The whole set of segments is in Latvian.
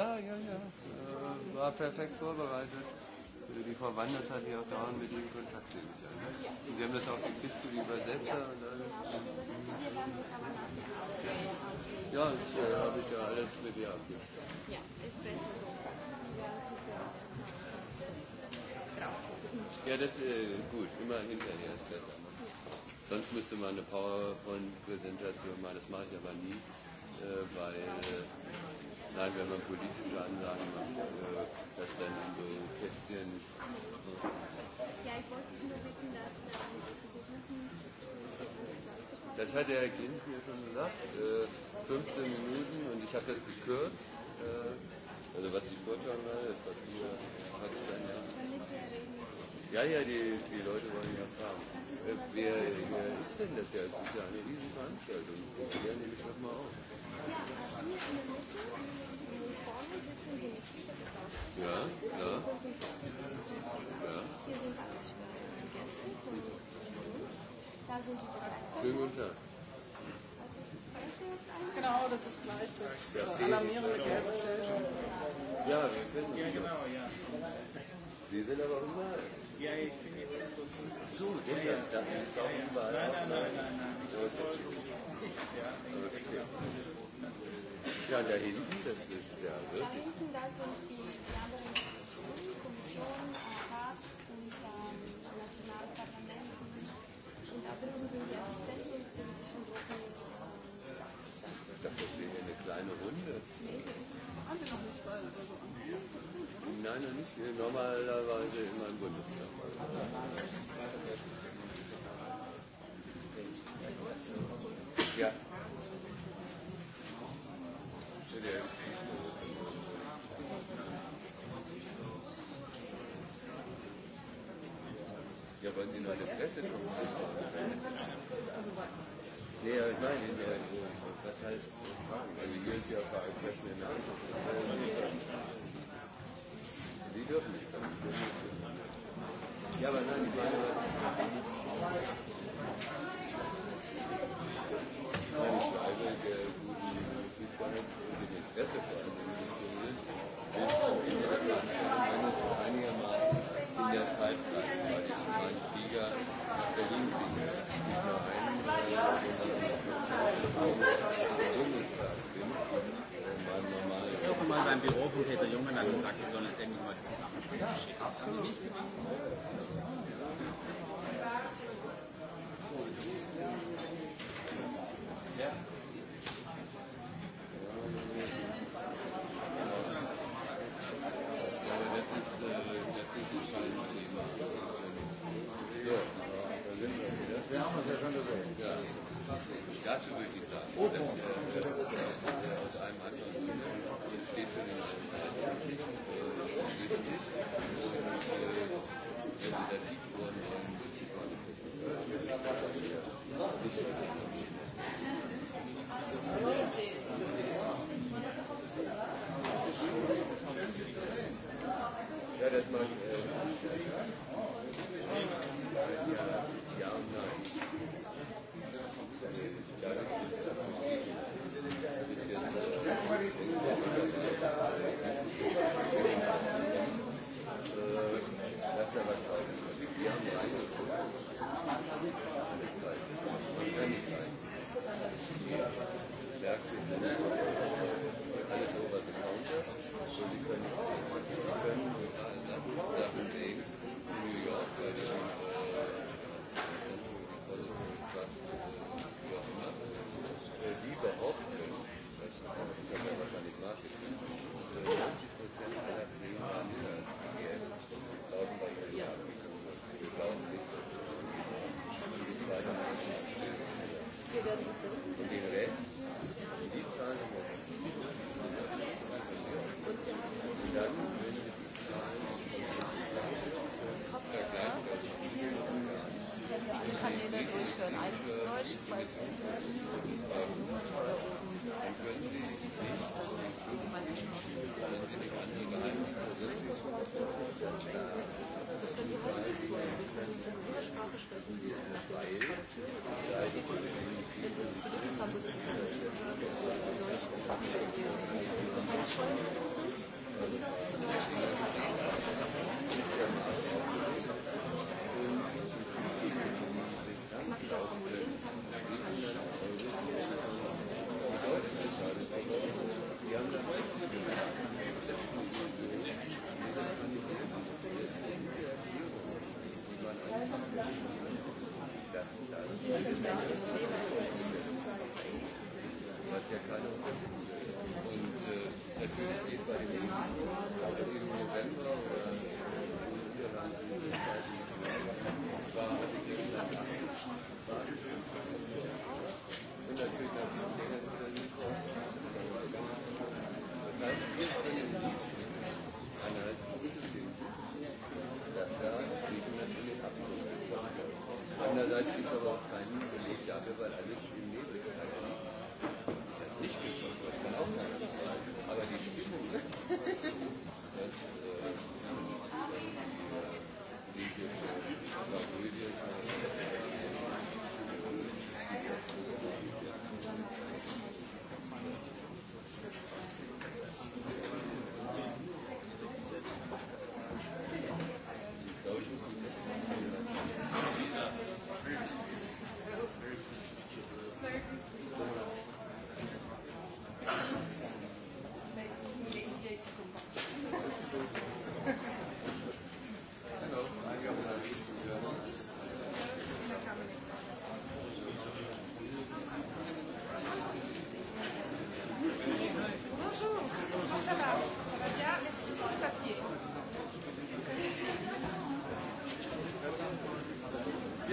Ja, ja, ja. Äh, war perfekt vorbereitet. Äh, die Frau Wanders hat ja auch dauernd mit Ihnen Kontakt, nehme ich an. Und Sie haben das auch gekriegt für die Übersetzer ja. und alles. Ja, das äh, habe ich ja alles mit ihr abgesprochen. Ja, ist besser so. Ja, das ist äh, gut. Immer hinterher ist besser. Ne? Sonst müsste man eine PowerPoint-Präsentation machen. Das mache ich aber nie, äh, weil... Äh, Nein, wenn man politische Anlagen macht, äh, dass dann in so Kästchen. Ja, ich wollte nur wissen, dass äh, versuchen. Das hat der Herr Klinz mir schon gesagt. Äh, 15 Minuten und ich habe das gekürzt. Äh, also was ich vortragen werde, äh, das Papier hat es dann ja. Ja, ja, die, die Leute wollen ja fragen. Äh, wer, wer ist denn das ja? Es ist ja eine Riesenveranstaltung. Die klären nämlich nochmal auf. Ja, ja. ja. Hier sind alles Gäste von uns. Da sind die Bereiche. Schönen guten Tag. Genau, das ist gleich das ja, alarmierende gelbe Schild. Ja, wir kennen Ja, genau, ja. Sie sind aber überall. Ja, ich bin jetzt in Brüssel. So, deshalb ja, ja. dachten Sie doch überall. Nein, nein, nein, nein, nein. Ich wollte Brüssel. Ja, okay. Ja, da hinten, das ist ja wirklich. Da hinten, da sind die, die anderen Institutionen, Kommission, Rat und ähm, nationale Parlamenten. Und da bilden sie die Assistenten und politischen Gruppen. Ähm, ich dachte, das wäre eine kleine Runde. Nee, haben wir noch nicht bei oder so an. Nein, noch nicht. Normalerweise immer im Bundestag. Also. weil das Rest ist schon Nee, aber ich meine, in der das heißt, also hier ist ja Vereinsflächen in der Hand. Die dürfen nicht sein. Ja, aber nein, ich meine, was Hast du noch nicht gemacht?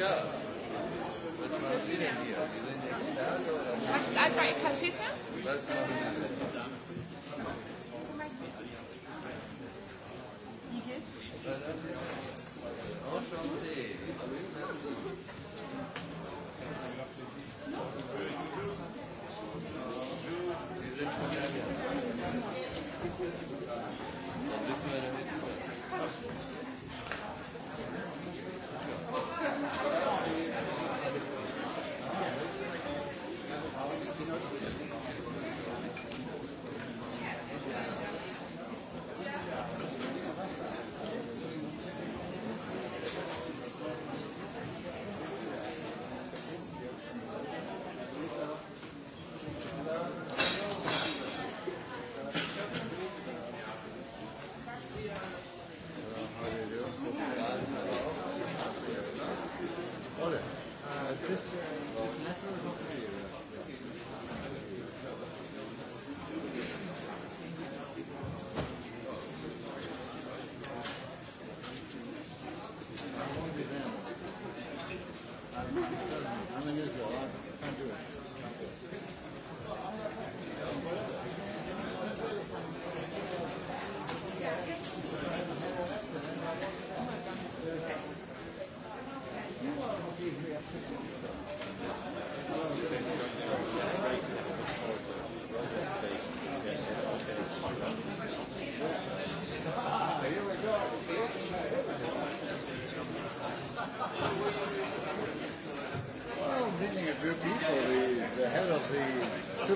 Yeah.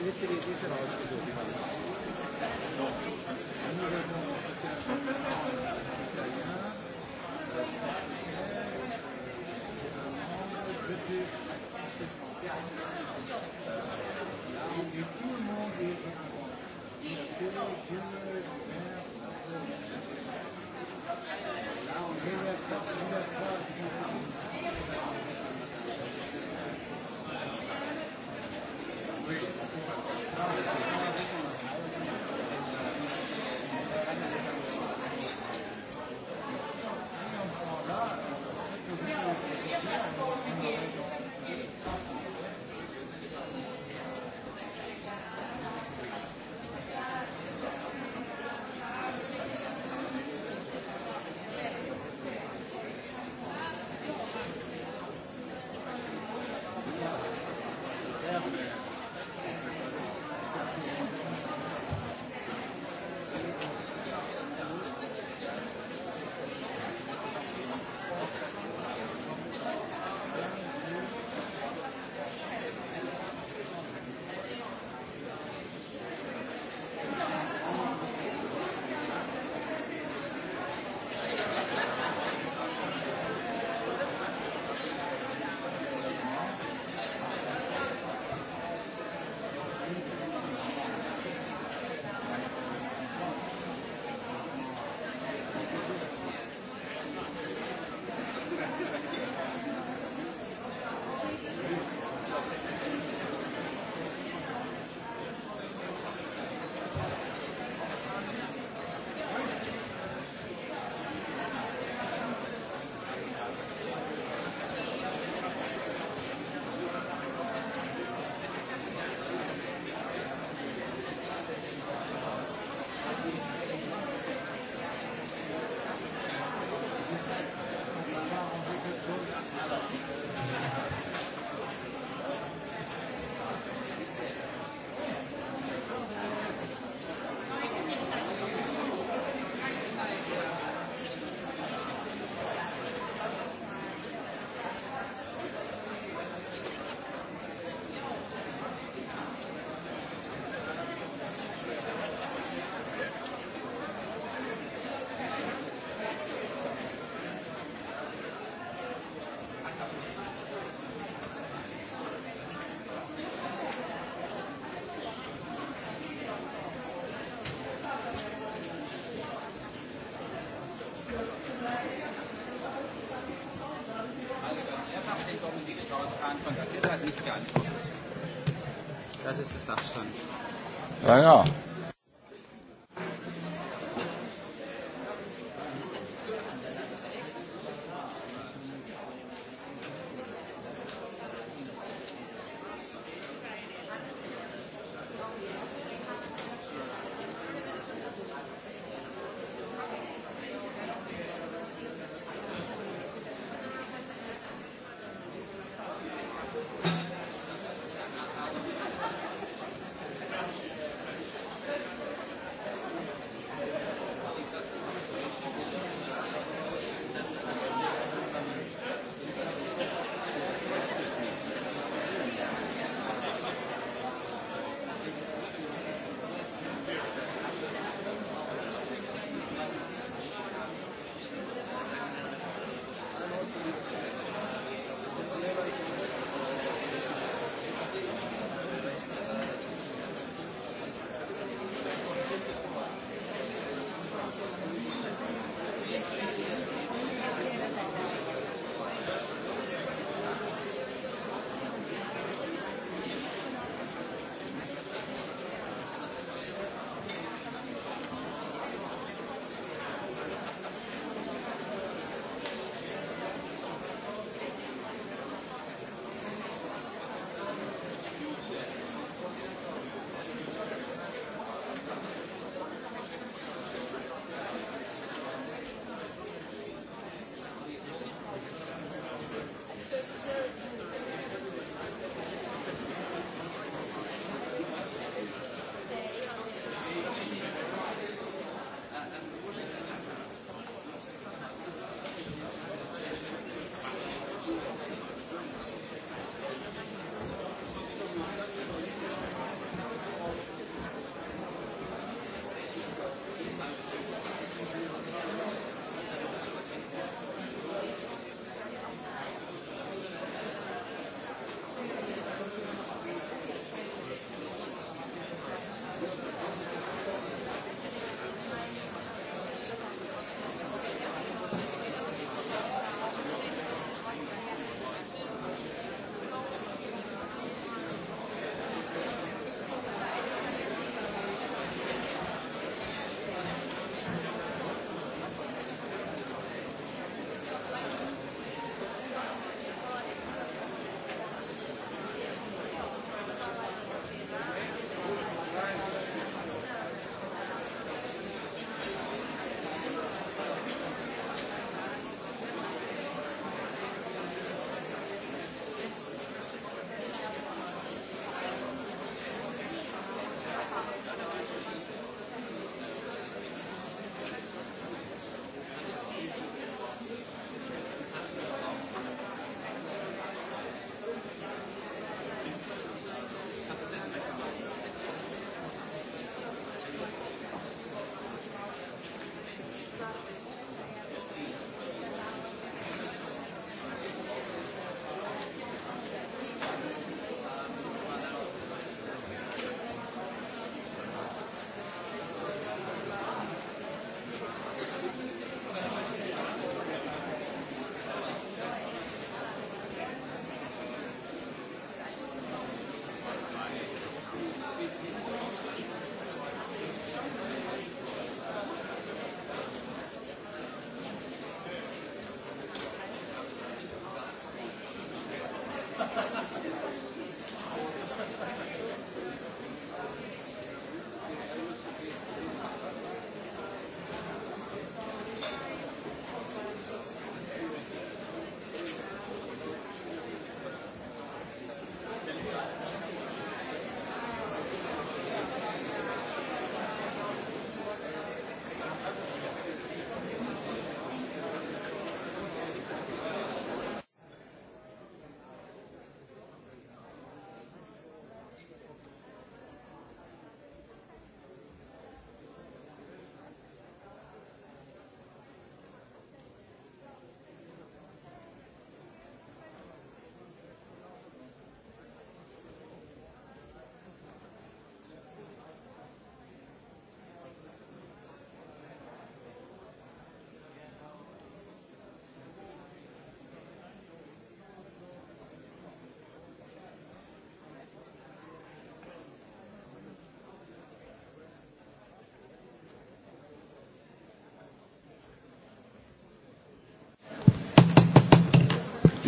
Mr. Easy, sir. Ja, ja.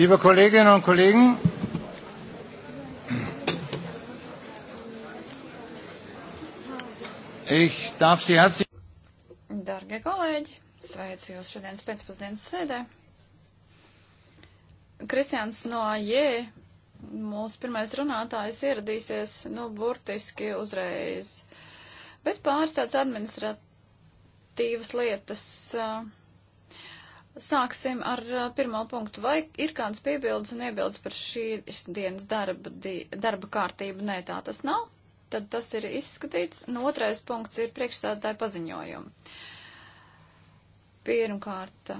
Liebe Kolleginnen und Kollegen, ich darf Sie herzlich. Dargie kolēģi, sveicu jūs šodienas pēcpusdienas sēdē. Kristians no Jē, mūsu pirmais runātājs, ieradīsies, nu, burtiski uzreiz. Bet pāris tāds administratīvas lietas. Uh, Sāksim ar pirmo punktu. Vai ir kāds piebildes un iebildes par šīs dienas darba, di darba kārtību? Nē, tā tas nav. Tad tas ir izskatīts. Un otrais punkts ir priekšstādātāja paziņojumi. Pirmkārt,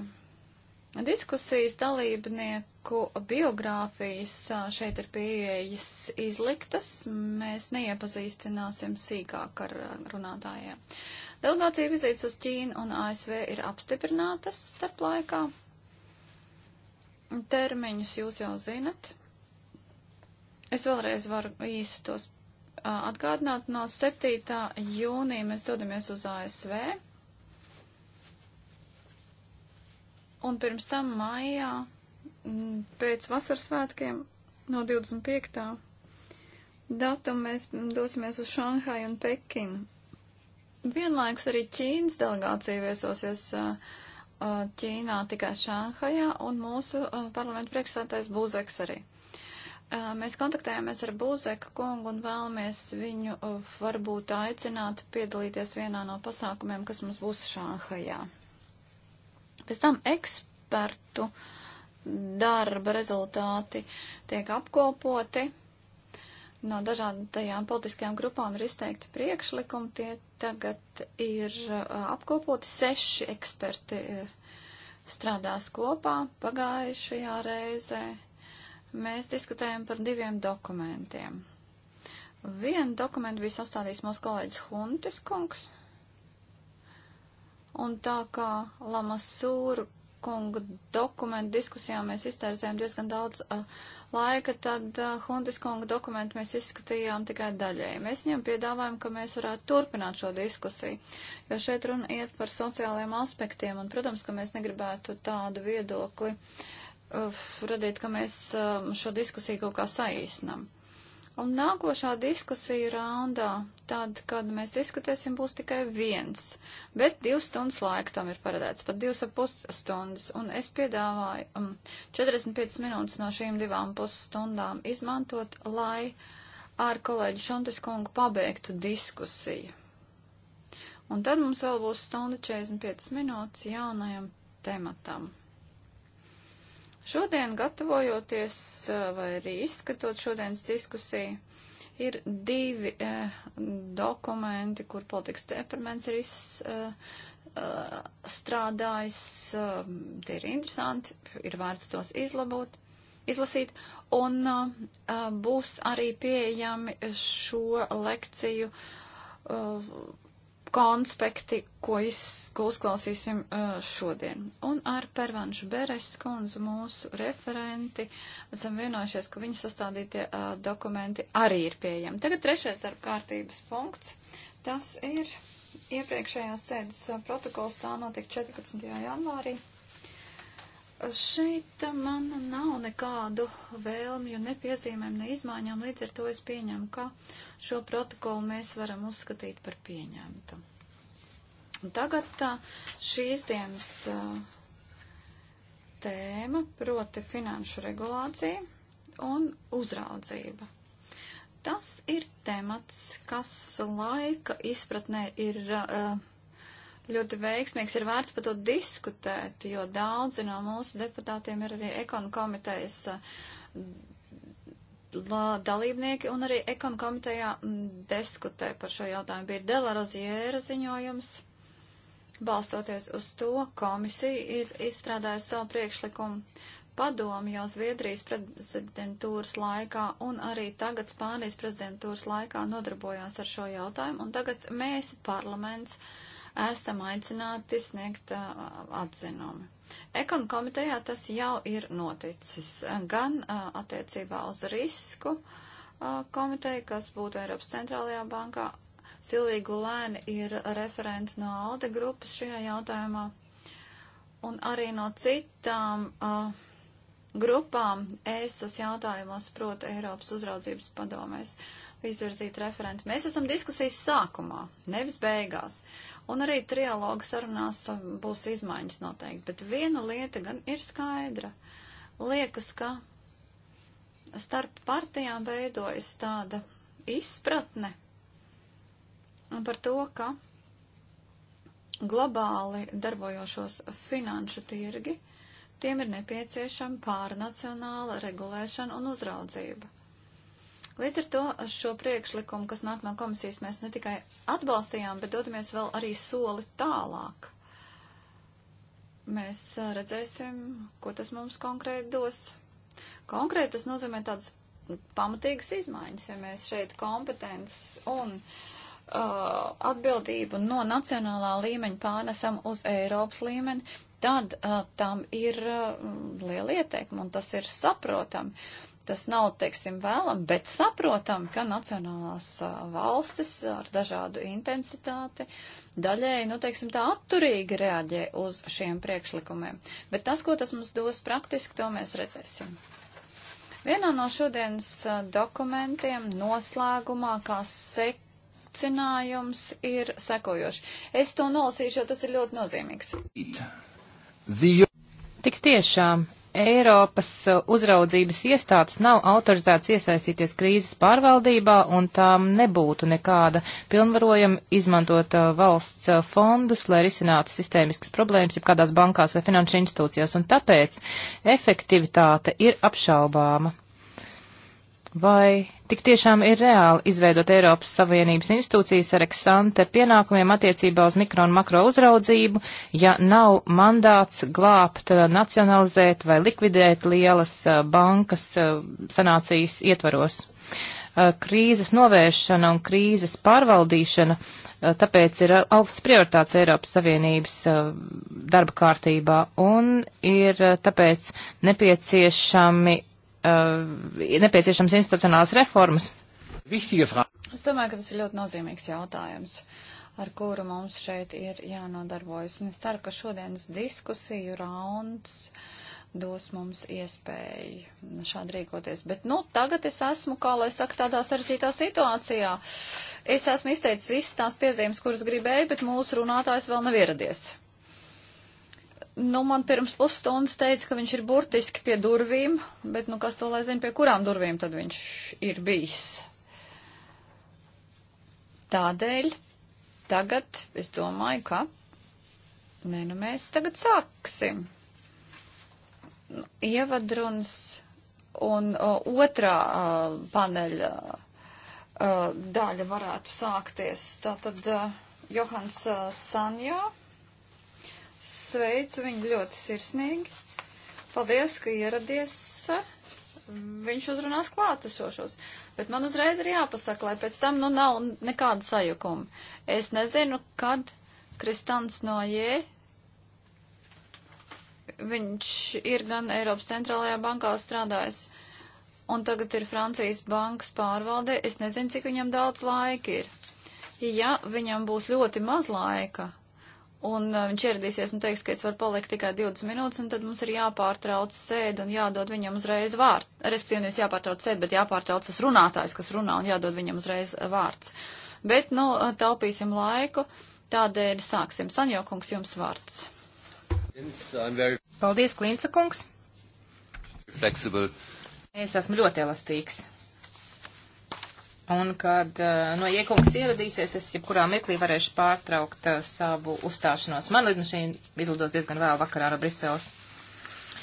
diskusijas dalībnieku biogrāfijas šeit ir pieejas izliktas. Mēs neiepazīstināsim sīkāk ar runātājiem. Delegācija vizītes uz Ķīnu un ASV ir apstiprinātas starp laikā. Termiņus jūs jau zinat. Es vēlreiz varu īsi tos atgādināt. No 7. jūnija mēs dodamies uz ASV. Un pirms tam maijā, pēc vasaras svētkiem, no 25. datuma mēs dosimies uz Šanhaju un Pekinu. Vienlaiks arī Ķīnas delegācija viesosies uh, uh, Ķīnā tikai Šānhajā, un mūsu uh, parlamenta priekšsētājs Būzeks arī. Mēs kontaktējāmies ar Būzeku kungu un vēlamies viņu varbūt aicināt piedalīties vienā no pasākumiem, kas mums būs Šānhajā. Pēc tam ekspertu darba rezultāti tiek apkopoti. No dažādajām politiskajām grupām ir izteikti priekšlikumi, tie Tagad ir uh, apkopoti seši eksperti uh, strādās kopā pagājušajā reizē. Mēs diskutējam par diviem dokumentiem. Vienu dokumentu bija sastādījis mūsu kolēģis Huntis kungs, un tā kā Lamasūra kunga dokumentu diskusijām mēs iztērzējām diezgan daudz uh, laika, tad uh, Hundis kunga dokumentu mēs izskatījām tikai daļēji. Mēs viņam piedāvājam, ka mēs varētu turpināt šo diskusiju, jo šeit runa iet par sociālajiem aspektiem, un, protams, ka mēs negribētu tādu viedokli uh, radīt, ka mēs uh, šo diskusiju kaut kā saīsnam. Uh, Un nākošā diskusija raundā, tad, kad mēs diskutēsim, būs tikai viens, bet divas stundas laika tam ir paredzēts, pat divas ap pusstundas, un es piedāvāju um, 45 minūtes no šīm divām pusstundām izmantot, lai ar kolēģi Šontis kungu pabeigtu diskusiju. Un tad mums vēl būs stunda 45 minūtes jaunajam tematam. Šodien, gatavojoties eh, vai arī izskatot šodienas diskusiju, ir divi eh, dokumenti, kur politikas temperaments ir izstrādājis. Eh, eh, eh, tie ir interesanti, ir vērts tos izlabot, izlasīt. Un eh, eh būs arī pieejami šo lekciju. Eh, konspekti, ko, iz, ko uzklausīsim uh, šodien. Un ar Pervanšu Beres kundzu mūsu referenti esam vienojušies, ka viņas sastādītie uh, dokumenti arī ir pieejami. Tagad trešais darba kārtības punkts. Tas ir iepriekšējās sēdes uh, protokols, tā notika 14. janvārī. Šeit man nav nekādu vēlmju, ne piezīmēm, ne izmaiņām, līdz ar to es pieņemu, ka šo protokolu mēs varam uzskatīt par pieņemtu. Tagad šīs dienas tēma, proti finanšu regulācija un uzraudzība. Tas ir temats, kas laika izpratnē ir uh, ļoti veiksmīgs, ir vērts par to diskutēt, jo daudzi no mūsu deputātiem ir arī ekonu komitejas mm, dalībnieki un arī ekonu komitejā mm, diskutē par šo jautājumu. Bija Delaroziera ziņojums. Balstoties uz to, komisija ir izstrādājusi savu priekšlikumu padomi jau Zviedrijas prezidentūras laikā un arī tagad Spānijas prezidentūras laikā nodarbojās ar šo jautājumu, un tagad mēs, parlaments, uh, esam aicināti sniegt atzinumu. Ekon komitejā tas jau ir noticis gan attiecībā uz risku komiteju, kas būtu Eiropas centrālajā bankā. Silvija Gulēna ir referenta no ALDE grupas šajā jautājumā un arī no citām uh, grupām ESAS jautājumos, proti Eiropas uzraudzības padomēs. Uh, izvirzīt referenti. Mēs esam diskusijas sākumā, nevis beigās. Un arī trialoga sarunās būs izmaiņas noteikti. Bet viena lieta gan ir skaidra. Liekas, ka starp partijām veidojas tāda izpratne par to, ka globāli darbojošos finanšu tirgi, tiem ir nepieciešama pārnacionāla regulēšana un uzraudzība. Līdz ar to šo priekšlikumu, kas nāk no komisijas, mēs ne tikai atbalstījām, bet dodamies vēl arī soli tālāk. Mēs redzēsim, ko tas mums konkrēti dos. Konkrēti tas nozīmē tādas pamatīgas izmaiņas, ja mēs šeit kompetences un uh, atbildību no nacionālā līmeņa pārnesam uz Eiropas līmeni, tad uh, tam ir uh, liela ieteikuma un tas ir saprotami. Uh, Tas nav, teiksim, vēlam, bet saprotam, ka nacionālās valstis ar dažādu intensitāti daļēji, nu, teiksim, tā atturīgi reaģē uz šiem priekšlikumiem. Bet tas, ko tas mums dos praktiski, to mēs redzēsim. Vienā no šodienas dokumentiem noslēgumā, kā secinājums, ir sekojoši. Es to nolasīšu, jo tas ir ļoti nozīmīgs. Tik tiešām Eiropas uh, uzraudzības iestādes nav autorizēts iesaistīties krīzes pārvaldībā un tām nebūtu nekāda pilnvarojuma izmantot uh, valsts uh, fondus, lai risinātu sistēmiskas problēmas, ja kādās bankās vai finanšu institūcijās, un tāpēc efektivitāte ir apšaubāma. Vai tik tiešām ir reāli izveidot Eiropas Savienības institūcijas ar eksante pienākumiem attiecībā uz mikro un makro uzraudzību, ja nav mandāts glābt, eh, nacionalizēt vai likvidēt lielas eh, bankas eh, sanācijas ietvaros? Krīzes novēršana un krīzes pārvaldīšana tāpēc ir augsts prioritāts Eiropas Savienības darba kārtībā un ir tāpēc nepieciešami ir uh, nepieciešams institucionāls reformas? Es domāju, ka tas ir ļoti nozīmīgs jautājums, ar kuru mums šeit ir jānodarbojas. Un es ceru, ka šodienas diskusiju rauns dos mums iespēju šādi rīkoties. Bet, nu, tagad es esmu, kā lai saka, tādā sarežģītā situācijā. Es esmu izteicis visas tās piezīmes, kuras gribēju, bet mūsu runātājs vēl nav ieradies. Nu, man pirms pusstundas teica, ka viņš ir burtiski pie durvīm, bet, nu, kas to lai zina, pie kurām durvīm tad viņš ir bijis. Tādēļ tagad es domāju, ka, nē, nu, mēs tagad sāksim. Nu, ievadruns un o, otrā o, paneļa o, daļa varētu sākties. Tātad o, Johans o, Sanjā sveicu viņu ļoti sirsnīgi. Paldies, ka ieradies. Viņš uzrunās klātesošos. Bet man uzreiz ir jāpasaka, lai pēc tam nu nav nekāda sajukuma. Es nezinu, kad Kristants Nojē, viņš ir gan Eiropas centrālajā bankā strādājis, un tagad ir Francijas bankas pārvaldē. Es nezinu, cik viņam daudz laika ir. Ja viņam būs ļoti maz laika, un uh, viņš ieradīsies un teiks, ka es varu palikt tikai 20 minūtes, un tad mums ir jāpārtrauc sēde un jādod viņam uzreiz vārds. Respektīvi, nevis jāpārtrauc sēde, bet jāpārtrauc tas runātājs, kas runā, un jādod viņam uzreiz uh, vārds. Bet, nu, uh, taupīsim laiku, tādēļ sāksim. Sanjokungs, jums vārds. Paldies, Klinca kungs. Flexible. Es esmu ļoti elastīgs. Un kad uh, no iekungs ieradīsies, es jebkurā mirklī varēšu pārtraukt uh, savu uzstāšanos. Man lidmašīna izlidos diezgan vēl vakarā no Briseles.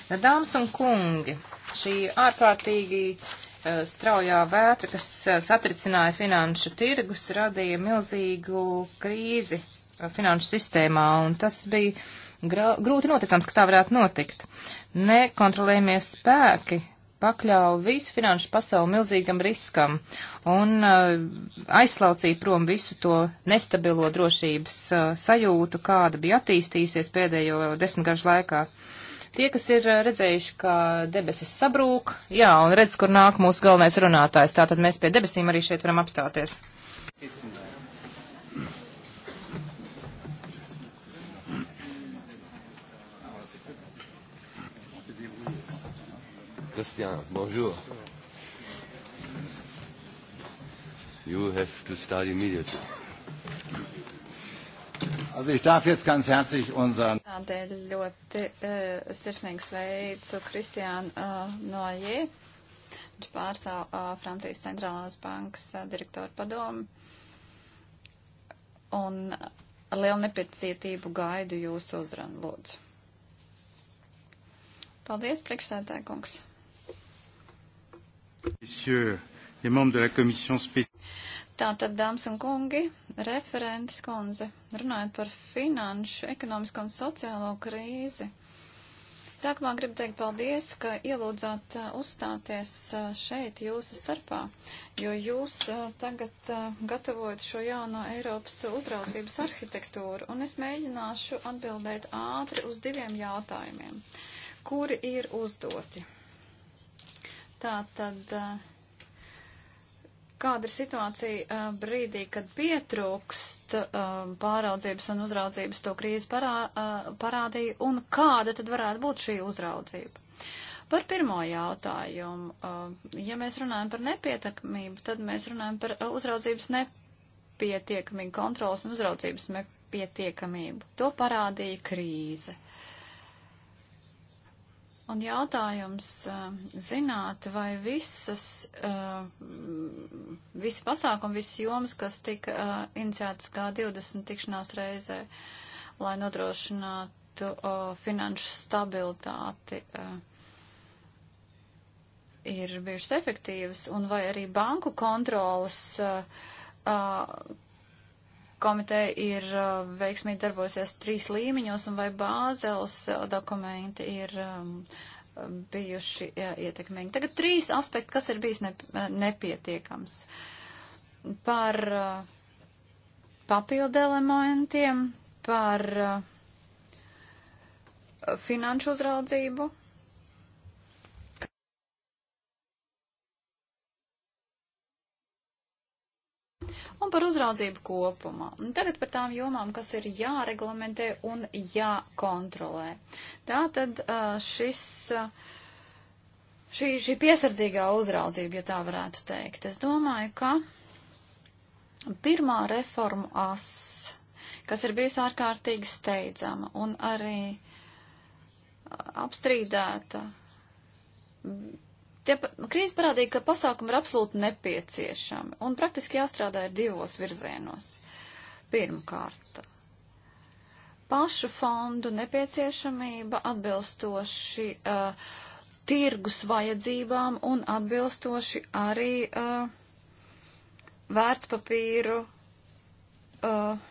Dāmas un kungi, šī ārkārtīgi uh, straujā vētra, kas uh, satricināja finanšu tirgus, radīja milzīgu krīzi uh, finanšu sistēmā, un tas bija grūti noticams, ka tā varētu notikt. Nekontrolējamie spēki pakļāva visu finanšu pasauli milzīgam riskam un uh, aizslaucīja prom visu to nestabilo drošības uh, sajūtu, kāda bija attīstījusies pēdējo desmitgažu laikā. Tie, kas ir uh, redzējuši, kā debesis sabrūk, jā, un redz, kur nāk mūsu galvenais runātājs, tātad mēs pie debesīm arī šeit varam apstāties. It's... Christian, bonjour. You have to start immediately. Also ich darf jetzt ganz herzlich unseren Tādēļ ļoti uh, sirsnīgi sveicu Kristiānu uh, eh, Noje. Viņš pārstāv uh, Francijas centrālās bankas uh, direktoru padomu. Un ar lielu nepacietību gaidu jūsu uzrunu, lūdzu. Paldies, priekšsētāj kungs. Tātad, dāmas un kungi, referentes kundze, runājot par finanšu, ekonomisko un sociālo krīzi. Sākumā gribu teikt paldies, ka ielūdzāt uzstāties šeit jūsu starpā, jo jūs tagad gatavojat šo jauno Eiropas uzraudzības arhitektūru, un es mēģināšu atbildēt ātri uz diviem jautājumiem, kuri ir uzdoti. Tā tad, eh, kāda ir situācija eh, brīdī, kad pietrūkst eh, pāraudzības un uzraudzības to krīzi parā, parādīja, un kāda tad varētu būt šī uzraudzība? Par pirmo jautājumu, ja mēs runājam par nepietekmību, tad mēs runājam par uzraudzības nepietiekamību, kontrolas un uzraudzības nepietiekamību. To parādīja krīze. Un jautājums eh, zināt, vai visas, eh, visi pasākumi, visas jomas, kas tika eh, iniciētas kā 20 tikšanās reizē, lai nodrošinātu finanšu stabilitāti, ir bijušas efektīvas, un vai arī banku kontrolas komiteja ir uh, veiksmīgi darbosies trīs līmeņos un vai bāzels uh, dokumenti ir um, bijuši ietekmīgi. Tagad trīs aspekti, kas ir bijis uh, nepietiekams. Par papildu elementiem, par finanšu uzraudzību un par uzraudzību kopumā. Un tagad par tām jomām, kas ir jāreglamentē un jākontrolē. Tātad šis, šī, šī piesardzīgā uzraudzība, ja tā varētu teikt, es domāju, ka pirmā reformu as, kas ir bijusi ārkārtīgi steidzama un arī apstrīdēta Tie krīze parādīja, ka pasākumi ir absolūti nepieciešami un praktiski jāstrādā ir divos virzienos. Pirmkārt, pašu fondu nepieciešamība atbilstoši uh, tirgus vajadzībām un atbilstoši arī uh, vērtspapīru uh,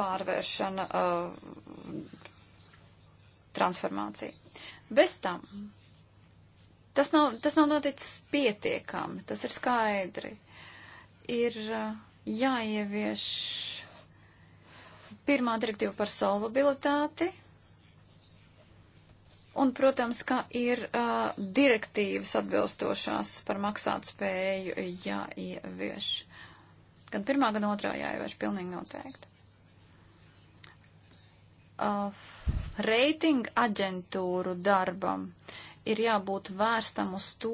pārvēršana, uh, transformācija. Bez tam Tas nav, tas nav noticis pietiekami, tas ir skaidri. Ir uh, jāievieš pirmā direktīva par solvabilitāti. Un, protams, ka ir uh, direktīvas atbilstošās par maksātspēju jāievieš. Gan pirmā, gan otrā jāievieš pilnīgi noteikti. Uh, reitinga aģentūru darbam. Uh, ir jābūt vērstam uz to,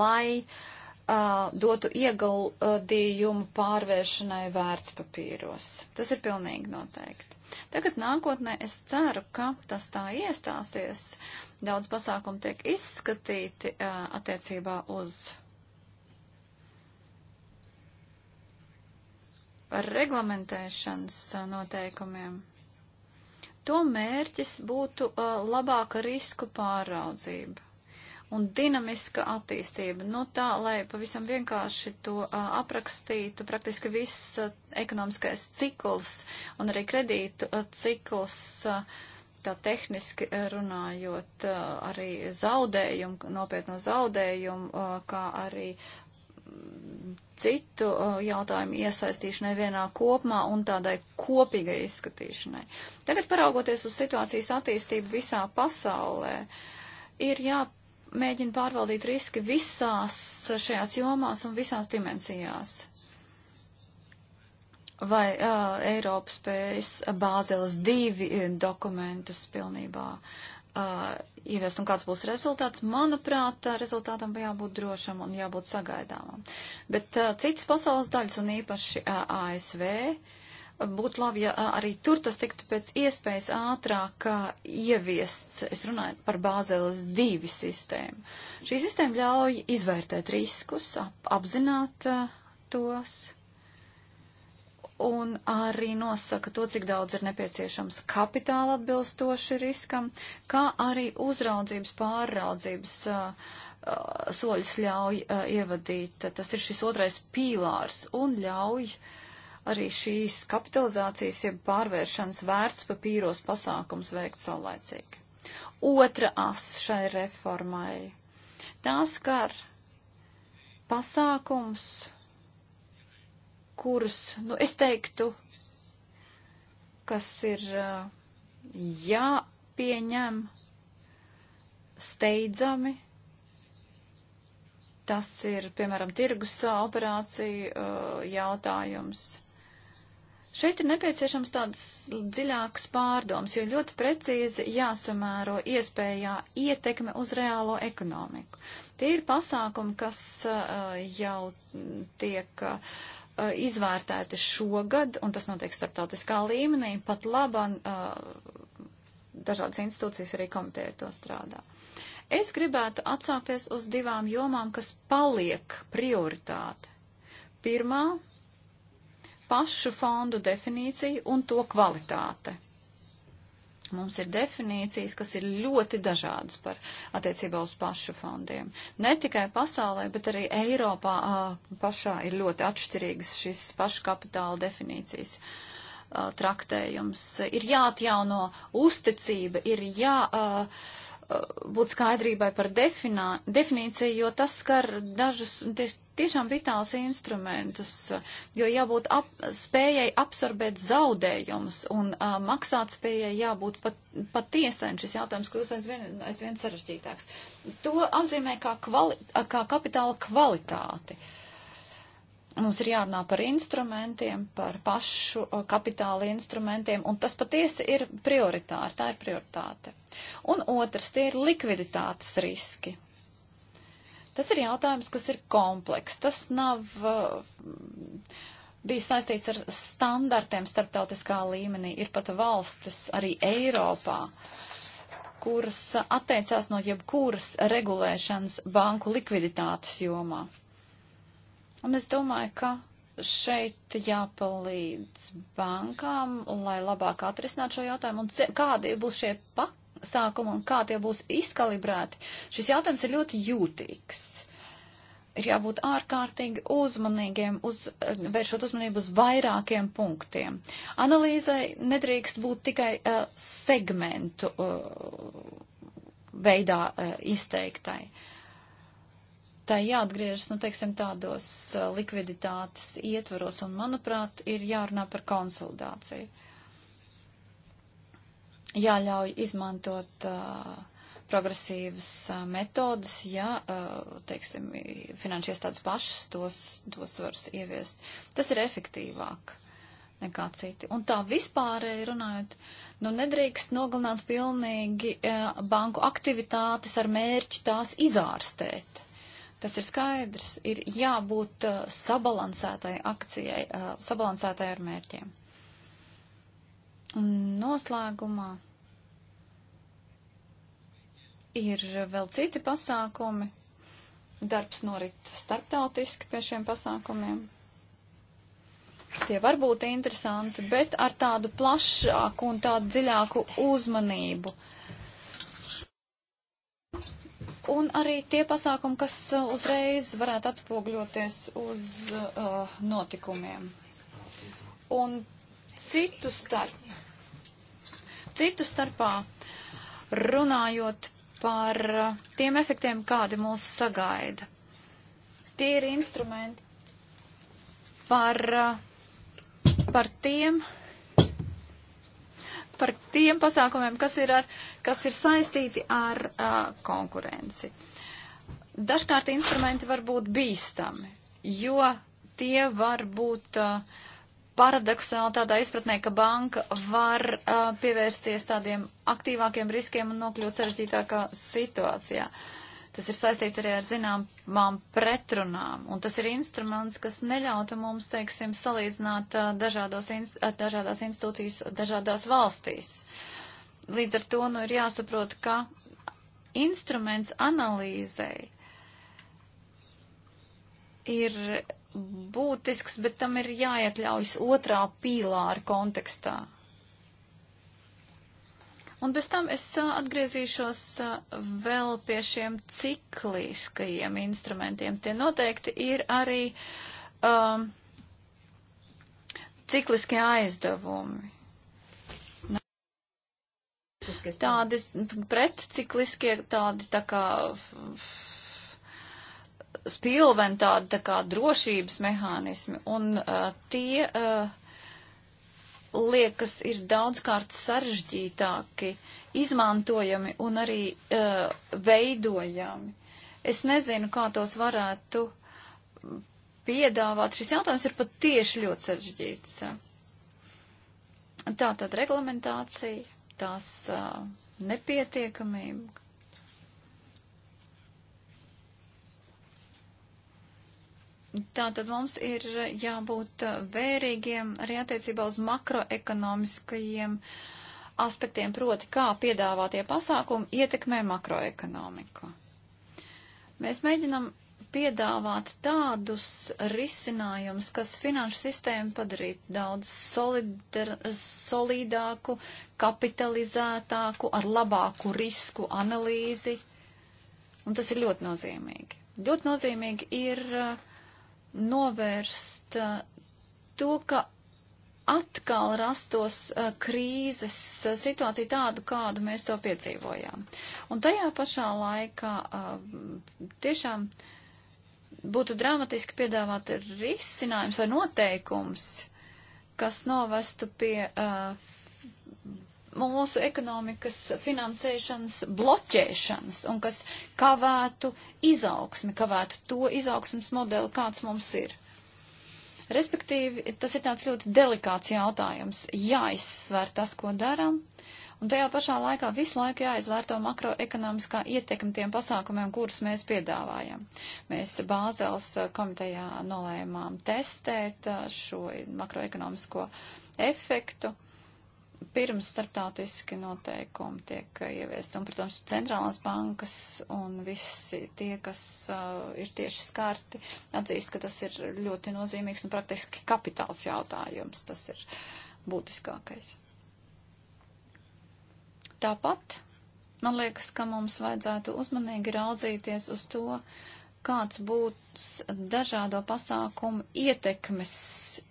lai uh, dotu ieguldījumu pārvēršanai vērtspapīros. Tas ir pilnīgi noteikti. Tagad nākotnē es ceru, ka tas tā iestāsies. Daudz pasākumu tiek izskatīti uh, attiecībā uz reglamentēšanas noteikumiem. To mērķis būtu uh, labāka risku pāraudzība un dinamiska attīstība. Nu tā, lai pavisam vienkārši to a, aprakstītu, praktiski viss a, ekonomiskais cikls un arī kredītu a, cikls, a, tā tehniski runājot, a, arī zaudējumu, nopietno zaudējumu, a, kā arī citu jautājumu iesaistīšanai vienā kopumā un tādai kopīgai izskatīšanai. Tagad paraugoties uz situācijas attīstību visā pasaulē, ir jāpārāk jāmēģina pārvaldīt riski visās šajās jomās un visās dimensijās. Vai uh, Eiropa spējas Bāzeles divi dokumentus pilnībā uh, ieviest un kāds būs rezultāts? Manuprāt, rezultātam jābūt drošam un jābūt sagaidāmam. Bet uh, citas pasaules daļas un īpaši uh, ASV uh, būtu labi, ja arī tur tas tiktu pēc iespējas ātrāk ieviests. Es runāju par Bāzeles divi sistēmu. Šī sistēma ļauj izvērtēt riskus, ap, apzināt uh, tos un arī nosaka to, cik daudz ir nepieciešams kapitāla atbilstoši riskam, kā arī uzraudzības pārraudzības uh, soļus ļauj uh, ievadīt. Tas ir šis otrais pīlārs un ļauj uh, arī šīs kapitalizācijas, jeb pārvēršanas vērts papīros pasākums veikt saulaicīgi. Otra as šai reformai. Tās skar pasākums, kurus, nu, es teiktu, kas ir uh, jāpieņem steidzami. Tas ir, piemēram, tirgus operāciju uh, jautājums. Šeit ir nepieciešams tāds dziļāks pārdoms, jo ļoti precīzi jāsamēro iespējā ietekme uz reālo ekonomiku. Tie ir pasākumi, kas uh, jau tiek uh, izvērtēti šogad, un tas notiek starptautiskā līmenī, pat laban uh, dažādas institūcijas arī komiteja to strādā. Es gribētu atsākties uz divām jomām, kas paliek prioritāte. Pirmā pašu fondu definīciju un to kvalitāte. Mums ir definīcijas, kas ir ļoti dažādas par attiecībā uz pašu fondiem. Ne tikai pasaulē, bet arī Eiropā a, pašā ir ļoti atšķirīgas šīs pašu kapitāla definīcijas. A, traktējums ir jāatjauno uzticība, ir jā. A, būt skaidrībai par definā, definīciju, jo tas skar dažus ties, tiešām vitāls instrumentus, jo jābūt ap, spējai absorbēt zaudējumus un uh, maksāt spējai jābūt pat, patiesai, un šis jautājums kļūst aizvien, aizvien sarežģītāks. To apzīmē kā, kvali, kā kapitāla kvalitāti. Uh, Mums ir jārunā par instrumentiem, par pašu kapitāla instrumentiem, un tas patiesi ir prioritāri, tā ir prioritāte. Un otrs, tie ir likviditātes riski. Tas ir jautājums, kas ir kompleks. Tas nav uh, bijis saistīts ar standartiem starptautiskā līmenī. Ir pat valstis arī Eiropā, kuras atteicās no jebkuras regulēšanas banku likviditātes jomā. Un es domāju, ka šeit jāpalīdz bankām, lai labāk atrisinātu šo jautājumu. Un kādi būs šie pasākumi un kā tie būs izkalibrēti? Šis jautājums ir ļoti jūtīgs. Ir jābūt ārkārtīgi uzmanīgiem, uz, vēršot uzmanību uz vairākiem punktiem. Analīzai nedrīkst būt tikai uh, segmentu uh, veidā uh, izteiktai. Uh, tai jāatgriežas, nu, teiksim, tādos uh, likviditātes ietvaros, un, manuprāt, ir jārunā par konsolidāciju. Jāļauj izmantot uh, progresīvas uh, metodas, ja, uh, teiksim, finanšu iestādes pašas tos, tos varas ieviest. Tas ir efektīvāk nekā citi. Un tā vispārēji runājot, nu nedrīkst nogalināt pilnīgi uh, banku aktivitātes ar mērķi tās izārstēt Tas ir skaidrs, ir jābūt uh, sabalansētai akcijai, uh, sabalansētai ar mērķiem. Un noslēgumā ir vēl citi pasākumi. Darbs norit starptautiski pie šiem pasākumiem. Tie var būt interesanti, bet ar tādu plašāku un tādu dziļāku uzmanību. Uh, un arī tie pasākumi, kas uh, uzreiz varētu atspogļoties uz uh, notikumiem. Un citu starp, citu starpā runājot par uh, tiem efektiem, kādi mūs sagaida. Tie ir instrumenti par, uh, par tiem, par tiem pasākumiem, kas ir, ar, kas ir saistīti ar uh, konkurenci. Dažkārt instrumenti var būt bīstami, jo tie var būt uh, paradoksāli tādā izpratnē, ka banka var uh, pievērsties tādiem aktīvākiem riskiem un nokļūt sarežģītākā situācijā. Uh, Tas ir saistīts arī ar zināmām pretrunām, un tas ir instruments, kas neļautu mums, teiksim, salīdzināt dažādos, inst dažādās institūcijas dažādās valstīs. Līdz ar to nu, ir jāsaprot, ka instruments analīzei ir būtisks, bet tam ir jāiekļaujas otrā pīlāra kontekstā. Un bez tam es atgriezīšos vēl pie šiem cikliskajiem instrumentiem. Tie noteikti ir arī um, cikliskie aizdevumi. Tādi pretcikliskie, tādi tā kā spilveni, tādi tā kā drošības mehānismi. Un uh, tie. Uh, liekas, ir daudzkārt sarežģītāki, izmantojami un arī uh, veidojami. Es nezinu, kā tos varētu piedāvāt. Šis jautājums ir pat tieši ļoti sarežģīts. Tā tad reglamentācija, tās uh, nepietiekamība, Tātad mums ir jābūt vērīgiem arī attiecībā uz makroekonomiskajiem aspektiem, proti, kā piedāvātie pasākumi ietekmē makroekonomiku. Mēs mēģinam piedāvāt tādus risinājumus, kas finanšu sistēmu padarītu daudz solidar, solidāku, kapitalizētāku, ar labāku risku analīzi. Un tas ir ļoti nozīmīgi. Ļoti nozīmīgi ir uh, novērst eh, to, ka atkal rastos eh, krīzes eh, situācija tādu, kādu mēs to piedzīvojām. Un tajā pašā laikā tiešām būtu dramatiski piedāvāt risinājums vai noteikums, kas novestu pie mūsu ekonomikas finansēšanas bloķēšanas un kas kavētu izaugsmi, kavētu to izaugsmas modeli, kāds mums ir. Respektīvi, tas ir tāds ļoti delikāts jautājums. Jāizsver tas, ko daram, un tajā pašā laikā visu laiku jāizvērto makroekonomiskā ietekme tiem pasākumiem, kurus mēs piedāvājam. Mēs Bāzels komitejā nolēmām testēt uh, šo makroekonomisko efektu pirms starptautiski noteikumi tiek eh, ieviest. Un, protams, centrālās bankas un visi tie, kas uh, ir tieši skarti, atzīst, ka tas ir ļoti nozīmīgs un praktiski kapitāls jautājums. Tas ir būtiskākais. Tāpat man liekas, ka mums vajadzētu uzmanīgi raudzīties uz to, kāds būs dažādo pasākumu ietekmes.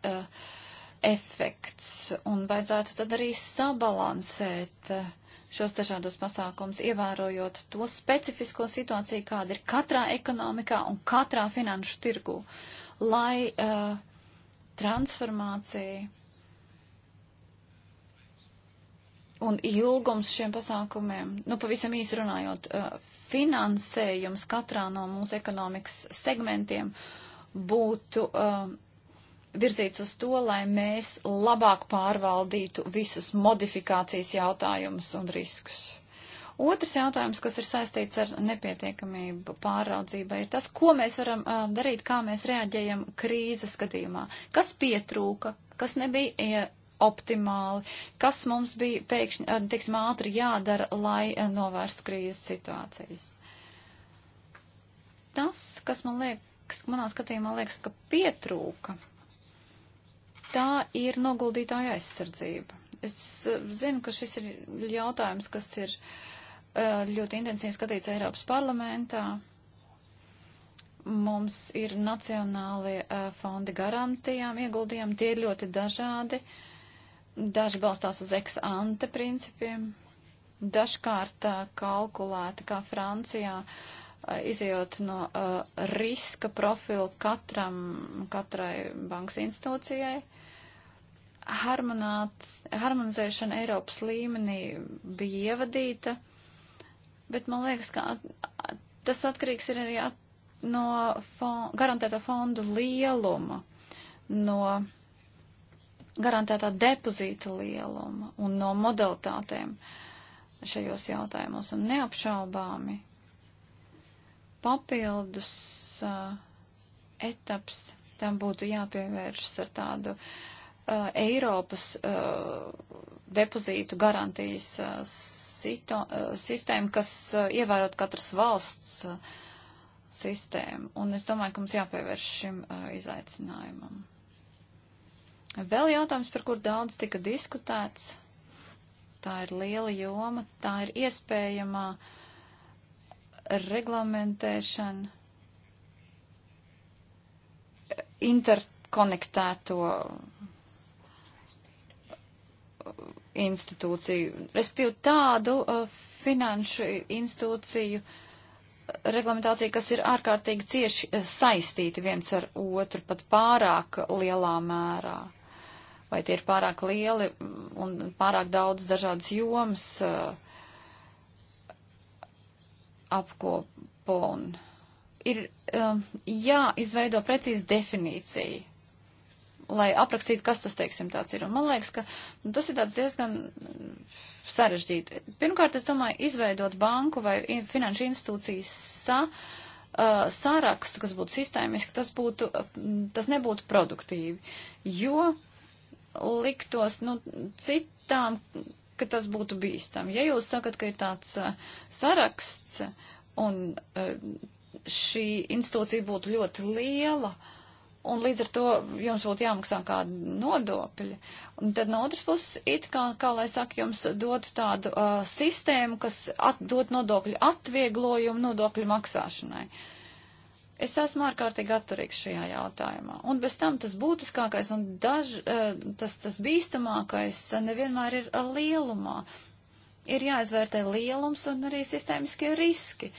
Uh, efekts, un vajadzētu tad arī sabalansēt eh, šos dažādos pasākums, ievērojot to specifisko situāciju, kāda ir katrā ekonomikā un katrā finanšu tirgu, lai uh, transformācija un ilgums šiem pasākumiem, nu pavisam īsi runājot, uh, finansējums katrā no mūsu ekonomikas segmentiem būtu uh, virzīts uz to, lai mēs labāk pārvaldītu visus modifikācijas jautājumus un riskus. Otrs jautājums, kas ir saistīts ar nepietiekamību pāraudzībai, ir tas, ko mēs varam uh, darīt, kā mēs reaģējam krīzes gadījumā. Kas pietrūka, kas nebija optimāli, kas mums bija pēkšņi, uh, tiksim, ātri jādara, lai uh, novērstu krīzes situācijas. Tas, kas man liekas, manā skatījumā liekas, ka pietrūka, tā ir noguldītāja aizsardzība. Es eh, zinu, ka šis ir jautājums, kas ir eh, ļoti intensīvi skatīts Eiropas parlamentā. Mums ir nacionālie eh, fondi garantijām ieguldījām, tie ir ļoti dažādi. Daži balstās uz ex ante principiem, dažkārt kalkulēti kā Francijā, izējot no riska profila katram, katrai bankas institūcijai harmonizēšana Eiropas līmenī bija ievadīta, bet man liekas, ka at, tas atkarīgs ir arī at, no fond, garantēto fondu lieluma, no garantētā depozīta lieluma un no modalitātēm šajos jautājumos. Un neapšaubāmi papildus uh, etaps tam būtu jāpievēršas ar tādu uh, uh, Eiropas uh, depozītu garantijas uh, sito, uh, sistēma, kas uh, ievērot katras valsts uh, sistēmu. Un es domāju, ka mums jāpievērš šim uh, izaicinājumam. Vēl jautājums, par kur daudz tika diskutēts. Tā ir liela joma, tā ir iespējamā reglamentēšana interkonektēto institūciju, respektīvi tādu uh, finanšu institūciju uh, reglamentāciju, kas ir ārkārtīgi cieši uh, saistīti viens ar otru, pat pārāk lielā mērā. Vai tie ir pārāk lieli un pārāk daudz dažādas jomas uh, apkopo un ir um, jāizveido precīzi definīcija lai aprakstītu, kas tas, teiksim, tāds ir. Un man liekas, ka nu, tas ir tāds diezgan mm, sarežģīti. Pirmkārt, es domāju, izveidot banku vai finanšu institūcijas sa, uh, sārakstu, kas būtu sistēmiski, tas, būtu, mm, tas nebūtu produktīvi, jo liktos, nu, citām, ka tas būtu bīstam. Ja jūs sakat, ka ir tāds uh, saraksts un uh, šī institūcija būtu ļoti liela, uh, un līdz ar to jums būtu jāmaksā kāda nodokļa. Un tad no otras puses, it kā, kā lai saka, jums dotu tādu uh, sistēmu, kas at, dot nodokļu atvieglojumu nodokļu maksāšanai. Es esmu ārkārtīgi atturīgs šajā jautājumā. Un bez tam tas būtiskākais un daž, uh, tas, tas bīstamākais nevienmēr ir lielumā. Ir jāizvērtē lielums un arī sistēmiskie riski.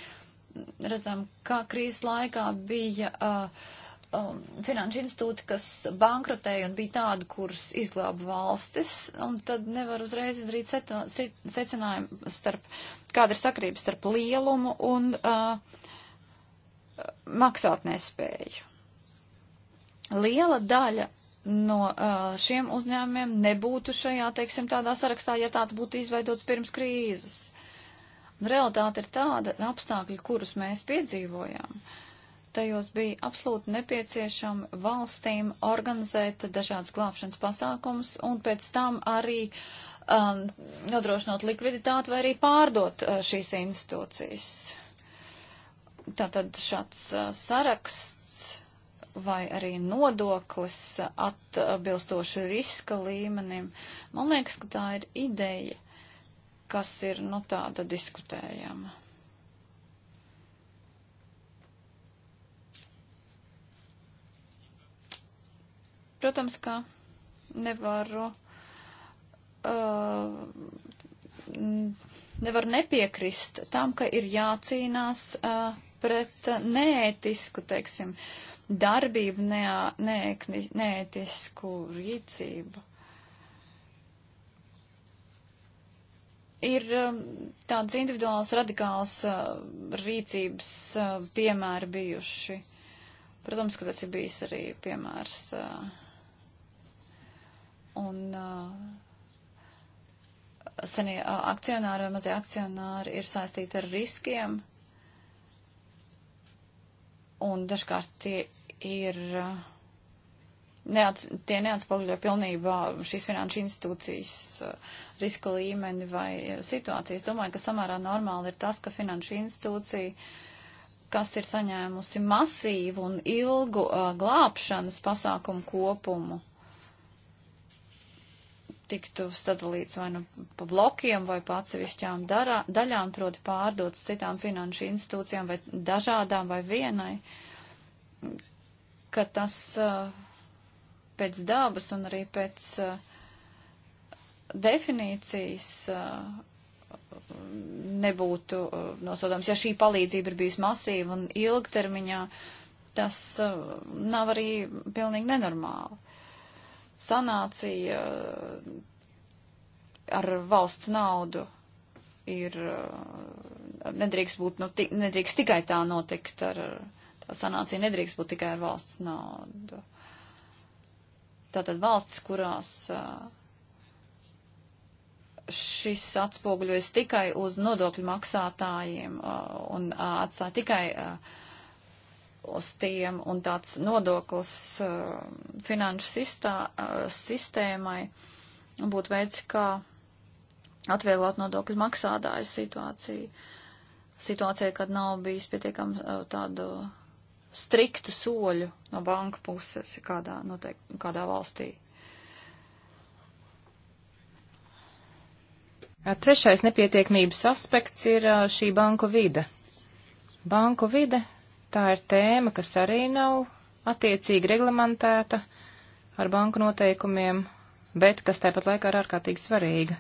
Redzam, kā krīzes laikā bija. Uh, um, finanšu institūti, kas bankrotēja un bija tādi, kurus izglāba valstis, un tad nevar uzreiz izdarīt secinājumu starp, kāda ir sakrība starp lielumu un uh, maksāt nespēju. Liela daļa no uh, šiem uzņēmumiem nebūtu šajā, teiksim, tādā sarakstā, ja tāds būtu izveidots pirms krīzes. Un realitāte ir tāda apstākļi, kurus mēs piedzīvojām. Uh, tajos bija absolūti nepieciešami valstīm organizēt dažādas glābšanas pasākumus un pēc tam arī um, nodrošinot likviditāti vai arī pārdot uh, šīs institūcijas. Tātad šāds uh, saraksts vai arī nodoklis atbilstoši riska līmenim. Man liekas, ka tā ir ideja, kas ir, nu, tāda diskutējama. Protams, ka nevaru. Uh, nevar nepiekrist tam, ka ir jācīnās uh, pret uh, neētisku, teiksim, darbību, neā, neēkni, neētisku rīcību. Ir um, tādas individuālas radikālas uh, rīcības uh, piemēri bijuši. Protams, ka tas ir bijis arī piemērs. Uh, un uh, senie uh, akcionāri vai mazie akcionāri ir saistīti ar riskiem, un dažkārt tie ir. Uh, neats, tie neatspoguļo pilnībā šīs finanšu institūcijas riska līmeni vai situācijas. Domāju, ka samērā normāli ir tas, ka finanšu institūcija uh, kas ir saņēmusi masīvu un ilgu uh, glābšanas pasākumu kopumu tiktu sadalīts vai nu pa blokiem vai pa atsevišķām darā, daļām, proti pārdots citām finanšu institūcijām vai dažādām vai vienai, ka tas uh, pēc dabas un arī pēc uh, definīcijas uh, nebūtu nosodāms. Ja šī palīdzība ir bijusi masīva un ilgtermiņā, tas nav arī pilnīgi nenormāli sanācija eh, ar valsts naudu ir, eh, nedrīkst būt, nu, tik, nedrīkst tikai tā notikt ar, tā sanācija nedrīkst būt tikai ar valsts naudu. Tātad valstis, kurās eh, šis atspoguļojas tikai uz nodokļu maksātājiem un atstāja tikai uh, uz tiem un tāds nodoklis uh, finanšu sistā, uh, sistēmai būtu veids, kā atvieglot nodokļu maksātāju situāciju. Situācijai, kad nav bijis pietiekami uh, eh, tādu striktu soļu no banka puses kādā, noteikti, kādā valstī. Trešais nepietiekamības aspekts ir šī banku vide. Banku vide Tā ir tēma, kas arī nav attiecīgi reglamentēta ar banku noteikumiem, bet kas tāpat laikā ir ārkārtīgi svarīga.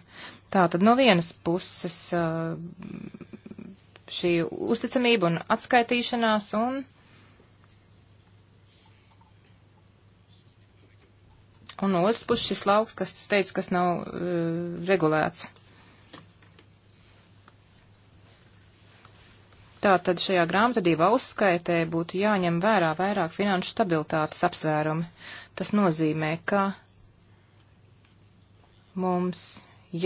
Tā tad no vienas puses šī uzticamība un atskaitīšanās un. Un no otras puses šis lauks, kas teicu, kas nav uh, regulēts. Tātad šajā grāmatvedībā uzskaitē būtu jāņem vērā vairāk finanšu stabilitātes apsvērumi. Tas nozīmē, ka mums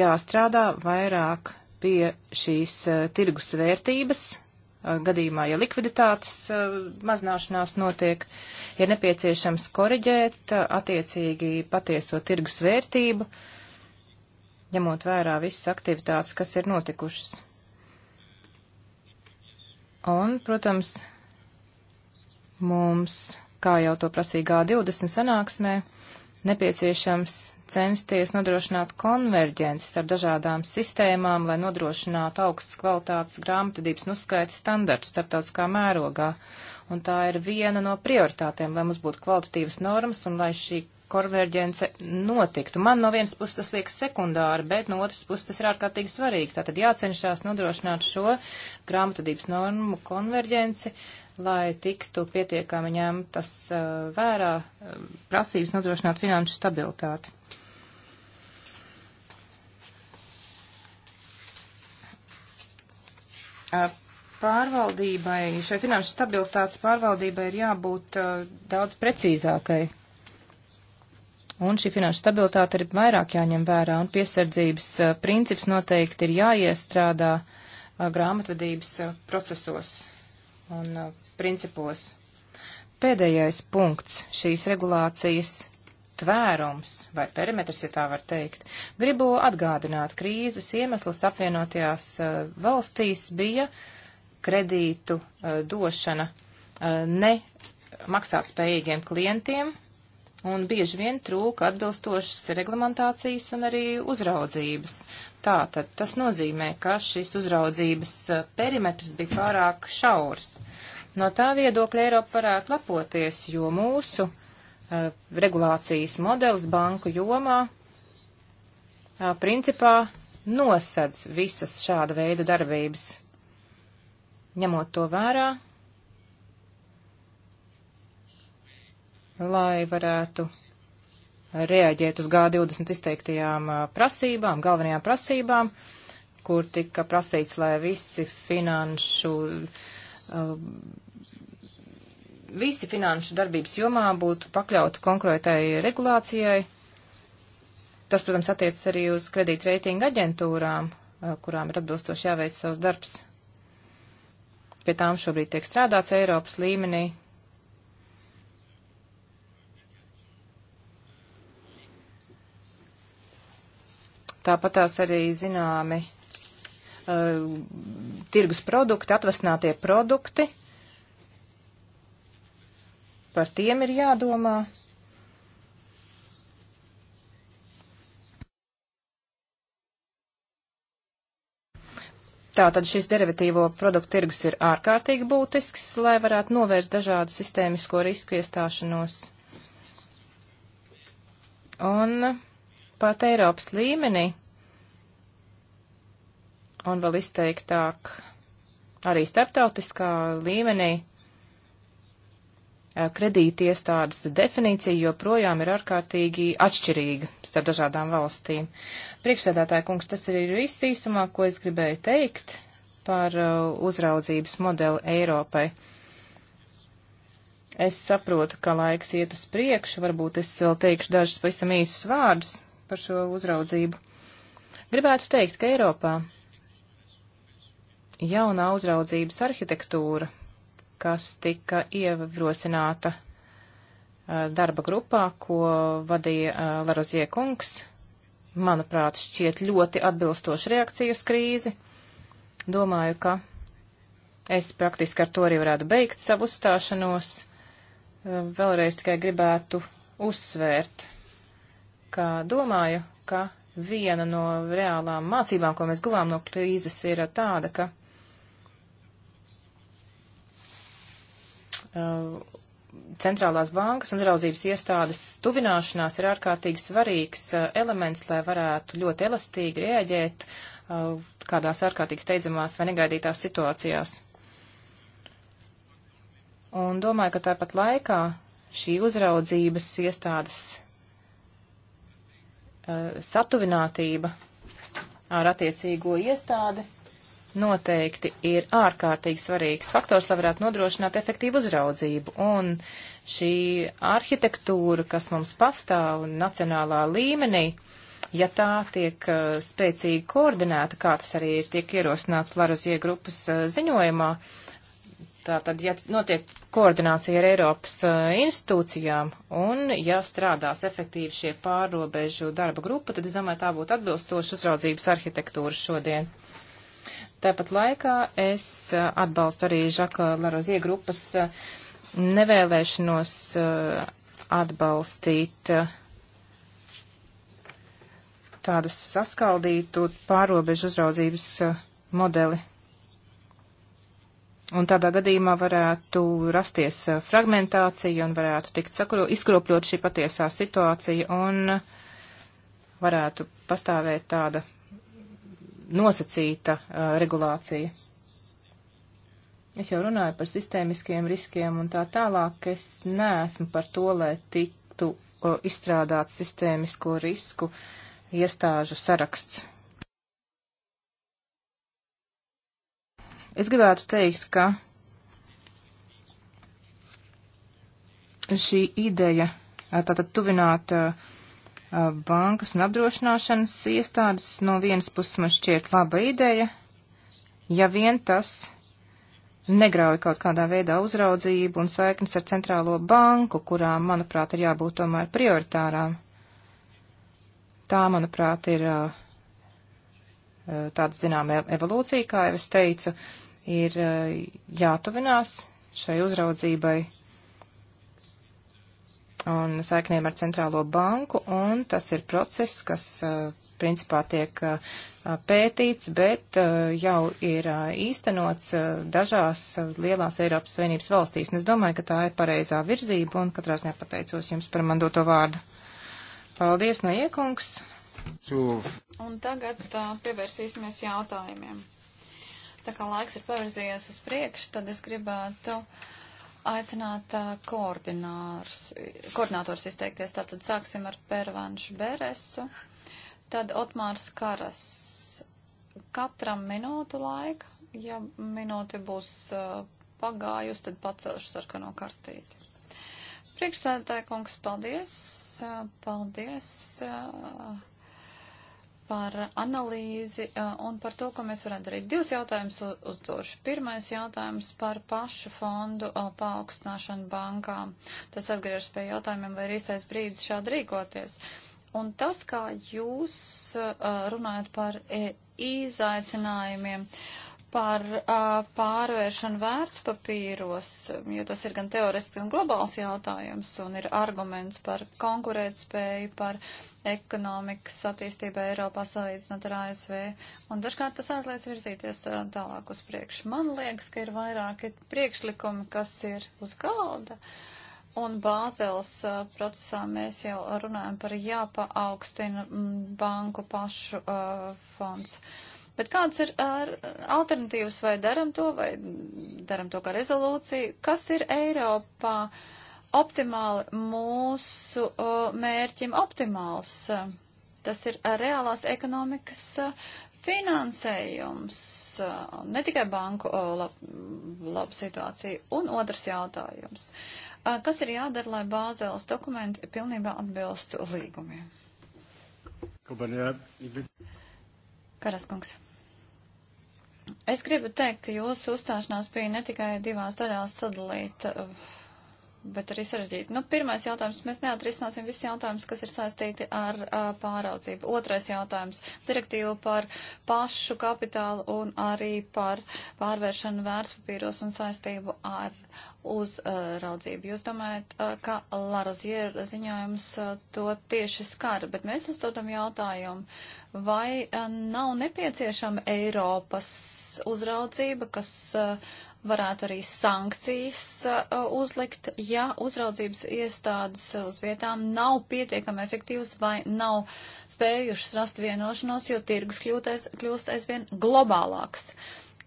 jāstrādā vairāk pie šīs uh, tirgus vērtības, uh, gadījumā, ja likviditātes uh, mazināšanās notiek, ir nepieciešams koriģēt uh, attiecīgi patieso tirgus vērtību, ņemot vērā visas aktivitātes, kas ir notikušas. Un, protams, mums, kā jau to prasīja G20 sanāksmē, nepieciešams censties nodrošināt konverģences ar dažādām sistēmām, lai nodrošinātu augstas kvalitātes grāmatvedības un uzskaitas standartus starptautiskā mērogā. Un tā ir viena no prioritātēm, lai mums būtu kvalitatīvas normas un lai šī konverģence notiktu. Man no vienas puses tas liekas sekundāri, bet no otras puses tas ir ārkārtīgi svarīgi. Tātad jācenšas nodrošināt šo grāmatvedības normu konverģenci, lai tiktu pietiekami ņemtas uh, vērā uh, prasības nodrošināt finanšu stabilitāti. Uh, pārvaldībai, šai finanšu stabilitātes pārvaldībai ir jābūt uh, daudz precīzākai. Un šī finanšu stabilitāte ir vairāk jāņem vērā, un piesardzības uh, princips noteikti ir jāiestrādā uh, grāmatvedības uh, procesos un principos. Pēdējais punkts šīs regulācijas tvērums vai perimetrs, ja tā var teikt. Gribu atgādināt, krīzes iemesls apvienotajās valstīs bija kredītu došana ne maksātspējīgiem klientiem, un bieži vien trūka atbilstošas reglamentācijas un arī uzraudzības. Tātad tas nozīmē, ka šis uzraudzības eh, perimetrs bija pārāk šaurs. No tā viedokļa Eiropa varētu lepoties, jo mūsu uh, regulācijas modelis banku jomā uh, principā nosedz visas šāda veida darbības. Ņemot to vērā, lai varētu reaģēt uz G20 izteiktajām prasībām, galvenajām prasībām, kur tika prasīts, lai visi finanšu, visi finanšu darbības jomā būtu pakļauti konkrētai regulācijai. Tas, protams, attiecas arī uz kredītreitinga aģentūrām, kurām ir atbilstoši jāveic savs darbs. Pie tām šobrīd tiek strādāts Eiropas līmenī, Tāpat tās arī zināmi uh, tirgus produkti, atvasinātie produkti. Par tiem ir jādomā. Tātad šis derivatīvo produktu tirgus ir ārkārtīgi būtisks, lai varētu novērst dažādu sistēmisko risku iestāšanos. Un pat Eiropas līmenī un vēl izteiktāk arī starptautiskā līmenī eh, kredīti iestādes definīcija joprojām ir ārkārtīgi atšķirīga starp dažādām valstīm. Priekšsēdētāja kungs, tas arī ir viss īsumā, ko es gribēju teikt par eh, uzraudzības modeli Eiropai. Es saprotu, ka laiks iet uz priekšu, varbūt es vēl teikšu dažus pavisam īsus vārdus, par šo uzraudzību. Gribētu teikt, ka Eiropā jaunā uzraudzības arhitektūra, kas tika ievrosināta darba grupā, ko vadīja Larozie kungs, manuprāt, šķiet ļoti atbilstoši reakciju uz krīzi. Domāju, ka es praktiski ar to arī varētu beigt savu uzstāšanos. Vēlreiz tikai gribētu uzsvērt ka domāju, ka viena no reālām mācībām, ko mēs guvām no krīzes, ir tāda, ka uh, centrālās bankas un draudzības iestādes tuvināšanās ir ārkārtīgi svarīgs uh, elements, lai varētu ļoti elastīgi rēģēt uh, kādās ārkārtīgi steidzamās vai negaidītās situācijās. Un domāju, ka tāpat laikā šī uzraudzības iestādes Eh, satuvinātība ar attiecīgo iestādi noteikti ir ārkārtīgi svarīgs faktors, lai varētu nodrošināt efektīvu uzraudzību. Un šī arhitektūra, kas mums pastāv nacionālā līmenī, ja tā tiek uh, spēcīgi koordinēta, kā tas arī ir tiek ierosināts Larozie grupas uh, ziņojumā, uh, Tātad, ja notiek koordinācija ar Eiropas uh, institūcijām un ja strādās efektīvi šie pārrobežu darba grupa, tad es domāju, tā būtu atbilstoša uzraudzības arhitektūra šodien. Tāpat laikā es uh, atbalstu arī Žaka Larozie grupas uh, nevēlēšanos atbalstīt tādus saskaldītu pārrobežu uzraudzības modeli Un tādā gadījumā varētu rasties eh, fragmentācija un varētu tikt sakro, izkropļot šī patiesā situācija un varētu pastāvēt tāda nosacīta uh, regulācija. Es jau runāju par sistēmiskiem riskiem un tā tālāk. Es neesmu par to, lai tiktu uh, izstrādāts sistēmisko risku iestāžu saraksts Es gribētu teikt, ka šī ideja tātad tuvināt uh, bankas un apdrošināšanas iestādes no vienas puses man šķiet laba ideja, ja vien tas negrauj kaut kādā veidā uzraudzību un saiknes ar centrālo banku, kurām, manuprāt, ir jābūt tomēr prioritārām. Tā, manuprāt, ir uh, tāda zināma e- evolūcija, kā jau es teicu, ir e, jātuvinās šai uzraudzībai un saiknēm ar centrālo banku, un tas ir process, kas e, principā tiek pētīts, bet jau ir īstenots dažās lielās Eiropas Savienības valstīs. Un es domāju, ka tā ir pareizā virzība, un katrā ziņā pateicos jums par man doto vārdu. Paldies, no iekungs! Un tagad uh, pievērsīsimies jautājumiem. Tā kā laiks ir pavirzījies uz priekšu, tad es gribētu aicināt uh, koordinātors izteikties. Tātad sāksim ar Pervanšu Beresu, tad Otmārs Karas. Katram minūtu laika, ja minūte būs uh, pagājusi, tad pacelšu sarkano kartīti. Priekšstādātāja kungs, paldies, paldies. Uh, par analīzi eh, un par to, ko mēs varētu darīt. Divus jautājumus uzdošu. Pirmais jautājums par pašu fondu eh, paaugstināšanu bankām. Tas atgriežas pie jautājumiem, vai ir īstais brīdis šādi rīkoties. Un tas, kā jūs eh, runājat par izaicinājumiem. Uh, par uh, pārvēršanu vērtspapīros, jo tas ir gan teoretiski, gan globāls jautājums un ir arguments par konkurētspēju, par ekonomikas attīstību Eiropā salīdzinot ar ASV. Un dažkārt tas aizliedz virzīties uh, tālāk uz priekšu. Man liekas, ka ir vairāki priekšlikumi, kas ir uz galda. Un Bāzels uh, procesā mēs jau runājam par jāpaaugstina banku pašu uh, fonds. Uh, Bet kāds ir ar alternatīvas, vai daram to, vai daram to kā rezolūciju? Kas ir Eiropā optimāli mūsu mērķim optimāls? Tas ir reālās ekonomikas finansējums, ne tikai banku lab, laba situācija. Un otrs jautājums. Kas ir jādara, lai Bāzēlas dokumenti pilnībā atbilstu līgumiem? Kabarējā. Karaskungs. Es gribu teikt, ka jūsu uzstāšanās bija ne tikai divās daļās sadalīta. Uh, bet arī sarežģīti. Nu, pirmais jautājums, mēs neatrisināsim visus jautājumus, kas ir saistīti ar uh, pāraudzību. Otrais jautājums - direktīva par pašu kapitālu un arī par pārvēršanu vērtspapīros un saistību ar uzraudzību. Uh, Jūs domājat, uh, ka Larozier ziņojums uh, to tieši skara, bet mēs uzdodam jautājumu, vai uh, nav nepieciešama Eiropas uzraudzība, kas uh, varētu arī sankcijas uh, uzlikt, ja uzraudzības iestādes uz vietām nav pietiekami efektīvas vai nav spējušas rast vienošanos, jo tirgus kļūtais, kļūst aizvien globālāks.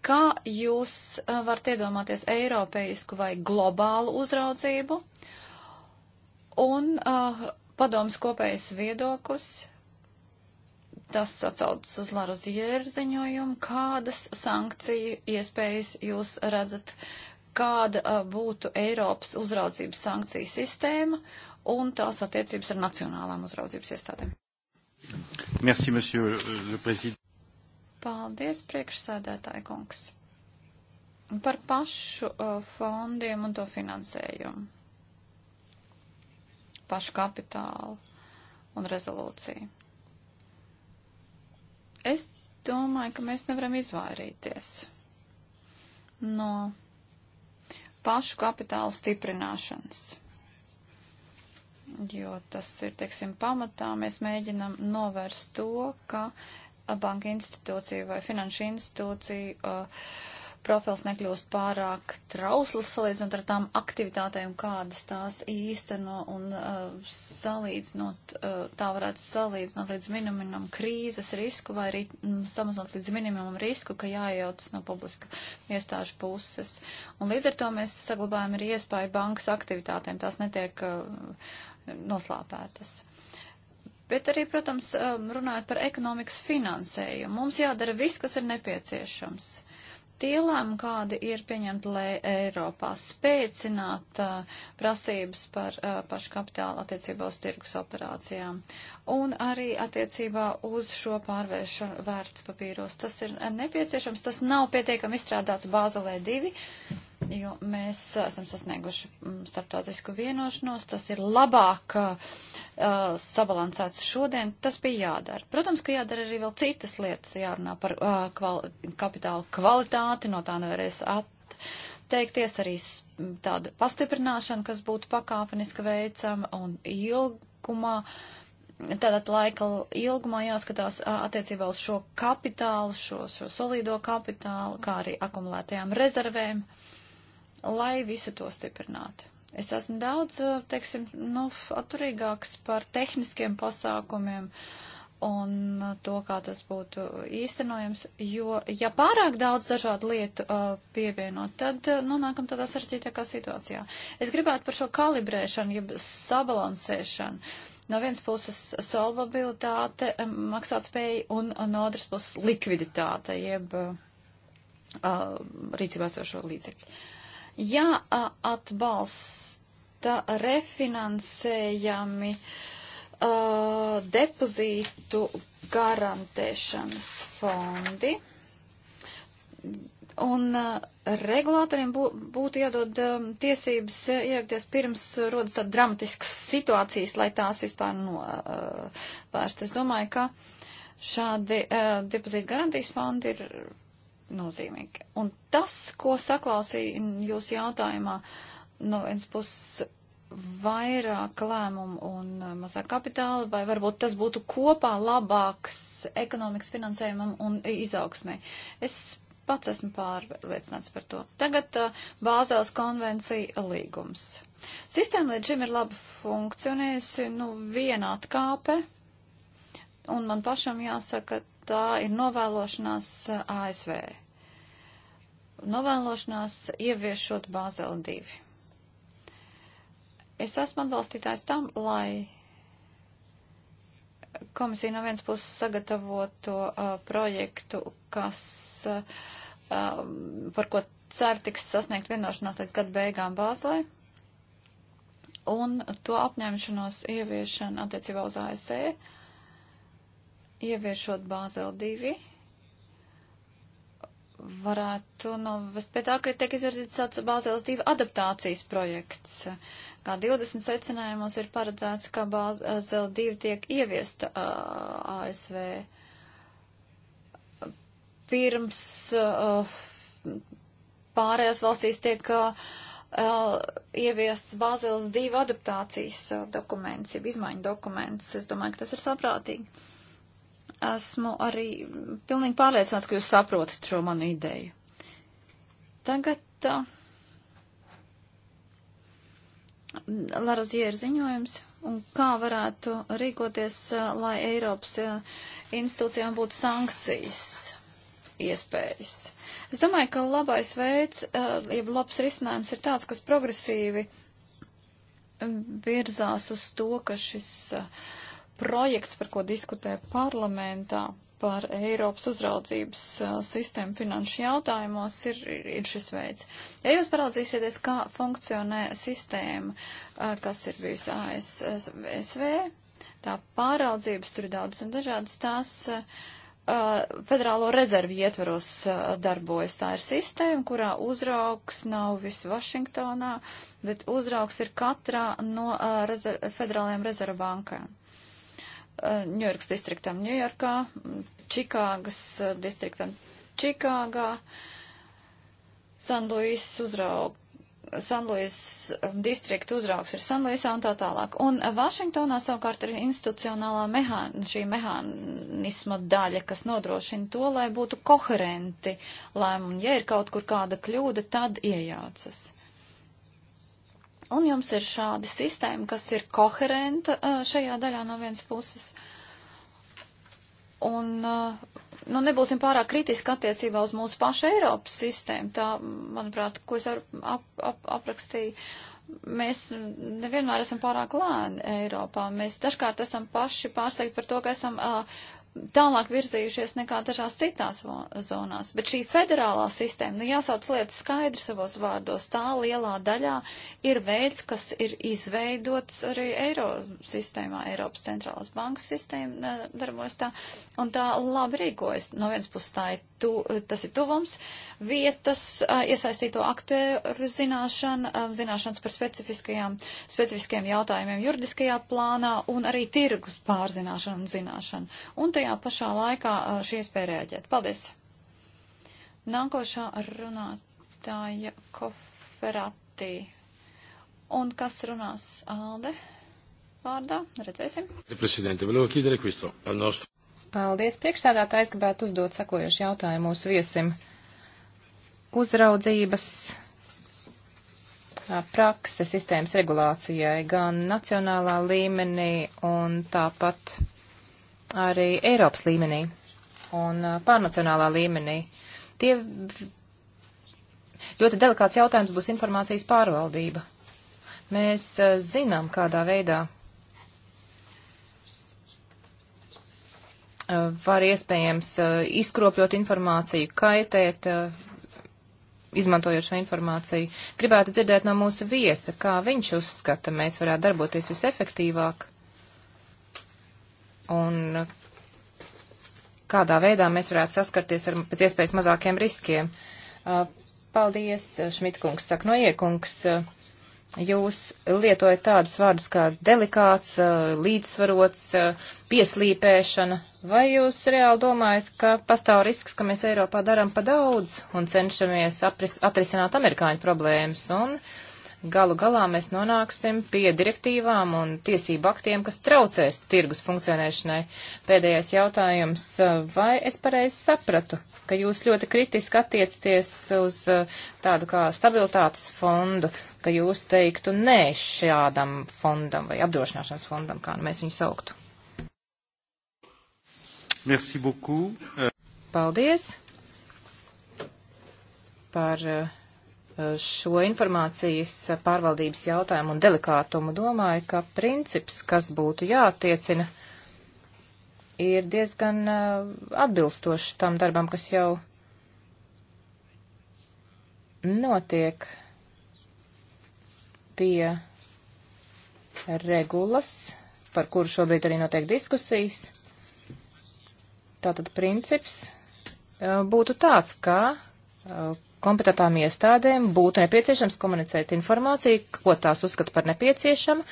Kā jūs uh, varat iedomāties eiropeisku vai globālu uzraudzību? Un uh, padoms kopējais viedoklis Tas atsaucas uz Larozieru ziņojumu. Kādas sankciju iespējas jūs redzat, kāda uh, būtu Eiropas uzraudzības sankciju sistēma un tās attiecības ar nacionālām uzraudzības iestādēm? Merci, monsieur le président. Paldies, priekšsēdētāji kungs. Par pašu uh, fondiem un to finansējumu. Pašu kapitālu un rezolūciju. Es domāju, ka mēs nevaram izvairīties no pašu kapitāla stiprināšanas. Jo tas ir, teiksim, pamatā mēs mēģinam novērst to, ka banka institūcija vai finanšu institūcija uh, profils nekļūst pārāk trausls salīdzinot ar tām aktivitātēm, kādas tās īsteno un uh, salīdzinot, uh, tā varētu salīdzinot līdz minimumam krīzes risku vai arī mm, samazinot līdz minimumam risku, ka jājautas no publiska iestāžu puses. Un līdz ar to mēs saglabājam arī iespēju bankas aktivitātēm, tās netiek uh, noslāpētas. Bet arī, protams, um, runājot par ekonomikas finansējumu, mums jādara viss, kas ir nepieciešams Tie lēmumi, kādi ir pieņemti, lai Eiropā spēcināt uh, prasības par uh, pašu kapitālu attiecībā uz tirgus operācijām un arī attiecībā uz šo pārvēršanu vērts papīros. Tas ir nepieciešams, tas nav pietiekami izstrādāts Bāzelē 2 jo mēs uh, esam sasnieguši mm, starptautisku vienošanos, tas ir labāk uh, uh, sabalansēts šodien, tas bija jādara. Protams, ka jādara arī vēl citas lietas, jārunā par uh, kvali kapitāla kvalitāti, no tā nevarēs atteikties arī tāda pastiprināšana, kas būtu pakāpeniska veicama un ilgumā. Tātad laika ilgumā jāskatās attiecībā uz šo kapitālu, šo, šo solido kapitālu, kā arī akumulētajām rezervēm. Uh, lai visu to stiprinātu. Es esmu daudz, teiksim, nu, atturīgāks par tehniskiem pasākumiem un to, kā tas būtu īstenojams, jo, ja pārāk daudz dažādu lietu uh, pievienot, tad nonākam nu, tādā sarežģītākā situācijā. Es gribētu par šo kalibrēšanu, jeb sabalansēšanu. Uh, no vienas puses solvabilitāte, maksātspēja un no otras puses likviditāte, jeb uh, rīcībā sošo līdzekļu jāatbalsta ja refinansējami uh, depozītu garantēšanas fondi. Un uh, regulātoriem bū, būtu jādod um, tiesības iejaukties pirms rodas tādas dramatiskas situācijas, lai tās vispār novērst. Uh, es domāju, ka šādi uh, depozīta garantijas fondi ir nozīmīgi. Un tas, ko saklausīju jūsu jautājumā, no viens puses vairāk lēmumu un eh, mazāk kapitāla, vai varbūt tas būtu kopā labāks ekonomikas finansējumam un izaugsmai. Es pats esmu pārliecināts par to. Tagad uh, eh, Bāzēlas konvencija līgums. Sistēma līdz šim ir labi funkcionējusi, nu, viena atkāpe, un man pašam jāsaka, tā ir novēlošanās eh, ASV. Novēlošanās ieviešot Bāzeli 2. Es esmu atbalstītājs tam, lai komisija no vienas puses sagatavotu uh, projektu, kas, uh, par ko cer tiks sasniegt vienošanās līdz gada beigām Bāzlē, un to apņemšanos ieviešana attiecībā uz ASE. Uh, ieviešot Bāzeli 2, varētu novest pie tā, ka tiek izvērtīts tāds Bāzeles 2 adaptācijas projekts. Kā 20 secinājumos ir paredzēts, ka Bāzele 2 tiek ieviesta uh, ASV pirms uh, pārējās valstīs tiek uh, ieviests Bāzeles 2 adaptācijas uh, dokuments, jeb izmaiņu dokuments. Es domāju, ka tas ir saprātīgi esmu arī pilnīgi pārliecināts, ka jūs saprotat šo manu ideju. Tagad uh, Laras Jēra ziņojums un kā varētu rīkoties, uh, lai Eiropas uh, institūcijām būtu sankcijas iespējas. Es domāju, ka labais veids, jeb labs risinājums ir tāds, kas progresīvi virzās uz to, ka šis uh, projekts, par ko diskutē parlamentā par Eiropas uzraudzības uh, sistēmu finanšu jautājumos, ir, ir, ir šis veids. Ja jūs paraudzīsieties, kā funkcionē sistēma, uh, kas ir bijusi ASV, tā pāraudzības tur ir daudz un dažādas, tās uh, federālo rezervi ietveros darbojas. Tā ir sistēma, kurā uzraugs nav viss Vašingtonā, bet uzraugs ir katrā no rezer federālajām rezervbankām. Eh, Ņujorkas distriktam Ņujorkā, mm, Čikāgas eh, distriktam Čikāgā, Sanluis uzraug. Sanluis eh, distrikta uzraugs ir Sanluisā un tā tālāk. Un Vašingtonā savukārt ir institucionālā mehān, šī mehānisma daļa, kas nodrošina to, lai būtu koherenti lēmumi. Ja ir kaut kur kāda kļūda, tad iejaucas. Un jums ir šāda sistēma, kas ir koherenta šajā daļā no vienas puses. Un, nu, nebūsim pārāk kritiski attiecībā uz mūsu pašu Eiropas sistēmu. Tā, manuprāt, ko es ar, ap, ap, aprakstīju, mēs nevienmēr esam pārāk lēni Eiropā. Mēs dažkārt esam paši pārsteigti par to, ka esam uh, tālāk virzījušies nekā dažās citās zonās. Bet šī federālā sistēma, nu jāsauc lietas skaidri savos vārdos, tā lielā daļā ir veids, kas ir izveidots arī Eiro sistēmā, Eiropas centrālās bankas sistēma eh, darbojas tā, un tā labi rīkojas. No vienas puses tā ir tu, tas ir tuvums, vietas, iesaistīto aktieru zināšana, zināšanas par specifiskajām, specifiskajiem jautājumiem juridiskajā plānā un arī tirgus pārzināšana un zināšana. Un tajā pašā laikā šī iespēja reaģēt. Paldies! Nākošā runātāja Koferati. Un kas runās Alde vārdā? Redzēsim. Presidente, volevo chiedere questo al nostro. Paldies. Priekšsēdātājs gribētu uzdot sakojuši jautājumu mūsu viesim. Uzraudzības prakse sistēmas regulācijai gan nacionālā līmenī un tāpat arī Eiropas līmenī un pārnacionālā līmenī. Tie ļoti delikāts jautājums būs informācijas pārvaldība. Mēs zinām, kādā veidā Eh, var iespējams eh, izkropļot informāciju, kaitēt, eh, izmantojot šo informāciju. Gribētu dzirdēt no mūsu viesa, kā viņš uzskata, mēs varētu darboties visefektīvāk un kādā veidā mēs varētu saskarties ar pēc iespējas mazākiem riskiem. Paldies, Šmitkungs, saka Noiekungs jūs lietojat tādus vārdus kā delikāts, līdzsvarots, pieslīpēšana, vai jūs reāli domājat, ka pastāv risks, ka mēs Eiropā darām pa daudz un cenšamies apris, atrisināt amerikāņu problēmas un uh, galu galā mēs nonāksim pie direktīvām un tiesību aktiem, kas traucēs tirgus funkcionēšanai. Pēdējais jautājums, vai es pareizi sapratu, ka jūs ļoti kritiski attiecaties uz uh, tādu kā stabilitātes fondu, ka jūs teiktu nē šādam fondam vai apdrošināšanas fondam, kā nu mēs viņu sauktu? Merci beaucoup. Paldies par uh, šo informācijas pārvaldības jautājumu un delikātumu, domāju, ka princips, kas būtu jātiecina, ir diezgan uh, atbilstošs tam darbam, kas jau notiek pie regulas, par kuru šobrīd arī notiek diskusijas. Tātad princips uh, būtu tāds, ka uh, kompetentām iestādēm būtu nepieciešams komunicēt informāciju, ko tās uzskata par nepieciešamu,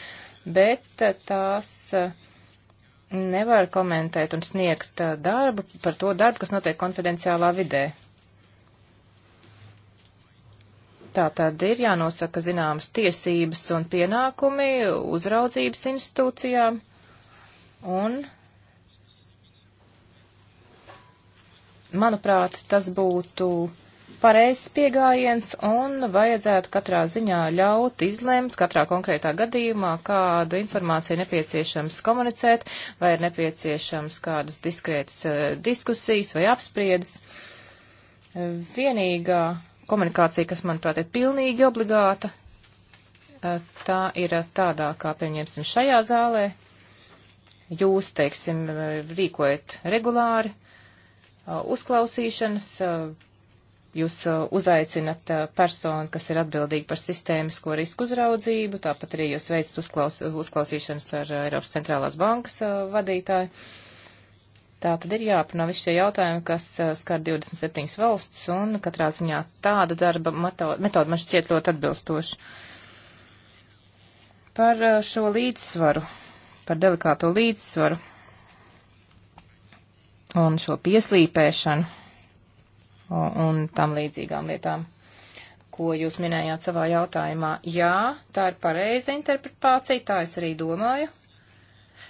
bet eh, tās eh, nevar komentēt un sniegt eh, darbu par to darbu, kas notiek konfidenciālā vidē. Tā tad ir jānosaka zināmas tiesības un pienākumi uzraudzības institūcijām un, manuprāt, tas būtu pareizs piegājiens un vajadzētu katrā ziņā ļaut izlemt katrā konkrētā gadījumā, kādu informāciju nepieciešams komunicēt, vai ir nepieciešams kādas diskrētas uh, diskusijas vai apspriedas. Vienīgā komunikācija, kas, manuprāt, ir pilnīgi obligāta, uh, tā ir tādā, kā, pieņemsim, šajā zālē. Jūs, teiksim, rīkojat regulāri uh, uzklausīšanas, Jūs uh, uzaicinat uh, personu, kas ir atbildīga par sistēmisko risku uzraudzību, tāpat arī jūs veicat uzklaus, uzklausīšanas ar uh, Eiropas centrālās bankas vadītāju. Tā tad ir jāpanā visi šie jautājumi, kas skar 27 valsts, un katrā ziņā tāda darba metoda man šķiet ļoti atbilstoša. Par šo līdzsvaru, par delikāto līdzsvaru un šo pieslīpēšanu un tam līdzīgām lietām, ko jūs minējāt savā jautājumā. Jā, tā ir pareiza interpretācija, tā es arī domāju.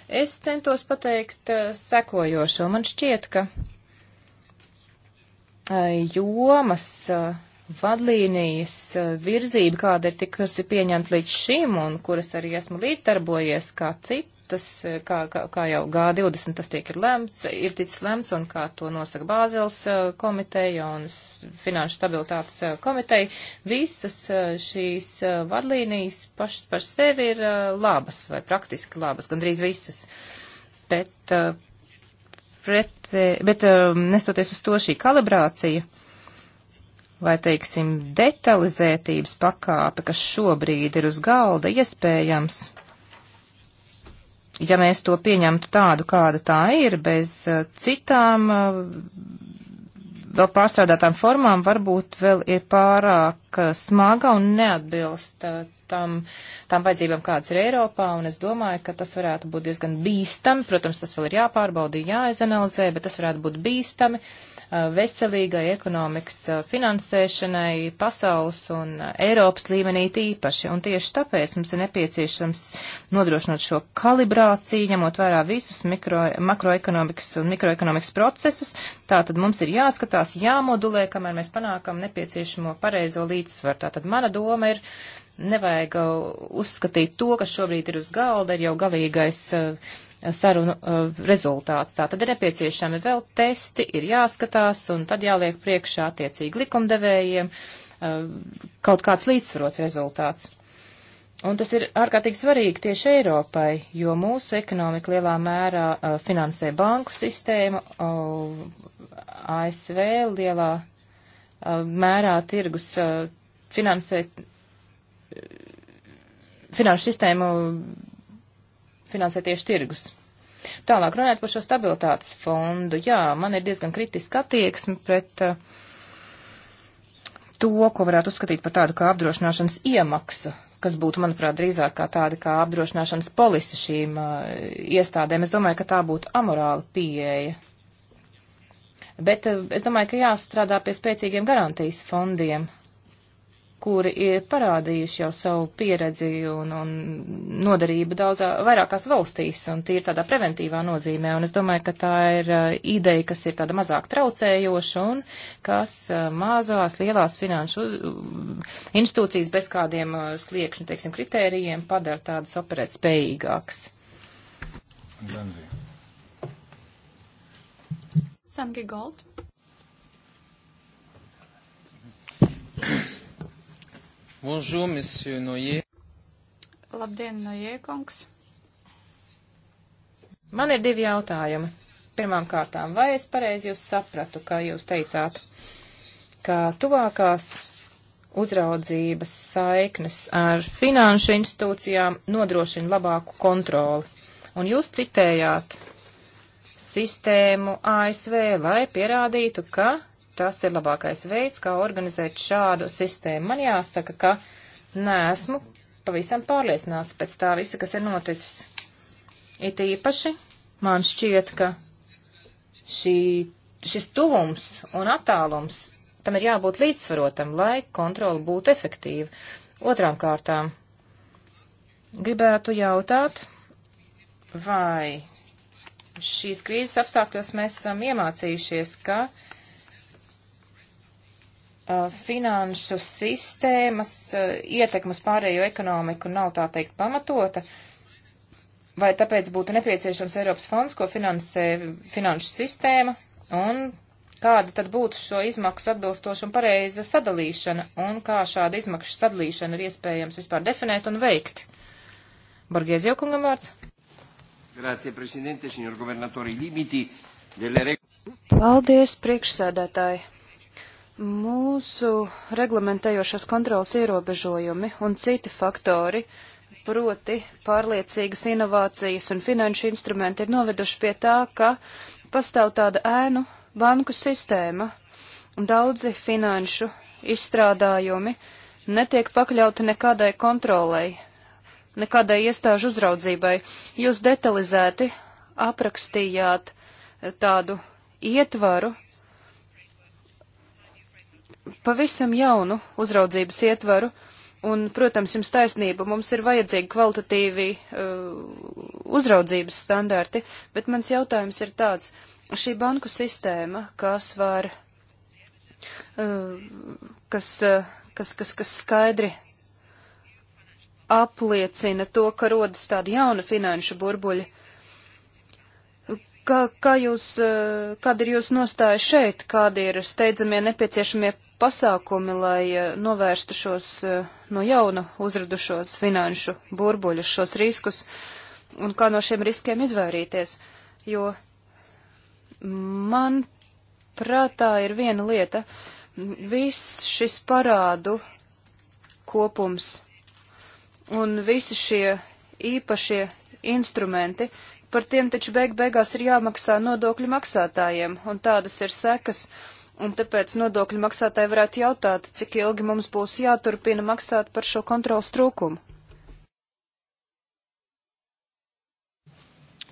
Es centos pateikt eh, sekojošo. Man šķiet, ka eh, jomas eh, vadlīnijas virzība, kāda ir tikusi pieņemta līdz šim un kuras arī esmu līdzdarbojies kā citi, tas, eh, kā, kā, kā jau G20 tas tiek ir lemts, ir ticis lemts un kā to nosaka Bāzels eh, komiteja un Finanšu stabilitātes eh, komiteja, visas šīs vadlīnijas pašas par sevi ir labas vai praktiski labas, gandrīz visas. Bet, pret, bet nestoties uz to šī kalibrācija vai, teiksim, detalizētības pakāpe, kas šobrīd ir uz galda, iespējams ja mēs to pieņemtu tādu, kāda tā ir, bez eh, citām eh, vēl pārstrādātām formām, varbūt vēl ir pārāk eh, smaga un neatbilst tam, tam vajadzībām, kādas ir Eiropā, un es domāju, ka tas varētu būt diezgan bīstami. Protams, tas vēl ir jāpārbauda, jāizanalizē, bet tas varētu būt bīstami. Uh, Uh, veselīgai ekonomikas uh, finansēšanai pasaules un uh, Eiropas līmenī tīpaši. Un tieši tāpēc mums ir nepieciešams nodrošinot šo kalibrāciju, ņemot vērā visus mikro, makroekonomikas un mikroekonomikas procesus. Tātad mums ir jāskatās, jāmodulē, kamēr mēs panākam nepieciešamo pareizo līdzsvaru. Tātad mana doma ir nevajag uzskatīt to, kas šobrīd ir uz galda, ir jau galīgais uh, sarunu uh, rezultāts. Tā tad ir nepieciešami vēl testi, ir jāskatās un tad jāliek priekšā attiecīgi likumdevējiem uh, kaut kāds līdzsvarots rezultāts. Un tas ir ārkārtīgi svarīgi tieši Eiropai, jo mūsu ekonomika lielā mērā uh, finansē banku sistēmu, ASV lielā mērā tirgus finansē finanšu sistēmu finansē tieši tirgus. Tālāk runājot par šo stabilitātes fondu, jā, man ir diezgan kritiska attieksme pret uh, to, ko varētu uzskatīt par tādu kā apdrošināšanas iemaksu, kas būtu, manuprāt, drīzāk kā tāda kā apdrošināšanas polise šīm uh, iestādēm. Es domāju, ka tā būtu amorāla pieeja. Bet uh, es domāju, ka jāstrādā pie spēcīgiem garantijas fondiem, kuri ir parādījuši jau savu pieredzi un, un nodarību daudzā, vairākās valstīs, un tie ir tādā preventīvā nozīmē, un es domāju, ka tā ir uh, ideja, kas ir tāda mazāk traucējoša, un kas uh, mazās, lielās finanšu uh, institūcijas bez kādiem uh, sliekšņu, teiksim, kritērijiem padara tādas operēt spējīgākas. Granzi. Samgi Gold. Bonjour, monsieur Noie. Labdien, Noie kungs. Man ir divi jautājumi. Pirmām kārtām, vai es pareizi jūs sapratu, kā jūs teicāt, ka tuvākās uzraudzības saiknes ar finanšu institūcijām nodrošina labāku kontroli. Un jūs citējāt sistēmu ASV, lai pierādītu, ka tas ir labākais veids, kā organizēt šādu sistēmu. Man jāsaka, ka neesmu pavisam pārliecināts pēc tā visa, kas ir noticis. It īpaši man šķiet, ka šī, šis tuvums un attālums tam ir jābūt līdzsvarotam, lai kontrola būtu efektīva. Otrām kārtām gribētu jautāt, vai šīs krīzes apstākļos mēs esam iemācījušies, ka uh, Uh, finanšu sistēmas uh, ietekmas pārējo ekonomiku nav tā teikt pamatota, vai tāpēc būtu nepieciešams Eiropas fonds, ko finansē finanšu sistēma, un kāda tad būtu šo izmaksu atbilstoša un pareiza sadalīšana, un kā šāda izmaksu sadalīšana ir iespējams vispār definēt un veikt. Borgēzija kungam vārds. Grazie, prezidente, signor governatore, limiti delle regole. Paldies, priekšsēdētāji. Mūsu reglamentējošās kontrolas ierobežojumi un citi faktori, proti pārliecīgas inovācijas un finanšu instrumenti, ir noveduši pie tā, ka pastāv tāda ēnu banku sistēma, un daudzi finanšu izstrādājumi netiek pakļauti nekādai kontrolei, nekādai iestāžu uzraudzībai. Jūs detalizēti aprakstījāt tādu ietvaru, pavisam jaunu uzraudzības ietvaru, un, protams, jums taisnība, mums ir vajadzīgi kvalitatīvi uh, uzraudzības standarti, bet mans jautājums ir tāds, šī banku sistēma, kas var, uh, kas, uh, kas, kas, kas skaidri apliecina to, ka rodas tāda jauna finanšu burbuļa, Kā, kā jūs, e, kāda ir jūsu nostāja šeit, kādi ir steidzamie nepieciešamie pasākumi, lai e, novērstu šos e, no jauna uzradušos finanšu burbuļus, šos riskus, un kā no šiem riskiem izvairīties? Jo man prātā ir viena lieta, viss šis parādu kopums un visi šie īpašie instrumenti, uh, par tiem taču beig beigās ir jāmaksā nodokļu maksātājiem, un tādas ir sekas. Un tāpēc nodokļu maksātāji varētu jautāt, cik ilgi mums būs jāturpina maksāt par šo kontrolas trūkumu.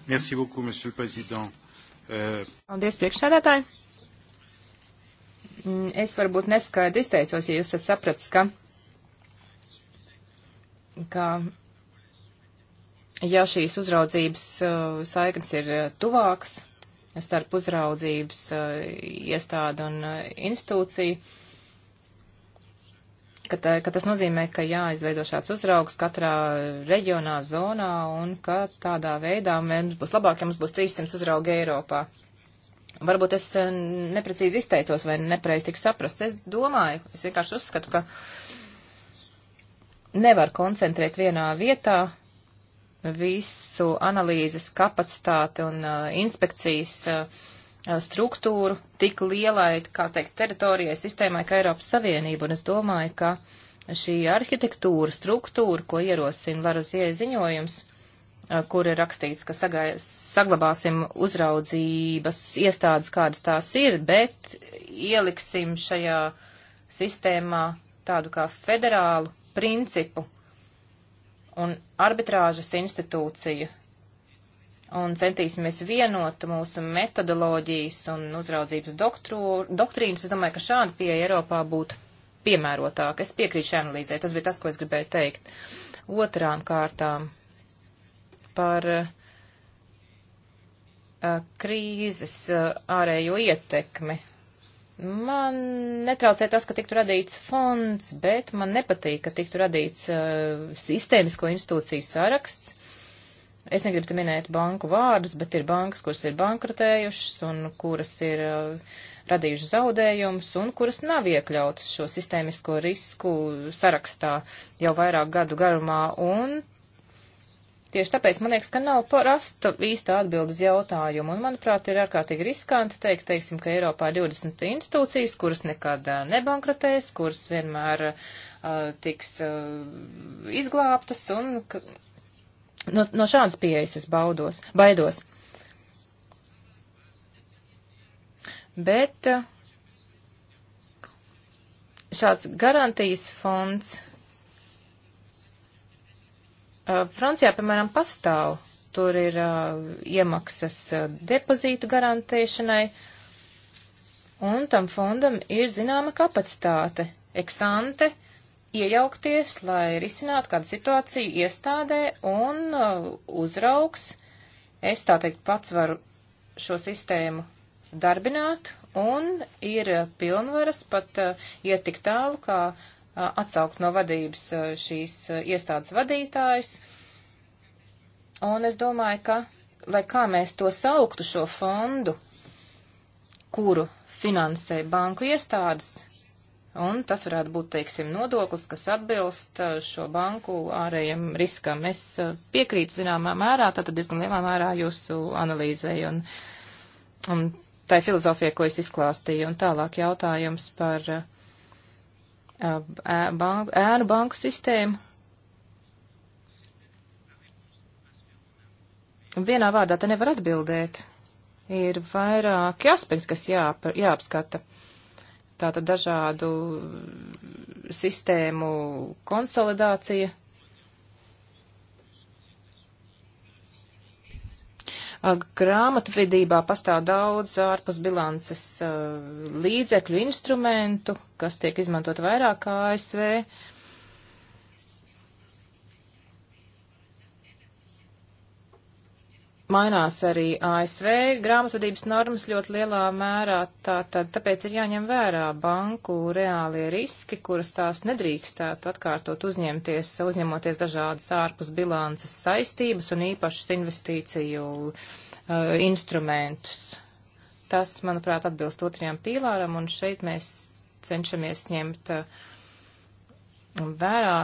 Merci beaucoup, monsieur le président. Uh... Paldies, priekšsēdētāji. Mm, es varbūt neskaidri izteicos, ja jūs esat sapratis, ka, ka ja šīs uzraudzības uh, saiknes ir uh, tuvākas starp uzraudzības uh, iestādu un institūciju, ka, tā, ka tas nozīmē, ka jāizveido šāds uzraugs katrā reģionā, zonā un ka tādā veidā mums būs labāk, ja mums būs 300 uzraugi Eiropā. Varbūt es neprecīzi izteicos vai nepareizi tiku saprasts. Es domāju, es vienkārši uzskatu, ka nevar koncentrēt vienā vietā visu analīzes kapacitāti un uh, inspekcijas uh, struktūru tik lielai, kā teikt, teritorijai, sistēmai, kā Eiropas Savienība. Un es domāju, ka šī arhitektūra, struktūra, ko ierosina Larozie ziņojums, uh, kur ir rakstīts, ka sagai, saglabāsim uzraudzības iestādes, kādas tās ir, bet ieliksim šajā sistēmā tādu kā federālu principu, un arbitrāžas institūciju un centīsimies vienot mūsu metodoloģijas un uzraudzības doktru, doktrīnas. Es domāju, ka šāda pieeja Eiropā būtu piemērotāka. Es piekrītu šai analīzē. Tas bija tas, ko es gribēju teikt. Otrām kārtām par uh, krīzes uh, ārējo ietekmi Man netraucē tas, ka tiktu radīts fonds, bet man nepatīk, ka tiktu radīts uh, sistēmisko institūciju saraksts. Es negribu te minēt banku vārdus, bet ir bankas, kuras ir bankrotējušas un kuras ir uh, radījušas zaudējumus un kuras nav iekļautas šo sistēmisko risku sarakstā jau vairāk gadu garumā. Un Tieši tāpēc man liekas, ka nav parasta īsta atbildes jautājumu, un manuprāt, ir ārkārtīgi riskanti teikt, teiksim, ka Eiropā ir 20 institūcijas, kuras nekad nebankrotēs, kuras vienmēr uh, tiks uh, izglābtas, un ka, no, no šādas pieejas es baudos, baidos. Bet šāds garantijas fonds Uh, Francijā, piemēram, pastāv, tur ir uh, iemaksas uh, depozītu garantēšanai, un tam fondam ir zināma kapacitāte, eksante, iejaukties, lai risinātu kādu situāciju iestādē, un uzraugs, es tā teikt, pats varu šo sistēmu darbināt, un ir pilnvaras pat uh, iet tik tālu, kā Uh, atsaukt no vadības uh, šīs uh, iestādes vadītājus. Un es domāju, ka, lai kā mēs to sauktu šo fondu, kuru finansē banku iestādes, un tas varētu būt, teiksim, nodoklis, kas atbilst šo banku ārējiem riskam. Es piekrītu zināmā mērā, tātad diezgan lielā mērā jūsu analīzei un, un tai filozofijai, ko es izklāstīju, un tālāk jautājums par uh, banku, ēnu banku sistēmu. Vienā vārdā te nevar atbildēt. Ir vairāki aspekti, kas jāp, jāapskata. Tātad dažādu sistēmu konsolidācija Grāmatvedībā pastāv daudz ārpus bilances līdzekļu instrumentu, kas tiek izmantot vairāk kā ASV. mainās arī ASV grāmatvedības normas ļoti lielā mērā, tā, tad, tāpēc ir jāņem vērā banku reālie riski, kuras tās nedrīkstētu atkārtot uzņemties, uzņemoties dažādas ārpus bilances saistības un īpašas investīciju uh, instrumentus. Tas, manuprāt, atbilst otrajam pīlāram, un šeit mēs cenšamies ņemt uh, vērā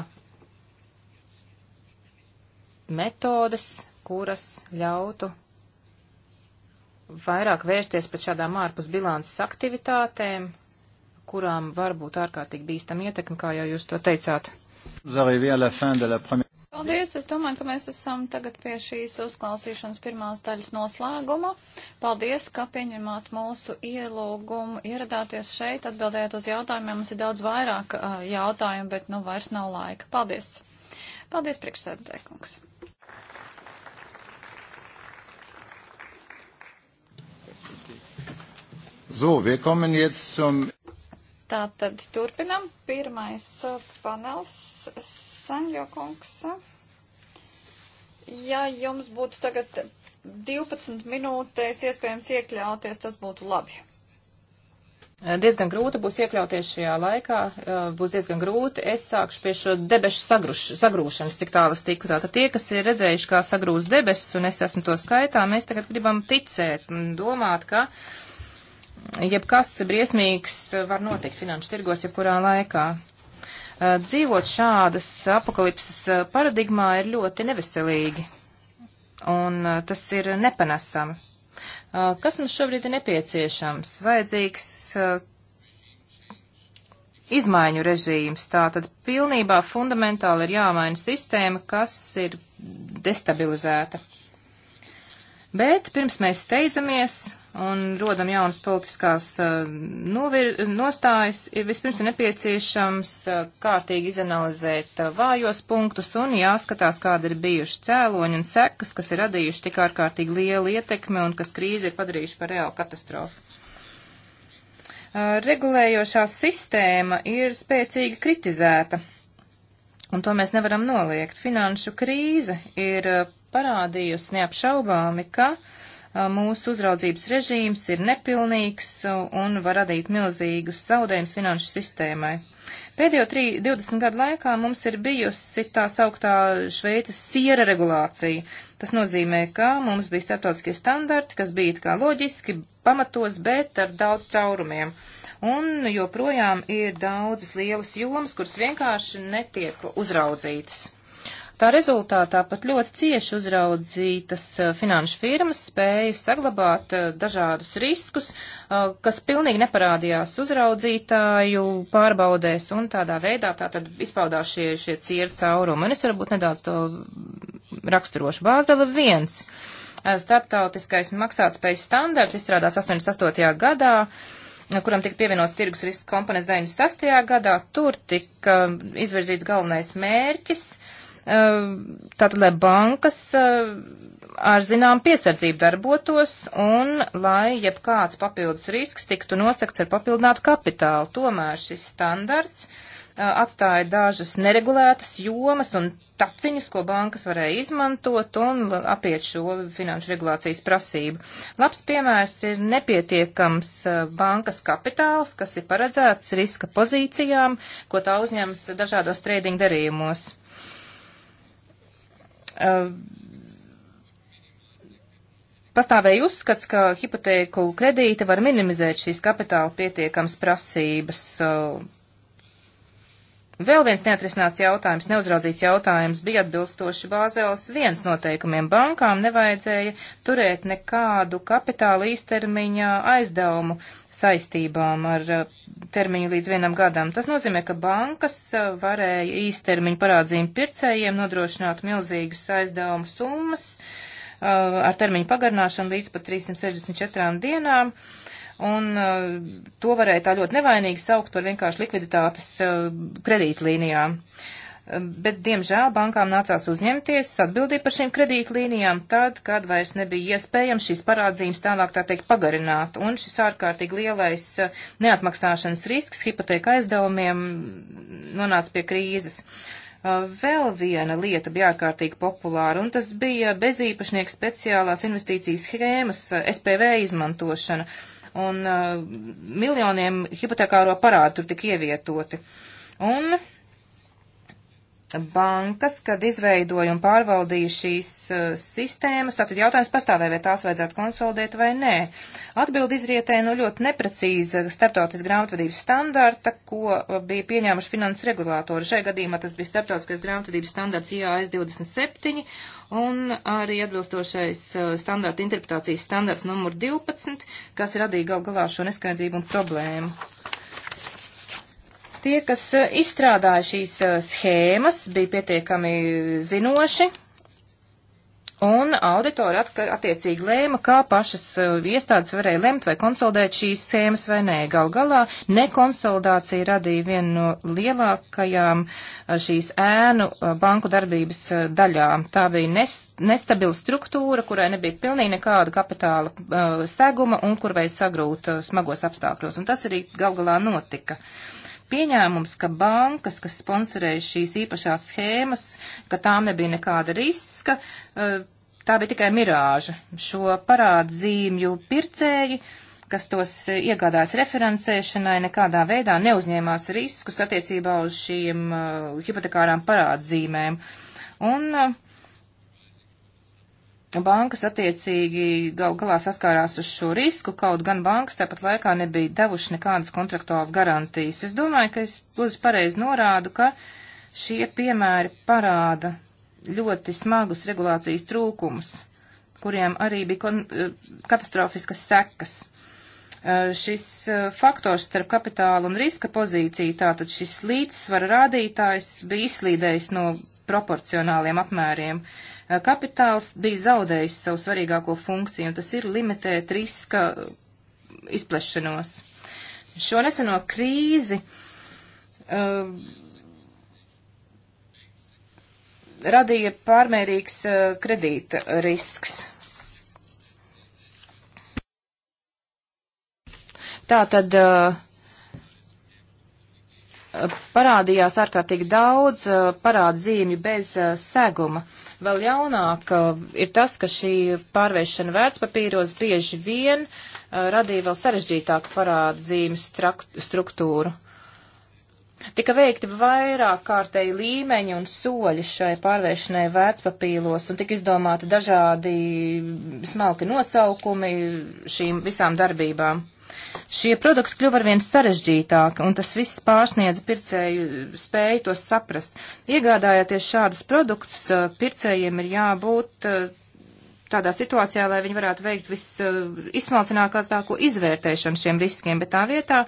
metodas, kuras ļautu vairāk vērsties pret šādām ārpus bilances aktivitātēm, kurām var būt ārkārtīgi bīstam ietekmi, kā jau jūs to teicāt. Paldies, es domāju, ka mēs esam tagad pie šīs uzklausīšanas pirmās daļas noslēguma. Paldies, ka pieņemāt mūsu ielūgumu, ieradāties šeit, atbildējāt uz jautājumiem. Mums ir daudz vairāk uh, jautājumu, bet nu vairs nav laika. Paldies! Paldies, priekšsēdētāj, kungs! So, wir kommen jetzt zum. Tātad turpinam. Pirmais uh, panels, Sanjo kungs. Uh. Ja jums būtu tagad 12 minūtēs iespējams iekļauties, tas būtu labi. Uh, diezgan grūti būs iekļauties šajā laikā, būs diezgan grūti. Es sākšu pie šo debešu sagruš, sagrūšanas, cik tālu es tiku. Tātad tie, kas ir redzējuši, kā sagrūst debesis, un es esmu to skaitā, mēs tagad gribam ticēt un domāt, ka. Uh, jebkas briesmīgs var notikt finanšu tirgos jebkurā laikā. Dzīvot šādas apakalipses paradigmā ir ļoti neveselīgi, un tas ir nepanesami. Kas mums šobrīd ir nepieciešams? Vajadzīgs izmaiņu režīms. Tātad pilnībā fundamentāli ir jāmaina sistēma, kas ir destabilizēta. Bet pirms mēs steidzamies, un rodam jaunas politiskās eh, novir, nostājas, ir vispirms nepieciešams eh, kārtīgi izanalizēt eh, vājos punktus un jāskatās, kāda ir bijuši cēloņi un sekas, kas ir radījuši tik ārkārtīgi lielu ietekmi un kas krīzi ir padarījuši par reālu katastrofu. Regulējošā sistēma ir spēcīgi kritizēta, un to mēs nevaram noliegt. Finanšu krīze ir parādījusi neapšaubāmi, ka uh, mūsu uzraudzības režīms ir nepilnīgs un var radīt milzīgus zaudējumus finanšu sistēmai. Pēdējo 3, 20 gadu laikā mums ir bijusi tā sauktā Šveices siera regulācija. Tas nozīmē, ka mums bija starptautiskie standarti, kas bija kā loģiski pamatos, bet ar daudz caurumiem. Un joprojām ir daudzas lielas jomas, kuras vienkārši netiek uzraudzītas. Tā rezultātā pat ļoti cieši uzraudzītas finanšu firmas spēja saglabāt dažādus riskus, kas pilnīgi neparādījās uzraudzītāju pārbaudēs, un tādā veidā tā tad izpaudās šie, šie cieri caurumi. Un es varbūt nedaudz to raksturošu. Bāzela viens. Starptautiskais maksātspējas standarts izstrādās 88. gadā kuram tika pievienots tirgus riska komponents 96. gadā, tur tika izvirzīts galvenais mērķis uh, tātad, lai bankas eh, ar zinām piesardzību darbotos un lai jebkāds papildus risks tiktu nosakts ar papildinātu kapitālu. Tomēr šis standarts eh, atstāja dažas neregulētas jomas un taciņas, ko bankas varēja izmantot un apiet šo finanšu regulācijas prasību. Labs piemērs ir nepietiekams eh, bankas kapitāls, kas ir paredzēts riska pozīcijām, ko tā uzņems dažādos trēdiņu darījumos. Uh, pastāvēja uzskats, ka hipotēku kredīti var minimizēt šīs kapitāla pietiekams prasības. Uh, Vēl viens neatrisināts jautājums, neuzraudzīts jautājums bija atbilstoši Bāzēlas viens noteikumiem. Bankām nevajadzēja turēt nekādu kapitāla īstermiņa aizdevumu saistībām ar eh, termiņu līdz vienam gadam. Tas nozīmē, ka bankas eh, varēja īstermiņu parādzījumu pircējiem nodrošināt milzīgas aizdevumu summas eh, ar termiņu pagarināšanu līdz pat 364 dienām. Uh, un eh, to varēja tā ļoti nevainīgi saukt par vienkārši likviditātes eh, kredītlīnijām. Eh, bet, diemžēl, bankām nācās uzņemties atbildību par šīm kredītlīnijām tad, kad vairs nebija iespējams šīs parādzības tālāk, tā teikt, pagarināt. Un šis ārkārtīgi lielais neatmaksāšanas risks hipoteka aizdevumiem mm, nonāca pie krīzes. Vēl viena lieta bija ārkārtīgi populāra, un tas bija bezīpašnieku speciālās investīcijas schēmas SPV izmantošana. Uh, un uh, miljoniem hipotekāro parādu tur tika ievietoti. Un bankas, kad izveidoja un pārvaldīja šīs uh, sistēmas, tātad jautājums pastāvēja, vai tās vajadzētu konsolidēt vai nē. Atbildi izrietēja no ļoti neprecīza starptautis grāmatvedības standarta, ko uh, bija pieņēmuši finanses regulātori. Šajā gadījumā tas bija starptautiskais grāmatvedības standarts IAS 27, un arī atbilstošais uh, standarta interpretācijas standarts numur 12, kas radīja gal galā šo neskaidrību un problēmu. Tie, kas uh, izstrādāja šīs uh, schēmas, bija pietiekami zinoši Un auditori attiecīgi lēma, kā pašas uh, iestādes varēja lemt, vai konsolidēt šīs schēmas vai nē. Gal galā nekonsolidācija radīja vienu no lielākajām uh, šīs ēnu uh, banku darbības uh, daļām. Tā bija nes, nestabila struktūra, kurai nebija pilnīgi nekāda kapitāla uh, seguma un kur vajag sagrūt uh, smagos apstākļos. Un tas arī gal galā notika pieņēmums, ka bankas, kas sponsorēja šīs īpašās schēmas, ka tām nebija nekāda riska, Eh, tā bija tikai mirāža. Šo parādzīmju pircēji kas tos iegādājas referencēšanai, nekādā veidā neuzņēmās riskus attiecībā uz šīm uh, hipotekārām parādzīmēm. Un uh, bankas attiecīgi gal galā saskārās uz šo risku, kaut gan bankas tāpat laikā nebija devuši nekādas kontraktuālas garantijas. Es domāju, ka es uz pareizi norādu, ka šie piemēri parāda ļoti smagus regulācijas trūkumus, kuriem arī bija eh, katastrofiskas sekas. Eh, šis eh, faktors starp kapitāla un riska pozīciju, tātad šis līdzsvara rādītājs, bija izslīdējis no proporcionāliem apmēriem. Kapitāls bija zaudējis savu svarīgāko funkciju, un tas ir limitēt riska izplešanos. Šo neseno krīzi uh, radīja pārmērīgs eh, kredīta risks. Tā tad eh, parādījās ārkārtīgi daudz eh, parādzīmju bez seguma. Vēl jaunāk ir tas, ka šī pārvēršana vērtspapīros bieži vien radīja vēl sarežģītāku parādzīmju struktūru. Tika veikti vairāk kārtēji līmeņi un soļi šai pārvēršanai vērtspapīlos un tika izdomāti dažādi smalki nosaukumi šīm visām darbībām. Šie produkti kļuva arvien sarežģītāki, un tas viss pārsniedza pircēju spēju tos saprast. Iegādājāties šādus produktus, eh, pircējiem ir jābūt eh, tādā situācijā, lai viņi varētu veikt visizsmalcinātāko eh, izvērtēšanu šiem riskiem, bet tā vietā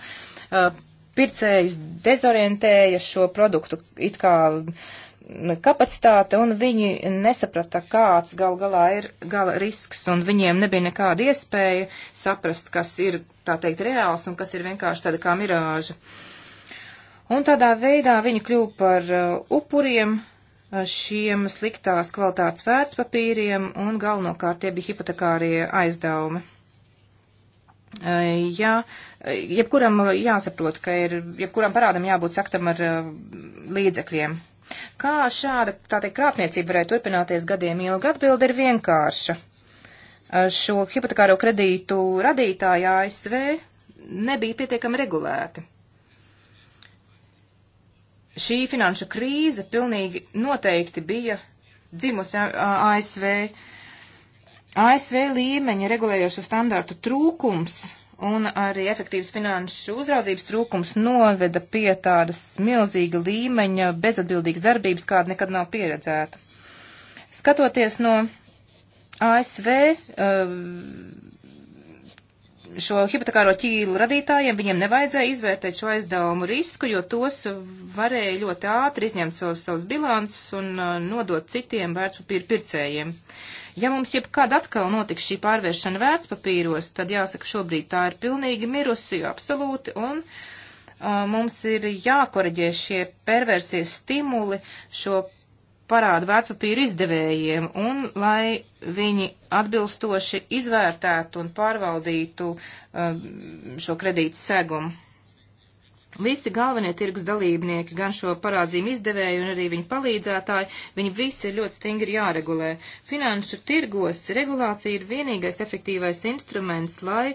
pircējus dezorientēja šo produktu it kā mm, kapacitāte, un viņi nesaprata, kāds gal galā ir gala risks, un viņiem nebija nekāda iespēja saprast, kas ir, tā teikt, reāls, un kas ir vienkārši tāda kā mirāža. Un tādā veidā viņi kļuva par uh, upuriem uh, šiem sliktās kvalitātes vērtspapīriem, un galvenokārt tie bija hipotekārie aizdevumi. Eh, Jā, eh, jebkuram eh, jāsaprot, ka ir, jebkuram parādam jābūt saktam ar līdzekļiem. Kā šāda, tā teikt, krāpniecība varētu turpināties gadiem ilgi, atbildi ir vienkārša. Šo hipotekāro kredītu radītāji ASV nebija pietiekami regulēti. Šī finanšu krīze pilnīgi noteikti bija dzimusi ASV. ASV līmeņa regulējošo standārtu trūkums un arī efektīvas finanšu uzraudzības trūkums noveda pie tādas milzīga līmeņa bezatbildīgas darbības, kāda nekad nav pieredzēta. Skatoties no ASV eh, šo hipotekāro ķīlu radītājiem, viņiem nevajadzēja izvērtēt šo aizdevumu risku, jo tos varēja ļoti ātri izņemt savus, savus bilants un eh, nodot citiem vērtspapīru pircējiem. Uh, Ja mums jebkad atkal notiks šī pārvēršana vērtspapīros, tad jāsaka, šobrīd tā ir pilnīgi mirusi, absolūti, un uh, mums ir jākoreģē šie perversie stimuli šo parādu vērtspapīru izdevējiem, un lai viņi atbilstoši izvērtētu un pārvaldītu uh, šo kredītu segumu. Visi galvenie tirgus dalībnieki, gan šo parādzīmu izdevēju un arī viņu palīdzētāji, viņi visi ir ļoti stingri jāregulē. Finanšu tirgos regulācija ir vienīgais efektīvais instruments, lai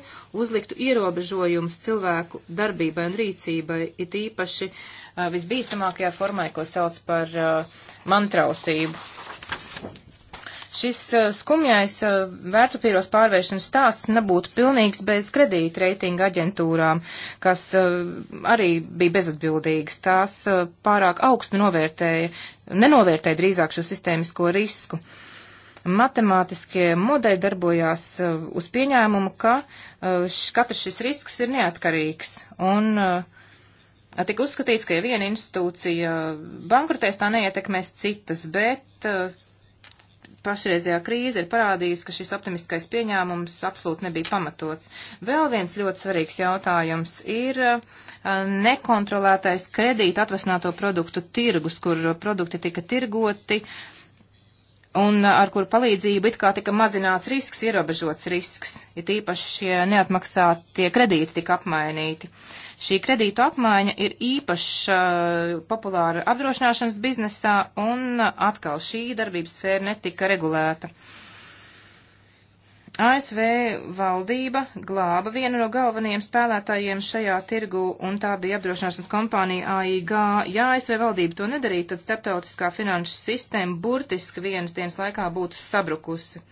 uzliktu ierobežojumus cilvēku darbībai un rīcībai, it īpaši uh, visbīstamākajā formā, ko sauc par uh, mantrausību. Šis uh, skumjais uh, vērtspapīros pārvēršanas stāsts nebūtu pilnīgs bez kredīta reitinga aģentūrām, kas uh, arī bija bezatbildīgas. Tās pārāk augstu novērtēja, nenovērtēja drīzāk šo sistēmisko risku matemātiskie modeļi darbojās uz pieņēmumu, ka katrs šis risks ir neatkarīgs. Un tika uzskatīts, ka ja viena institūcija bankrotēs, tā neietekmēs citas, bet pašreizējā krīze ir parādījusi, ka šis optimistiskais pieņēmums absolūti nebija pamatots. Vēl viens ļoti svarīgs jautājums ir uh, nekontrolētais kredīta atvasināto produktu tirgus, kur produkti tika tirgoti un ar kuru palīdzību it kā tika mazināts risks, ierobežots risks, ir ja tīpaši šie neatmaksātie kredīti tika apmainīti. Uh, Šī kredītu apmaiņa ir īpaši uh, eh, populāra apdrošināšanas biznesā, un uh, atkal šī darbības sfēra netika regulēta. ASV valdība glāba vienu no galvenajiem spēlētājiem šajā tirgu, un tā bija apdrošināšanas kompānija AIG. Ja ASV valdība to nedarītu, tad starptautiskā finanšu sistēma burtiski vienas dienas laikā būtu sabrukusi.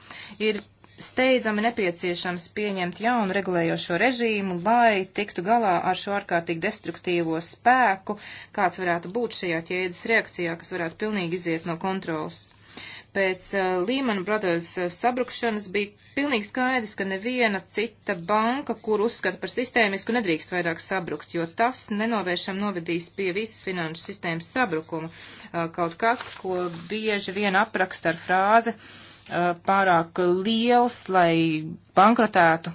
Ir steidzami nepieciešams pieņemt jaunu regulējošo režīmu, lai tiktu galā ar šo ārkārtīgi destruktīvo spēku, kāds varētu būt šajā ķēdes reakcijā, kas varētu pilnīgi iziet no kontrolas. Pēc uh, Lehman Brothers uh, sabrukšanas bija pilnīgi skaidrs, ka neviena cita banka, kur uzskata par sistēmisku, nedrīkst vairāk sabrukt, jo tas nenovēršam novedīs pie visas finanšu sistēmas sabrukuma. Uh, kaut kas, ko bieži vien apraksta ar frāzi uh, Uh, pārāk liels, lai bankrotētu.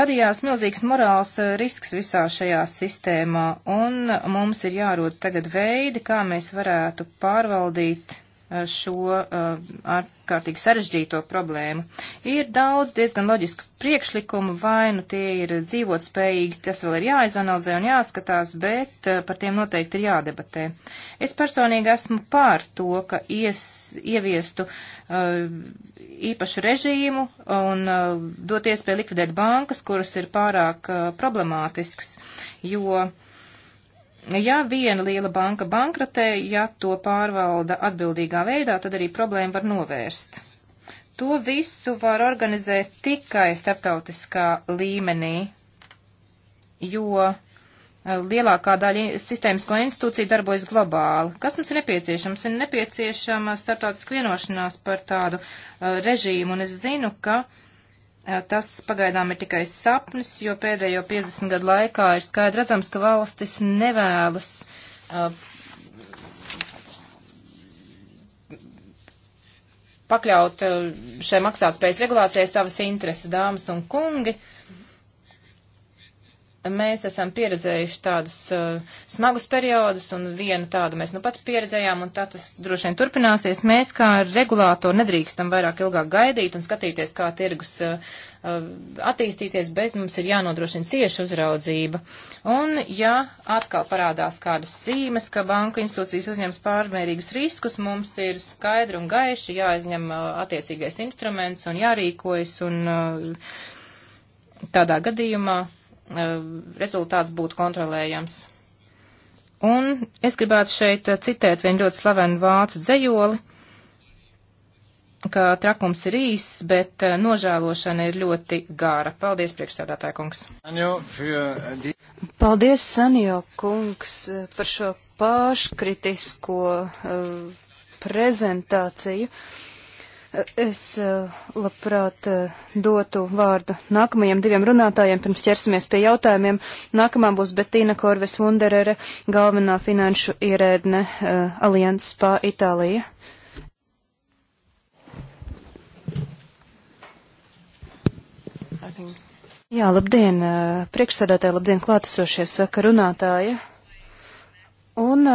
Radījās milzīgs morāls uh, risks visā šajā sistēmā, un mums ir jārūt tagad veidi, kā mēs varētu pārvaldīt Eh, šo eh, ārkārtīgi sarežģīto problēmu. Ir daudz diezgan loģisku priekšlikumu, vai nu tie ir dzīvot spējīgi, tas vēl ir jāizanalizē un jāskatās, bet eh, par tiem noteikti ir jādebatē. Es personīgi esmu pār to, ka ies, ieviestu īpašu režīmu un dot iespēju likvidēt bankas, kuras ir pārāk problemātisks, jo uh, Ja viena liela banka bankrotē, ja to pārvalda atbildīgā veidā, tad arī problēmu var novērst. To visu var organizēt tikai starptautiskā līmenī, jo eh, lielākā daļa sistēmisko institūciju darbojas globāli. Kas mums ir nepieciešams? Ir nepieciešama starptautiska vienošanās par tādu uh, režīmu, un es zinu, ka uh, Eh, tas pagaidām ir tikai sapnis, jo pēdējo 50 gadu laikā ir skaidri redzams, ka valstis nevēlas uh, pakļaut eh, šai maksātspējas regulācijai savas intereses, dāmas un kungi. Uh, mēs esam pieredzējuši tādus uh, smagus periodus, un vienu tādu mēs nu pat pieredzējām, un tā tas droši vien turpināsies. Mēs kā regulātori nedrīkstam vairāk ilgāk gaidīt un skatīties, kā tirgus uh, uh, attīstīties, bet mums ir jānodrošina cieša uzraudzība. Un, ja atkal parādās kādas sīmes, ka banku institūcijas uzņems pārmērīgus riskus, mums ir skaidri un gaiši jāizņem uh, attiecīgais instruments un jārīkojas, un uh, tādā gadījumā Eh, rezultāts būtu kontrolējams. Un es gribētu šeit eh, citēt vienu ļoti slavenu vācu dzējoli, ka trakums ir īs, bet eh, nožēlošana ir ļoti gara. Paldies, priekšsēdētāja kungs. Paldies, Sanjo kungs, par šo paškritisko uh, prezentāciju. Uh, Es eh, labprāt eh, dotu vārdu nākamajiem diviem runātājiem, pirms ķersimies pie jautājumiem. Nākamā būs Betīna Korves Vunderere, galvenā finanšu ierēdne uh, eh, Alianses Spā Itālija. Jā, labdien, priekšsēdētāji, labdien, klātesošie saka runātāja. Un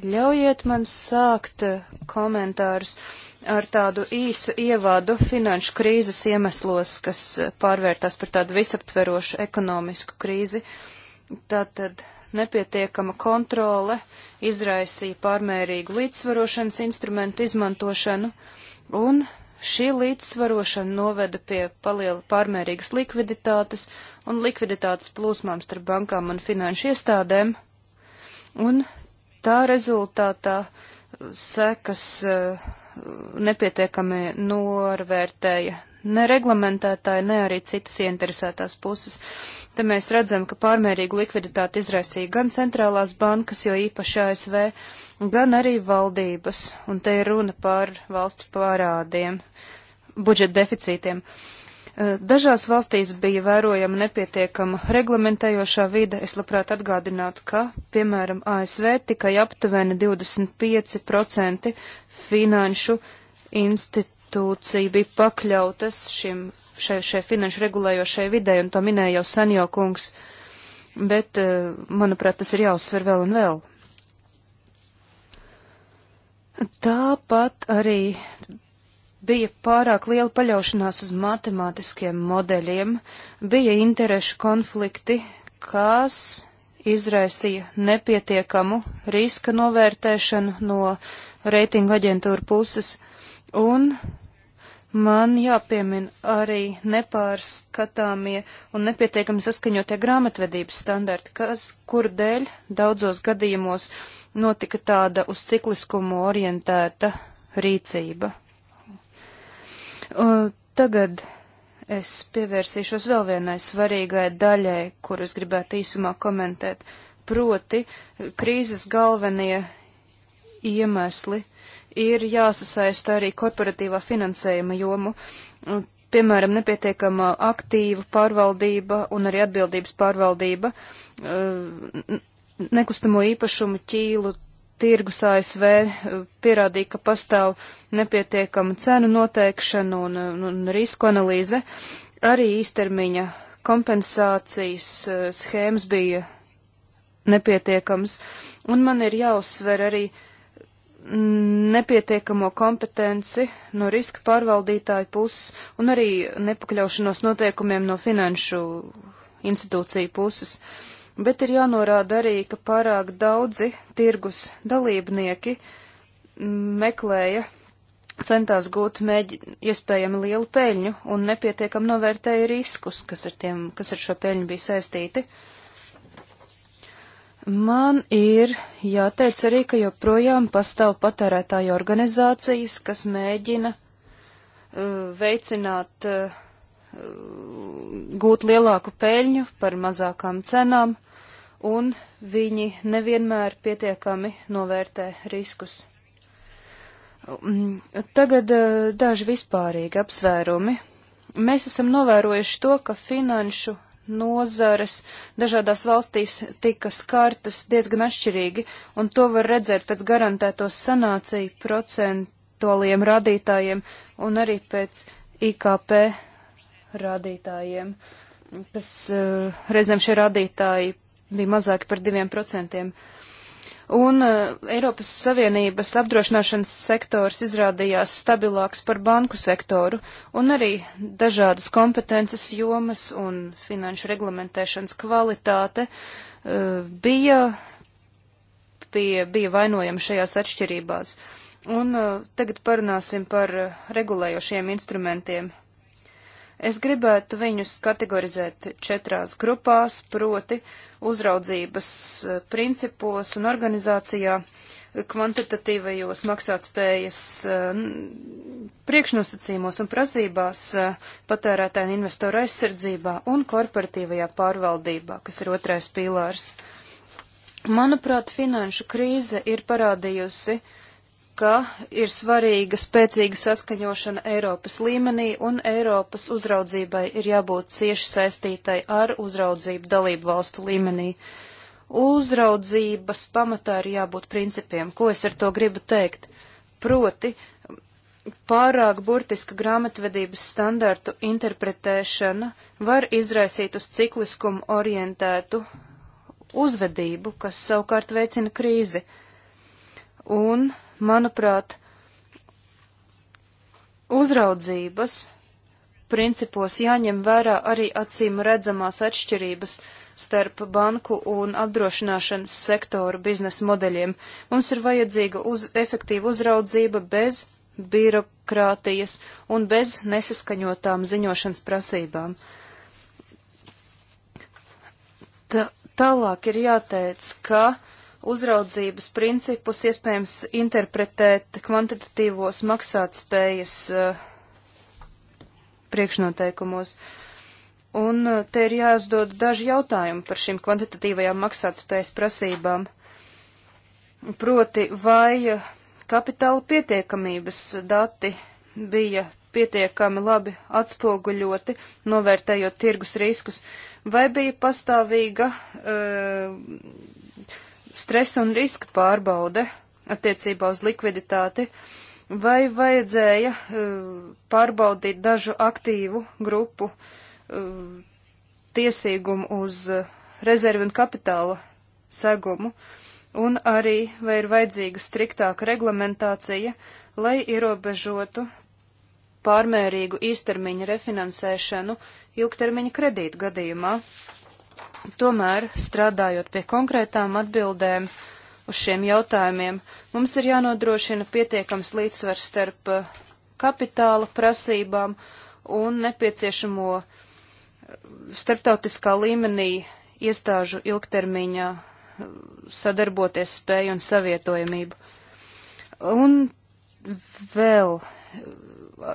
ļaujiet man sākt komentārus ar tādu īsu ievādu finanšu krīzes iemeslos, kas pārvērtās par tādu visaptverošu ekonomisku krīzi. Tātad nepietiekama kontrole izraisīja pārmērīgu līdzsvarošanas instrumentu izmantošanu, un šī līdzsvarošana noveda pie paliela pārmērīgas likviditātes un likviditātes plūsmām starp bankām un finanšu iestādēm, un tā rezultātā sekas uh, nepietiekami norvērtēja ne reglamentētāji, ne arī citas ieinteresētās puses. Te mēs redzam, ka pārmērīgu likviditāti izraisīja gan centrālās bankas, jo īpaši ASV, gan arī valdības, un te ir runa par valsts pārādiem, budžeta deficītiem. Dažās valstīs bija vērojama nepietiekama reglamentējošā vide. Es labprāt atgādinātu, ka, piemēram, ASV tikai aptuveni 25% finanšu institūcija bija pakļautas šim, šai, šai finanšu regulējošai videi, un to minēja jau Sanjo kungs. Bet, manuprāt, tas ir jāuzsver vēl un vēl. Tāpat arī bija pārāk liela paļaušanās uz matemātiskiem modeļiem, bija interešu konflikti, kas izraisīja nepietiekamu riska novērtēšanu no reitingu aģentūra puses, un man jāpiemina arī nepārskatāmie un nepietiekami saskaņotie grāmatvedības standarti, kas, kur dēļ daudzos gadījumos notika tāda uz cikliskumu orientēta rīcība. Tagad es pievērsīšos vēl vienai svarīgai daļai, kuras gribētu īsumā komentēt, proti krīzes galvenie iemesli ir jāsasaista arī korporatīvā finansējuma jomu, piemēram, nepietiekama aktīva pārvaldība un arī atbildības pārvaldība, e, nekustamo īpašumu ķīlu tirgus ASV eh, pierādīja, ka pastāv nepietiekama cenu noteikšana un, eh, un risku analīze. Arī īstermiņa kompensācijas eh, schēmas bija nepietiekams, un man ir jāuzsver arī nepietiekamo kompetenci no riska pārvaldītāju puses un arī nepakļaušanos noteikumiem no finanšu institūciju puses. Uh, bet ir jānorāda arī, ka pārāk daudzi tirgus dalībnieki meklēja, centās gūt mēģi, iespējami lielu peļņu un nepietiekam novērtēja riskus, kas ar, tiem, kas ar šo peļņu bija saistīti. Man ir jāteic arī, ka joprojām pastāv patērētāju organizācijas, kas mēģina uh, veicināt uh, gūt lielāku peļņu par mazākām cenām. Uh, un viņi nevienmēr pietiekami novērtē riskus. Mm, tagad eh, daži vispārīgi apsvērumi. Mēs esam novērojuši to, ka finanšu nozares dažādās valstīs tika skartas diezgan atšķirīgi, un to var redzēt pēc garantēto sanāciju procentuāliem rādītājiem un arī pēc IKP rādītājiem, kas uh, reizēm šie rādītāji bija mazāki par 2%. Un uh, Eiropas Savienības apdrošināšanas sektors izrādījās stabilāks par banku sektoru, un arī dažādas kompetences jomas un finanšu reglamentēšanas kvalitāte uh, bija, pie, bija vainojama šajās atšķirībās. Un uh, tagad parunāsim par regulējošiem instrumentiem Es gribētu viņus kategorizēt četrās grupās, proti uzraudzības eh, principos un organizācijā, kvantitatīvajos maksātspējas eh, priekšnosacījumos un prasībās eh, patērētāju un investoru aizsardzībā un korporatīvajā pārvaldībā, kas ir otrais pīlārs. Manuprāt, finanšu krīze ir parādījusi, uh, ka ir svarīga spēcīga saskaņošana Eiropas līmenī, un Eiropas uzraudzībai ir jābūt cieši saistītai ar uzraudzību dalību valstu līmenī. Uzraudzības pamatā ir jābūt principiem. Ko es ar to gribu teikt? Proti, pārāk burtiska grāmatvedības standartu interpretēšana var izraisīt uz cikliskumu orientētu uzvedību, kas savukārt veicina krīzi. Un manuprāt, uzraudzības principos jāņem vērā arī acīm redzamās atšķirības starp banku un apdrošināšanas sektoru biznesa modeļiem. Mums ir vajadzīga uz, efektīva uzraudzība bez birokrātijas un bez nesaskaņotām ziņošanas prasībām. Ta, tālāk ir jāteic, ka uzraudzības principus iespējams interpretēt kvantitatīvos maksātspējas uh, priekšnoteikumos. Un uh, te ir jāuzdod daži jautājumi par šīm kvantitatīvajām maksātspējas prasībām. Proti, vai eh, kapitāla pietiekamības dati bija pietiekami labi atspoguļoti, novērtējot tirgus riskus, vai bija pastāvīga uh, stresa un riska pārbaude attiecībā uz likviditāti, vai vajadzēja e, pārbaudīt dažu aktīvu grupu e, tiesīgumu uz e, rezervi un kapitāla segumu, un arī vai ir vajadzīga striktāka reglamentācija, lai ierobežotu pārmērīgu īstermiņa refinansēšanu ilgtermiņa kredītu gadījumā. Tomēr, strādājot pie konkrētām atbildēm uz šiem jautājumiem, mums ir jānodrošina pietiekams līdzsvars starp eh, kapitāla prasībām un nepieciešamo eh, starptautiskā līmenī iestāžu ilgtermiņā eh, sadarboties spēju un savietojamību. Un vēl,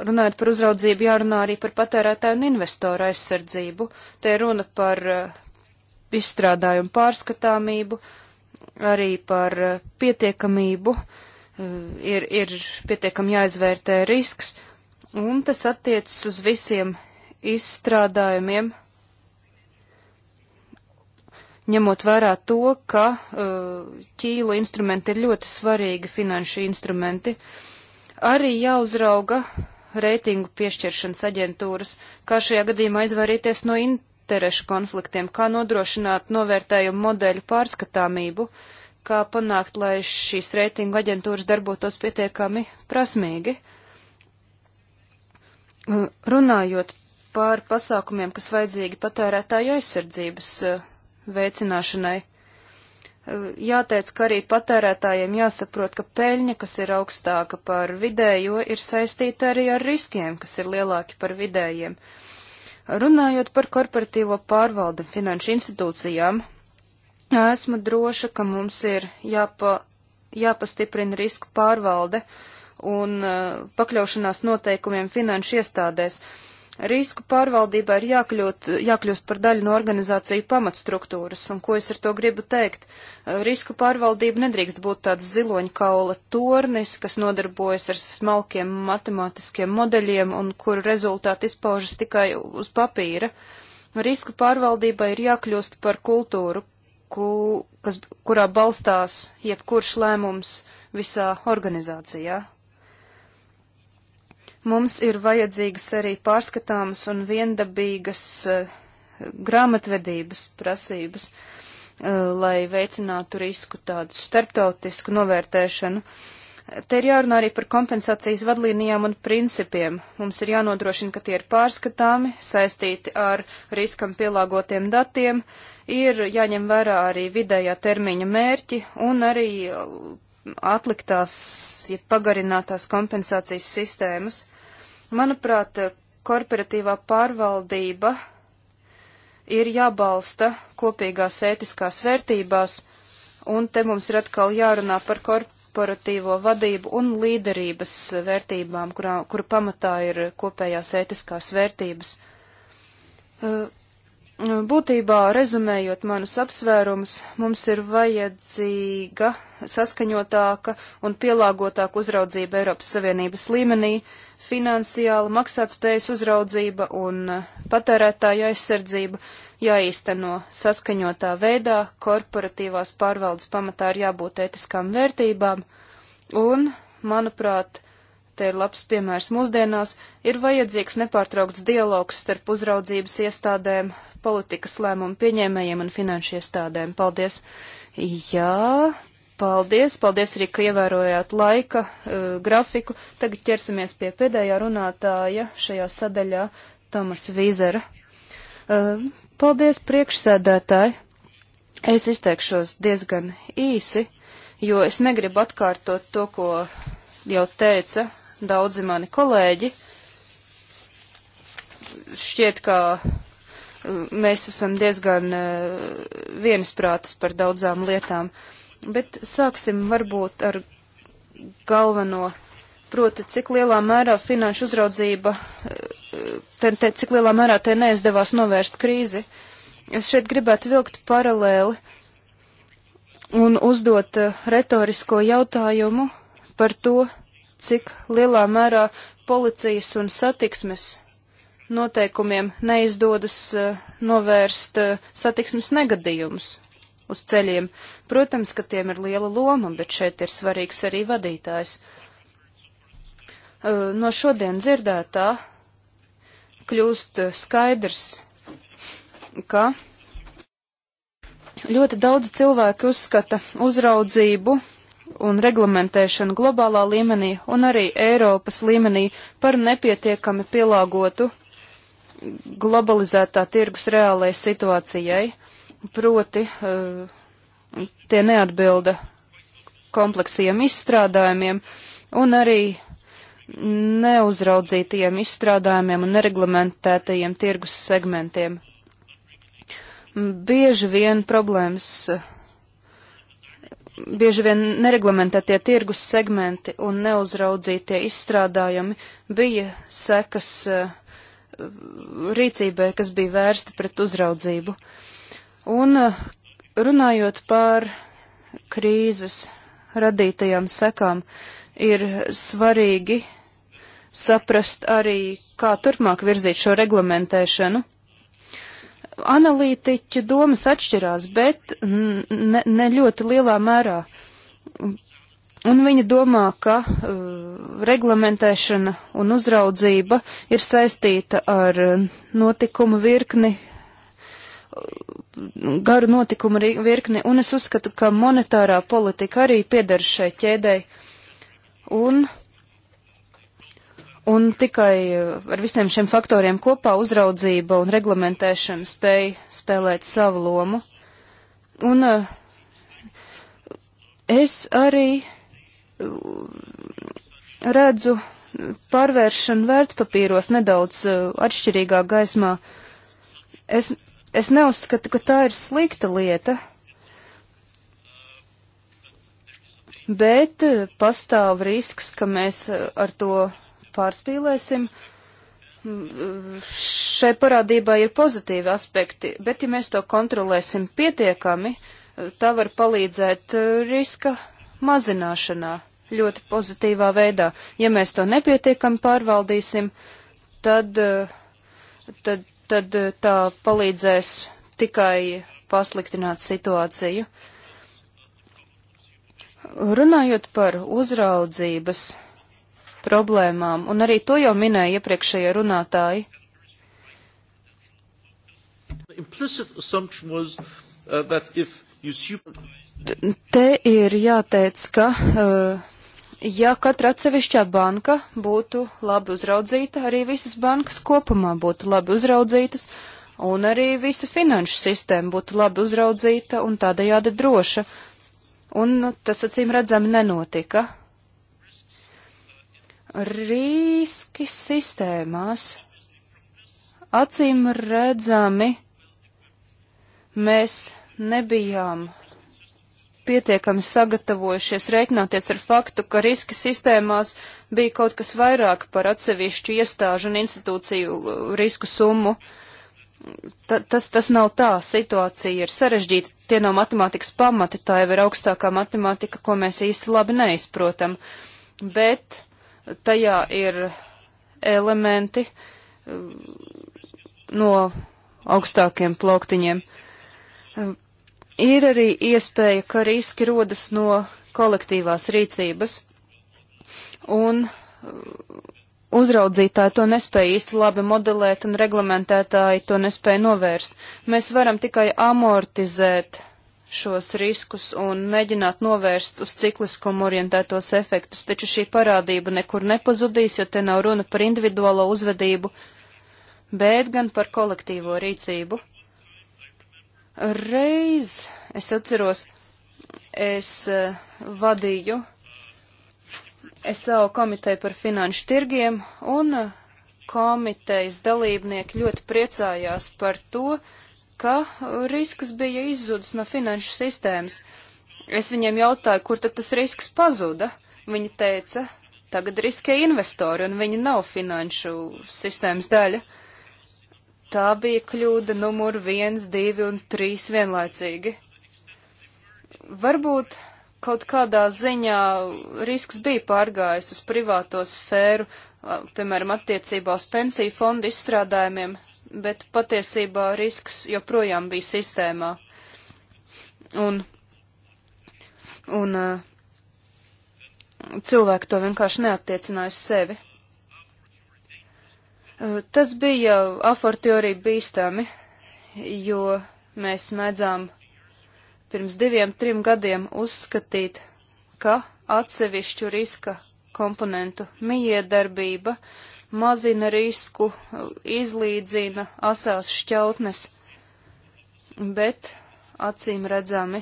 runājot par uzraudzību, jārunā arī par patērētāju un investoru aizsardzību. Te runa par uh, izstrādājumu pārskatāmību, arī par pietiekamību, eh, ir, ir pietiekami jāizvērtē risks, un tas attiecas uz visiem izstrādājumiem, ņemot vērā to, ka eh, ķīlu instrumenti ir ļoti svarīgi finanšu instrumenti, arī jāuzrauga reitingu piešķiršanas aģentūras, kā šajā gadījumā izvairīties no in interešu konfliktiem, kā nodrošināt novērtējumu modeļu pārskatāmību, kā panākt, lai šīs reitingu aģentūras darbotos pietiekami prasmīgi. Runājot par pasākumiem, kas vajadzīgi patērētāju aizsardzības e, veicināšanai, e, jāteic, ka arī patērētājiem jāsaprot, ka peļņa, kas ir augstāka par vidējo, ir saistīta arī ar riskiem, kas ir lielāki par vidējiem. Uh, Runājot par korporatīvo pārvaldi finanšu institūcijām, esmu droša, ka mums ir jāpa, jāpastiprina risku pārvalde un uh, pakļaušanās noteikumiem finanšu iestādēs. Uh, Risku pārvaldībā ir jākļūt, jākļūst par daļu no organizāciju pamatstruktūras, un ko es ar to gribu teikt? Eh, risku pārvaldība nedrīkst būt tāds ziloņkaula tornis, kas nodarbojas ar smalkiem matemātiskiem modeļiem un kuru rezultāti izpaužas tikai uz papīra. Risku pārvaldībai ir jākļūst par kultūru, ku, kas, kurā balstās jebkurš lēmums visā organizācijā. Mums ir vajadzīgas arī pārskatāmas un viendabīgas uh, grāmatvedības prasības, uh, lai veicinātu risku tādu starptautisku novērtēšanu. Te ir jārunā arī par kompensācijas vadlīnijām un principiem. Mums ir jānodrošina, ka tie ir pārskatāmi, saistīti ar riskam pielāgotiem datiem, ir jāņem vērā arī vidējā termiņa mērķi un arī atliktās, ja pagarinātās kompensācijas sistēmas. Manuprāt, korporatīvā pārvaldība ir jābalsta kopīgās ētiskās vērtībās, un te mums ir atkal jārunā par korporatīvo vadību un līderības vērtībām, kurā, kura pamatā ir kopējās ētiskās vērtības. Uh, Būtībā, rezumējot manus apsvērumus, mums ir vajadzīga saskaņotāka un pielāgotāka uzraudzība Eiropas Savienības līmenī, finansiāla maksātspējas uzraudzība un patērētāja aizsardzība jāīsteno saskaņotā veidā, korporatīvās pārvaldes pamatā ir jābūt ētiskām vērtībām un, manuprāt, te ir labs piemērs mūsdienās, ir vajadzīgs nepārtraukts dialogs starp uzraudzības iestādēm, politikas lēmumu pieņēmējiem un finanšu iestādēm. Paldies! Jā, paldies! Paldies arī, ka ievērojāt laika uh, grafiku. Tagad ķersimies pie pēdējā runātāja šajā sadaļā, Tomas Vīzera. Uh, paldies, priekšsēdētāji! Es izteikšos diezgan īsi, jo es negribu atkārtot to, ko jau teica daudzi mani kolēģi. Šķiet, ka uh, mēs esam diezgan uh, viensprātis par daudzām lietām, bet sāksim varbūt ar galveno, proti, cik lielā mērā finanšu uzraudzība, uh, te, te, cik lielā mērā te neizdevās novērst krīzi. Es šeit gribētu vilkt paralēli un uzdot retorisko jautājumu par to, cik lielā mērā policijas un satiksmes noteikumiem neizdodas eh, novērst eh, satiksmes negadījumus uz ceļiem. Protams, ka tiem ir liela loma, bet šeit ir svarīgs arī vadītājs. Eh, no šodien dzirdētā kļūst skaidrs, ka ļoti daudz cilvēku uzskata uzraudzību un reglamentēšanu globālā līmenī un arī Eiropas līmenī par nepietiekami pielāgotu globalizētā tirgus reālajai situācijai, proti eh, tie neatbilda kompleksiem izstrādājumiem un arī neuzraudzītajiem izstrādājumiem un nereglamentētajiem tirgus segmentiem. Bieži vien problēmas bieži vien nereglamentētie tirgus segmenti un neuzraudzītie izstrādājumi bija sekas eh, rīcībai, kas bija vērsta pret uzraudzību. Un eh, runājot par krīzes radītajām sekām, ir svarīgi saprast arī, kā turpmāk virzīt šo reglamentēšanu analītiķu domas atšķirās, bet ne, ne ļoti lielā mērā. Un viņi domā, ka uh, reglamentēšana un uzraudzība ir saistīta ar uh, notikumu virkni, uh, garu notikumu virkni, un es uzskatu, ka monetārā politika arī piedara šai ķēdēji. Un uh, Un tikai ar visiem šiem faktoriem kopā uzraudzība un reglamentēšana spēj spēlēt savu lomu. Un eh, es arī eh, redzu pārvēršanu vērtspapīros nedaudz eh, atšķirīgā gaismā. Es, es neuzskatu, ka tā ir slikta lieta, bet pastāv risks, ka mēs ar to pārspīlēsim. Šai parādībai ir pozitīvi aspekti, bet ja mēs to kontrolēsim pietiekami, tā var palīdzēt uh, riska mazināšanā ļoti pozitīvā veidā. Ja mēs to nepietiekami pārvaldīsim, tad, uh, tad, tad uh, tā palīdzēs tikai pasliktināt situāciju. Runājot par uzraudzības problēmām, un arī to jau minēja iepriekšējie runātāji. Uh, te ir jāteic, ka uh, ja katra atsevišķā banka būtu labi uzraudzīta, arī visas bankas kopumā būtu labi uzraudzītas, un arī visa finanšu sistēma būtu labi uzraudzīta un tādējādi droša. Un tas acīm redzami nenotika riski sistēmās acīm redzami mēs nebijām pietiekami sagatavojušies rēķināties ar faktu, ka riski sistēmās bija kaut kas vairāk par atsevišķu iestāžu un institūciju uh, risku summu. Ta, tas, tas nav tā, situācija ir sarežģīta, tie nav matemātikas pamati, tā jau ir augstākā matemātika, ko mēs īsti labi neizprotam. Bet tajā ir elementi mm, no augstākiem plauktiņiem. Mm, ir arī iespēja, ka riski rodas no kolektīvās rīcības, un mm, uzraudzītāji to nespēja īsti labi modelēt, un reglamentētāji to nespēja novērst. Mēs varam tikai amortizēt šos riskus un mēģināt novērst uz cikliskumu orientētos efektus, taču šī parādība nekur nepazudīs, jo te nav runa par individuālo uzvedību, bet gan par kolektīvo rīcību. Reiz es atceros, es eh, vadīju SAO komiteju par finanšu tirgiem un eh, komitejas dalībnieki ļoti priecājās par to, uh, ka risks bija izzudis no finanšu sistēmas. Es viņiem jautāju, kur tad tas risks pazuda. Viņi teica, tagad riskē investori un viņi nav finanšu sistēmas daļa. Tā bija kļūda numur viens, divi un trīs vienlaicīgi. Varbūt kaut kādā ziņā risks bija pārgājis uz privāto sfēru, piemēram, attiecībā uz pensiju fondu izstrādājumiem, bet patiesībā risks joprojām bija sistēmā. Un, un uh, cilvēki to vienkārši neattiecināja uz sevi. Uh, tas bija afortiori bīstami, jo mēs mēdzām pirms diviem, trim gadiem uzskatīt, ka atsevišķu riska komponentu mijiedarbība uh, mazina risku, izlīdzina asās šķautnes, bet acīm redzami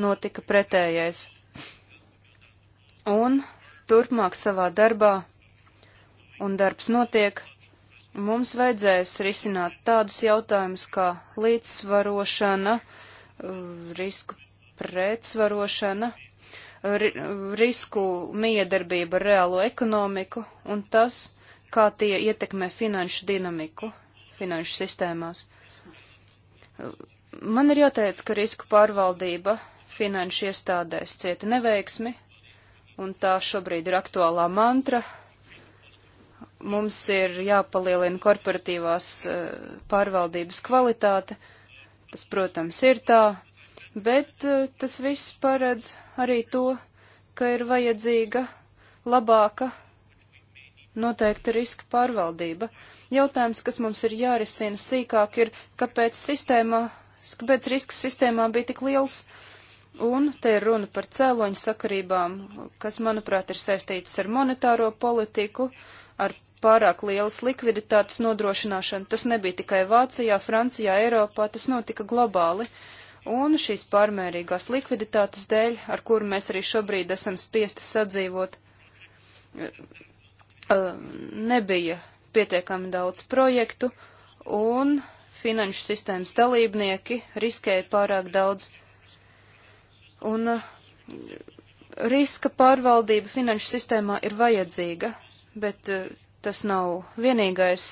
notika pretējais. Un turpmāk savā darbā, un darbs notiek, mums vajadzēs risināt tādus jautājumus kā līdzsvarošana, risku pretsvarošana, ri, risku miedarbība ar reālo ekonomiku, un tas kā tie ietekmē finanšu dinamiku finanšu sistēmās. Man ir jāteic, ka risku pārvaldība finanšu iestādēs cieta neveiksmi, un tā šobrīd ir aktuālā mantra. Mums ir jāpalielina korporatīvās eh, pārvaldības kvalitāte, tas, protams, ir tā, bet eh, tas viss paredz arī to, ka ir vajadzīga labāka noteikta riska pārvaldība. Jautājums, kas mums ir jārisina sīkāk, ir, kāpēc, sistēmā, kāpēc risks sistēmā bija tik liels, un te ir runa par cēloņu sakarībām, kas, manuprāt, ir saistītas ar monetāro politiku, ar pārāk lielas likviditātes nodrošināšanu. Tas nebija tikai Vācijā, Francijā, Eiropā, tas notika globāli. Un šīs pārmērīgās likviditātes dēļ, ar kuru mēs arī šobrīd esam spiesti sadzīvot, Uh, nebija pietiekami daudz projektu, un finanšu sistēmas dalībnieki riskēja pārāk daudz. Un uh, riska pārvaldība finanšu sistēmā ir vajadzīga, bet uh, tas nav vienīgais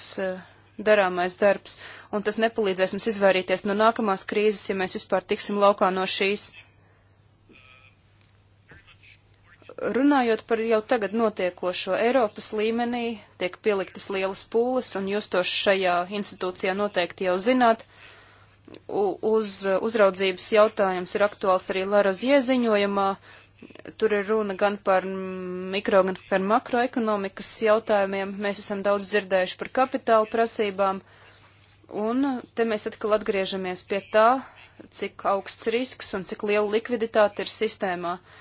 darāmais darbs, un tas nepalīdzēs mums izvairīties no nākamās krīzes, ja mēs vispār tiksim laukā no šīs. Runājot par jau tagad notiekošo Eiropas līmenī, tiek pieliktas lielas pūles, un jūs to šajā institūcijā noteikti jau zināt. Uz uzraudzības jautājums ir aktuāls arī Laras ieziņojumā. Tur ir runa gan par mikro, gan par makroekonomikas jautājumiem. Mēs esam daudz dzirdējuši par kapitāla prasībām, un te mēs atkal atgriežamies pie tā, cik augsts risks un cik liela likviditāte ir sistēmā. Uh,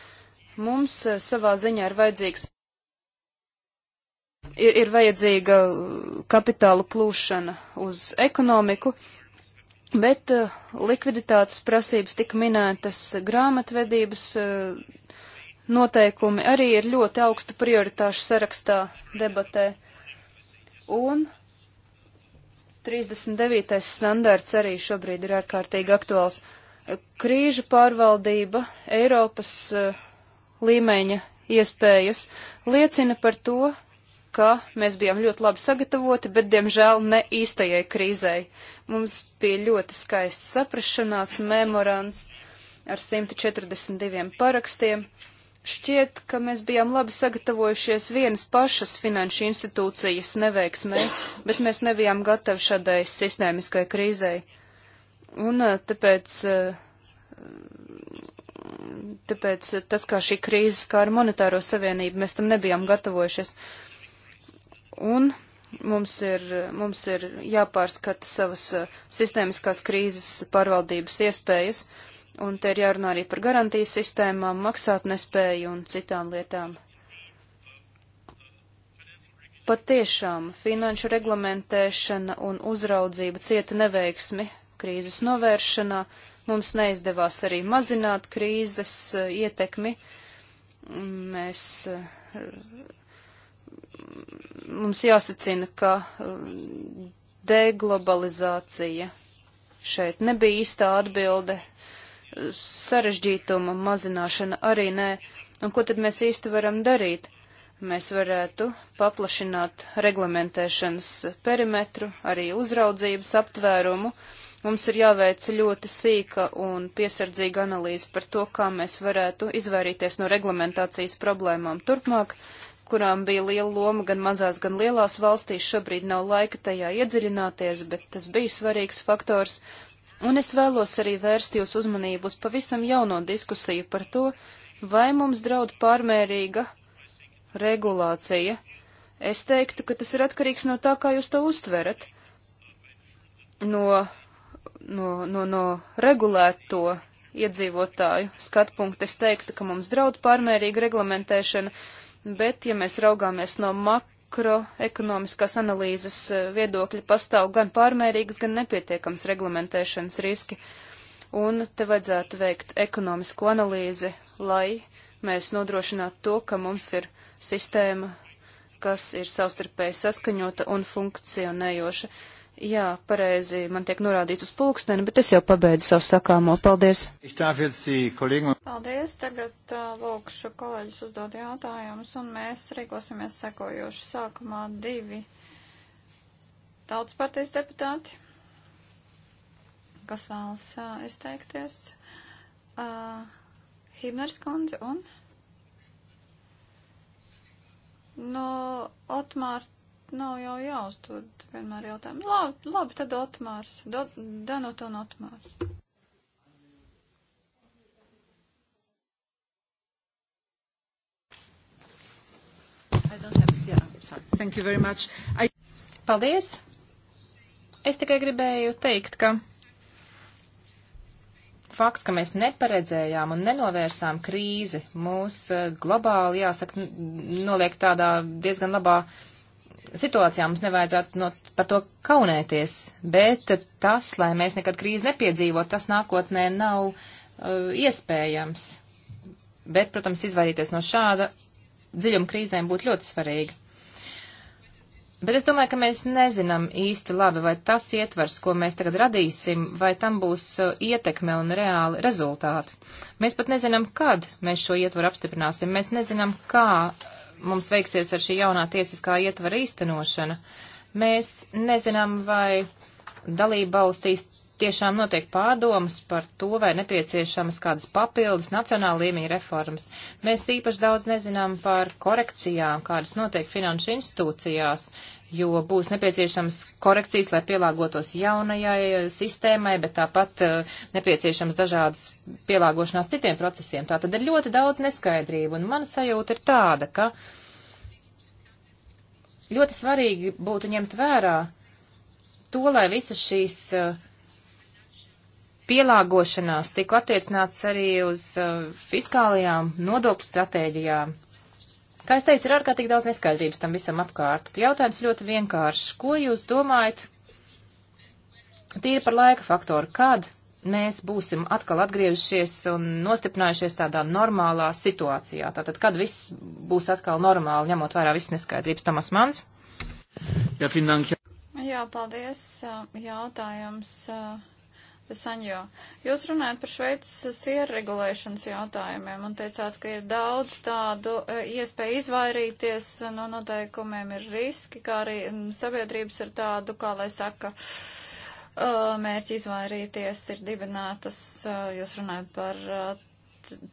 Mums eh, savā ziņā ir vajadzīgs. Ir, ir vajadzīga eh, kapitāla plūšana uz ekonomiku, Bet uh, likviditātes prasības tika minētas, grāmatvedības uh, noteikumi arī ir ļoti augstu prioritāšu sarakstā debatē. Un 39. standārts arī šobrīd ir ārkārtīgi aktuāls. Krīža pārvaldība, Eiropas uh, līmeņa iespējas, liecina par to, ka mēs bijām ļoti labi sagatavoti, bet, diemžēl, ne īstajai krīzei. Mums bija ļoti skaists saprašanās memorands ar 142 parakstiem. Šķiet, ka mēs bijām labi sagatavojušies vienas pašas finanšu institūcijas neveiksmē, bet mēs nebijām gatavi šādai sistēmiskai krīzei. Un eh, tāpēc eh, Tāpēc tas, kā šī krīze skāra monetāro savienību, mēs tam nebijām gatavojušies. Un mums ir, mums ir jāpārskata savas eh, sistēmiskās krīzes pārvaldības iespējas, un te ir jārunā arī par garantijas sistēmām, maksātnespēju un citām lietām. Patiešām finanšu reglamentēšana un uzraudzība cieta neveiksmi krīzes novēršanā Mums neizdevās arī mazināt krīzes eh, ietekmi. Mēs, eh, mums jāsacina, ka eh, deglobalizācija šeit nebija īstā atbilde, sarežģītuma mazināšana arī nē. Un ko tad mēs īsti varam darīt? Mēs varētu paplašināt reglamentēšanas perimetru, arī uzraudzības aptvērumu, uh, Mums ir jāveic ļoti sīka un piesardzīga analīze par to, kā mēs varētu izvairīties no reglamentācijas problēmām turpmāk, kurām bija liela loma gan mazās, gan lielās valstīs. Šobrīd nav laika tajā iedziļināties, bet tas bija svarīgs faktors. Un es vēlos arī vērst jūs uzmanību uz pavisam jauno diskusiju par to, vai mums draud pārmērīga regulācija. Es teiktu, ka tas ir atkarīgs no tā, kā jūs to uztverat. No no, no, no regulēto iedzīvotāju skatu punktu es teiktu, ka mums draud pārmērīga reglamentēšana, bet ja mēs raugāmies no makroekonomiskās analīzes eh, viedokļa, pastāv gan pārmērīgas, gan nepietiekams reglamentēšanas riski. Un te vajadzētu veikt ekonomisku analīzi, lai mēs nodrošinātu to, ka mums ir sistēma, kas ir savstarpēji saskaņota un funkcionējoša. Uh, Jā, pareizi, man tiek norādīts uz pulksteni, bet es jau pabeidzu savu sakāmo. Paldies! Paldies! Tagad uh, lūkšu kolēģis uzdot jautājumus, un mēs rīkosimies sekojoši. Sākumā divi tautas partijas deputāti, kas vēlas uh, izteikties. Uh, Himners kundze un. No Otmārta nav jau jāuzdod vienmēr jautājumu. Labi, labi tad Otmārs, Do, Danuta un Otmārs. Have, yeah, I... Paldies! Es tikai gribēju teikt, ka fakts, ka mēs neparedzējām un nenovērsām krīzi, mūs eh, globāli, jāsaka, noliek tādā diezgan labā situācijā mums nevajadzētu no, par to kaunēties, bet tas, lai mēs nekad krīzi nepiedzīvotu, tas nākotnē nav uh, iespējams. Bet, protams, izvairīties no šāda dziļuma krīzēm būtu ļoti svarīgi. Bet es domāju, ka mēs nezinām īsti labi, vai tas ietvers, ko mēs tagad radīsim, vai tam būs uh, ietekme un reāli rezultāti. Mēs pat nezinām, kad mēs šo ietvaru apstiprināsim. Mēs nezinām, kā mums veiksies ar šī jaunā tiesiskā ietvara īstenošana. Mēs nezinām, vai dalība valstīs tiešām notiek pārdomas par to, vai nepieciešamas kādas papildus nacionāla līmeņa reformas. Mēs īpaši daudz nezinām par korekcijām, kādas notiek finanšu institūcijās, uh, jo būs nepieciešams korekcijas, lai pielāgotos jaunajai eh, sistēmai, bet tāpat eh, nepieciešams dažādas pielāgošanās citiem procesiem. Tā tad ir ļoti daudz neskaidrību, un mana sajūta ir tāda, ka ļoti svarīgi būtu ņemt vērā to, lai visas šīs eh, pielāgošanās tiku attiecināts arī uz fiskālajām nodokļu stratēģijām Kā es teicu, ir ārkārtīgi daudz neskaidrības tam visam apkārt. Jautājums ļoti vienkāršs. Ko jūs domājat tīri par laika faktoru? Kad mēs būsim atkal atgriežušies un nostiprinājušies tādā normālā situācijā? Tātad, kad viss būs atkal normāli, ņemot vērā visas neskaidrības? Tomas Mans. Jā, finanki. Jā, paldies. Jautājums Saņo, jūs runājat par Šveicas sieru regulēšanas jautājumiem un teicāt, ka ir daudz tādu e, iespēju izvairīties no noteikumiem, ir riski, kā arī sabiedrības ir tādu, kā lai saka, e, mērķi izvairīties ir dibinātas, e, jūs runājat par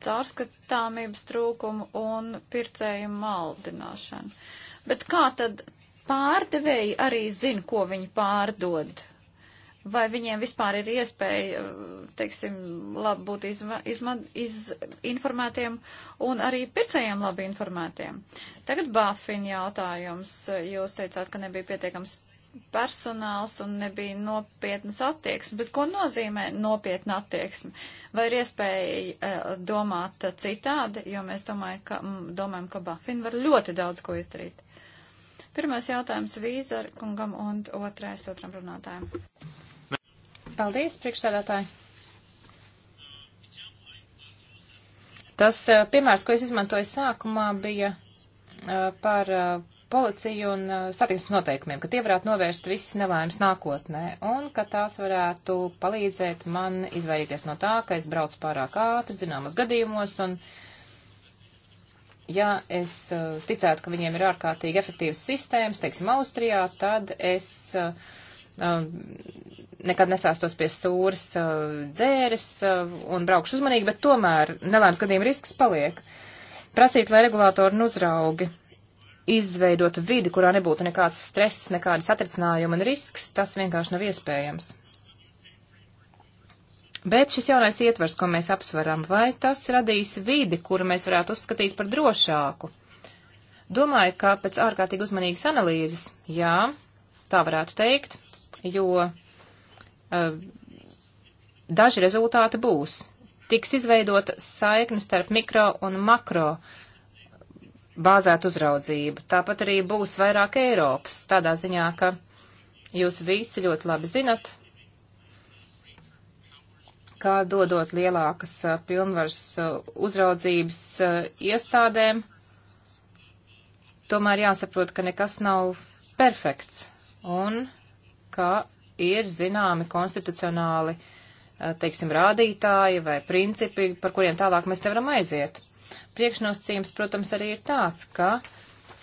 caurskatāmības trūkumu un pircēju maldināšanu. Bet kā tad pārdevēji arī zina, ko viņi pārdod? vai viņiem vispār ir iespēja, eh, teiksim, labi būt izma, izma, iz, informētiem un arī pircējiem labi informētiem. Tagad Bāfin jautājums. Jūs teicāt, ka nebija pietiekams personāls un nebija nopietnas attieksmes, bet ko nozīmē nopietna attieksme? Vai ir iespēja uh, domāt citādi, jo mēs domāju, ka, m, domājam, ka Bafin var ļoti daudz ko izdarīt. Pirmais jautājums vīzar kungam un otrais otram runātājiem. Paldies, priekšsēdētāji. Tas eh, piemērs, ko es izmantoju sākumā, bija eh, par eh, policiju un satiksmes noteikumiem, ka tie varētu novērst visas nelaimes nākotnē un ka tās varētu palīdzēt man izvairīties no tā, ka es braucu pārāk ātri zināmas gadījumos un, ja es uh, ticētu, ka viņiem ir ārkārtīgi efektīvas sistēmas, teiksim, Austrijā, tad es uh, nekad nesāstos pie stūras eh, dzēres eh, un braukšu uzmanīgi, bet tomēr nelēms gadījuma risks paliek. Prasīt, lai regulātori un uzraugi izveidot vidi, kurā nebūtu nekāds stress, nekādi satricinājumi un risks, tas vienkārši nav iespējams. Bet šis jaunais ietvers, ko mēs apsveram, vai tas radīs vidi, kuru mēs varētu uzskatīt par drošāku? Domāju, ka pēc ārkārtīgi uzmanīgas analīzes, jā, tā varētu teikt, jo Eh, daži rezultāti būs. Tiks izveidota saikne starp mikro un makro bāzēt uzraudzību. Tāpat arī būs vairāk Eiropas, tādā ziņā, ka jūs visi ļoti labi zinat, kā dodot lielākas eh, pilnvaras eh, uzraudzības iestādēm, tomēr jāsaprot, ka nekas nav perfekts un ka ir zināmi konstitucionāli, eh, teiksim, rādītāji vai principi, par kuriem tālāk mēs nevaram aiziet. Priekšnosacījums, protams, arī ir tāds, ka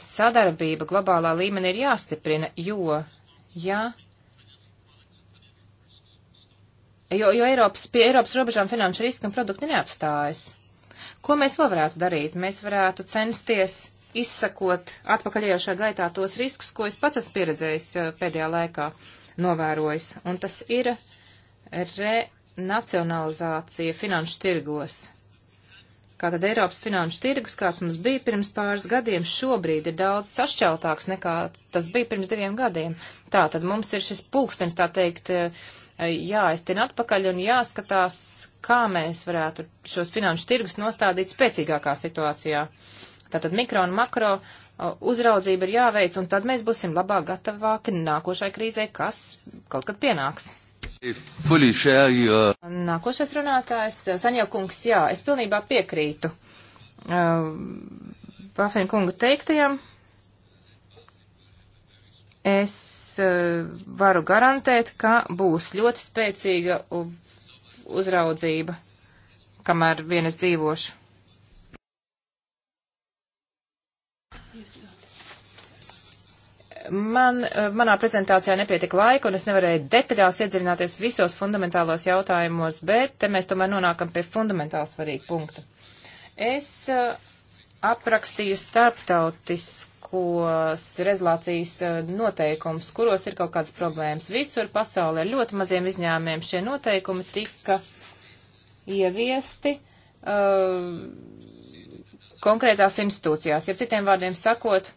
sadarbība globālā līmenī ir jāstiprina, jo, ja jo, jo Eiropas, pie Eiropas robežām finanšu riski un produkti neapstājas. Ko mēs vēl varētu darīt? Mēs varētu censties izsakot atpakaļējošā gaitā tos riskus, ko es pats esmu pieredzējis eh, pēdējā laikā novērojis, un tas ir renacionalizācija finanšu tirgos. Kātad Eiropas finanšu tirgus, kāds mums bija pirms pāris gadiem, šobrīd ir daudz sašķeltāks nekā tas bija pirms diviem gadiem. Tā tad mums ir šis pulkstenis, tā teikt, eh, jāaiztina atpakaļ un jāskatās, kā mēs varētu šos finanšu tirgus nostādīt spēcīgākā situācijā. Tātad mikro un makro uh, uzraudzība ir jāveic, un tad mēs būsim labāk gatavāki nākošai krīzē, kas kaut kad pienāks. Nākošais runātājs, Saņēkungs, jā, es pilnībā piekrītu uh, Pafina kunga teiktajam. Es uh, varu garantēt, ka būs ļoti spēcīga uzraudzība, kamēr vien es dzīvošu. Man, eh, manā prezentācijā nepietika laika, un es nevarēju detaļās iedziļināties visos fundamentālos jautājumos, bet te mēs tomēr nonākam pie fundamentāli svarīga punkta. Es eh, aprakstīju starptautiskos rezolācijas eh, noteikumus, kuros ir kaut kādas problēmas. Visur pasaulē ar ļoti maziem izņēmumiem šie noteikumi tika ieviesti. Uh, konkrētās institūcijās, ja citiem vārdiem sakot, uh,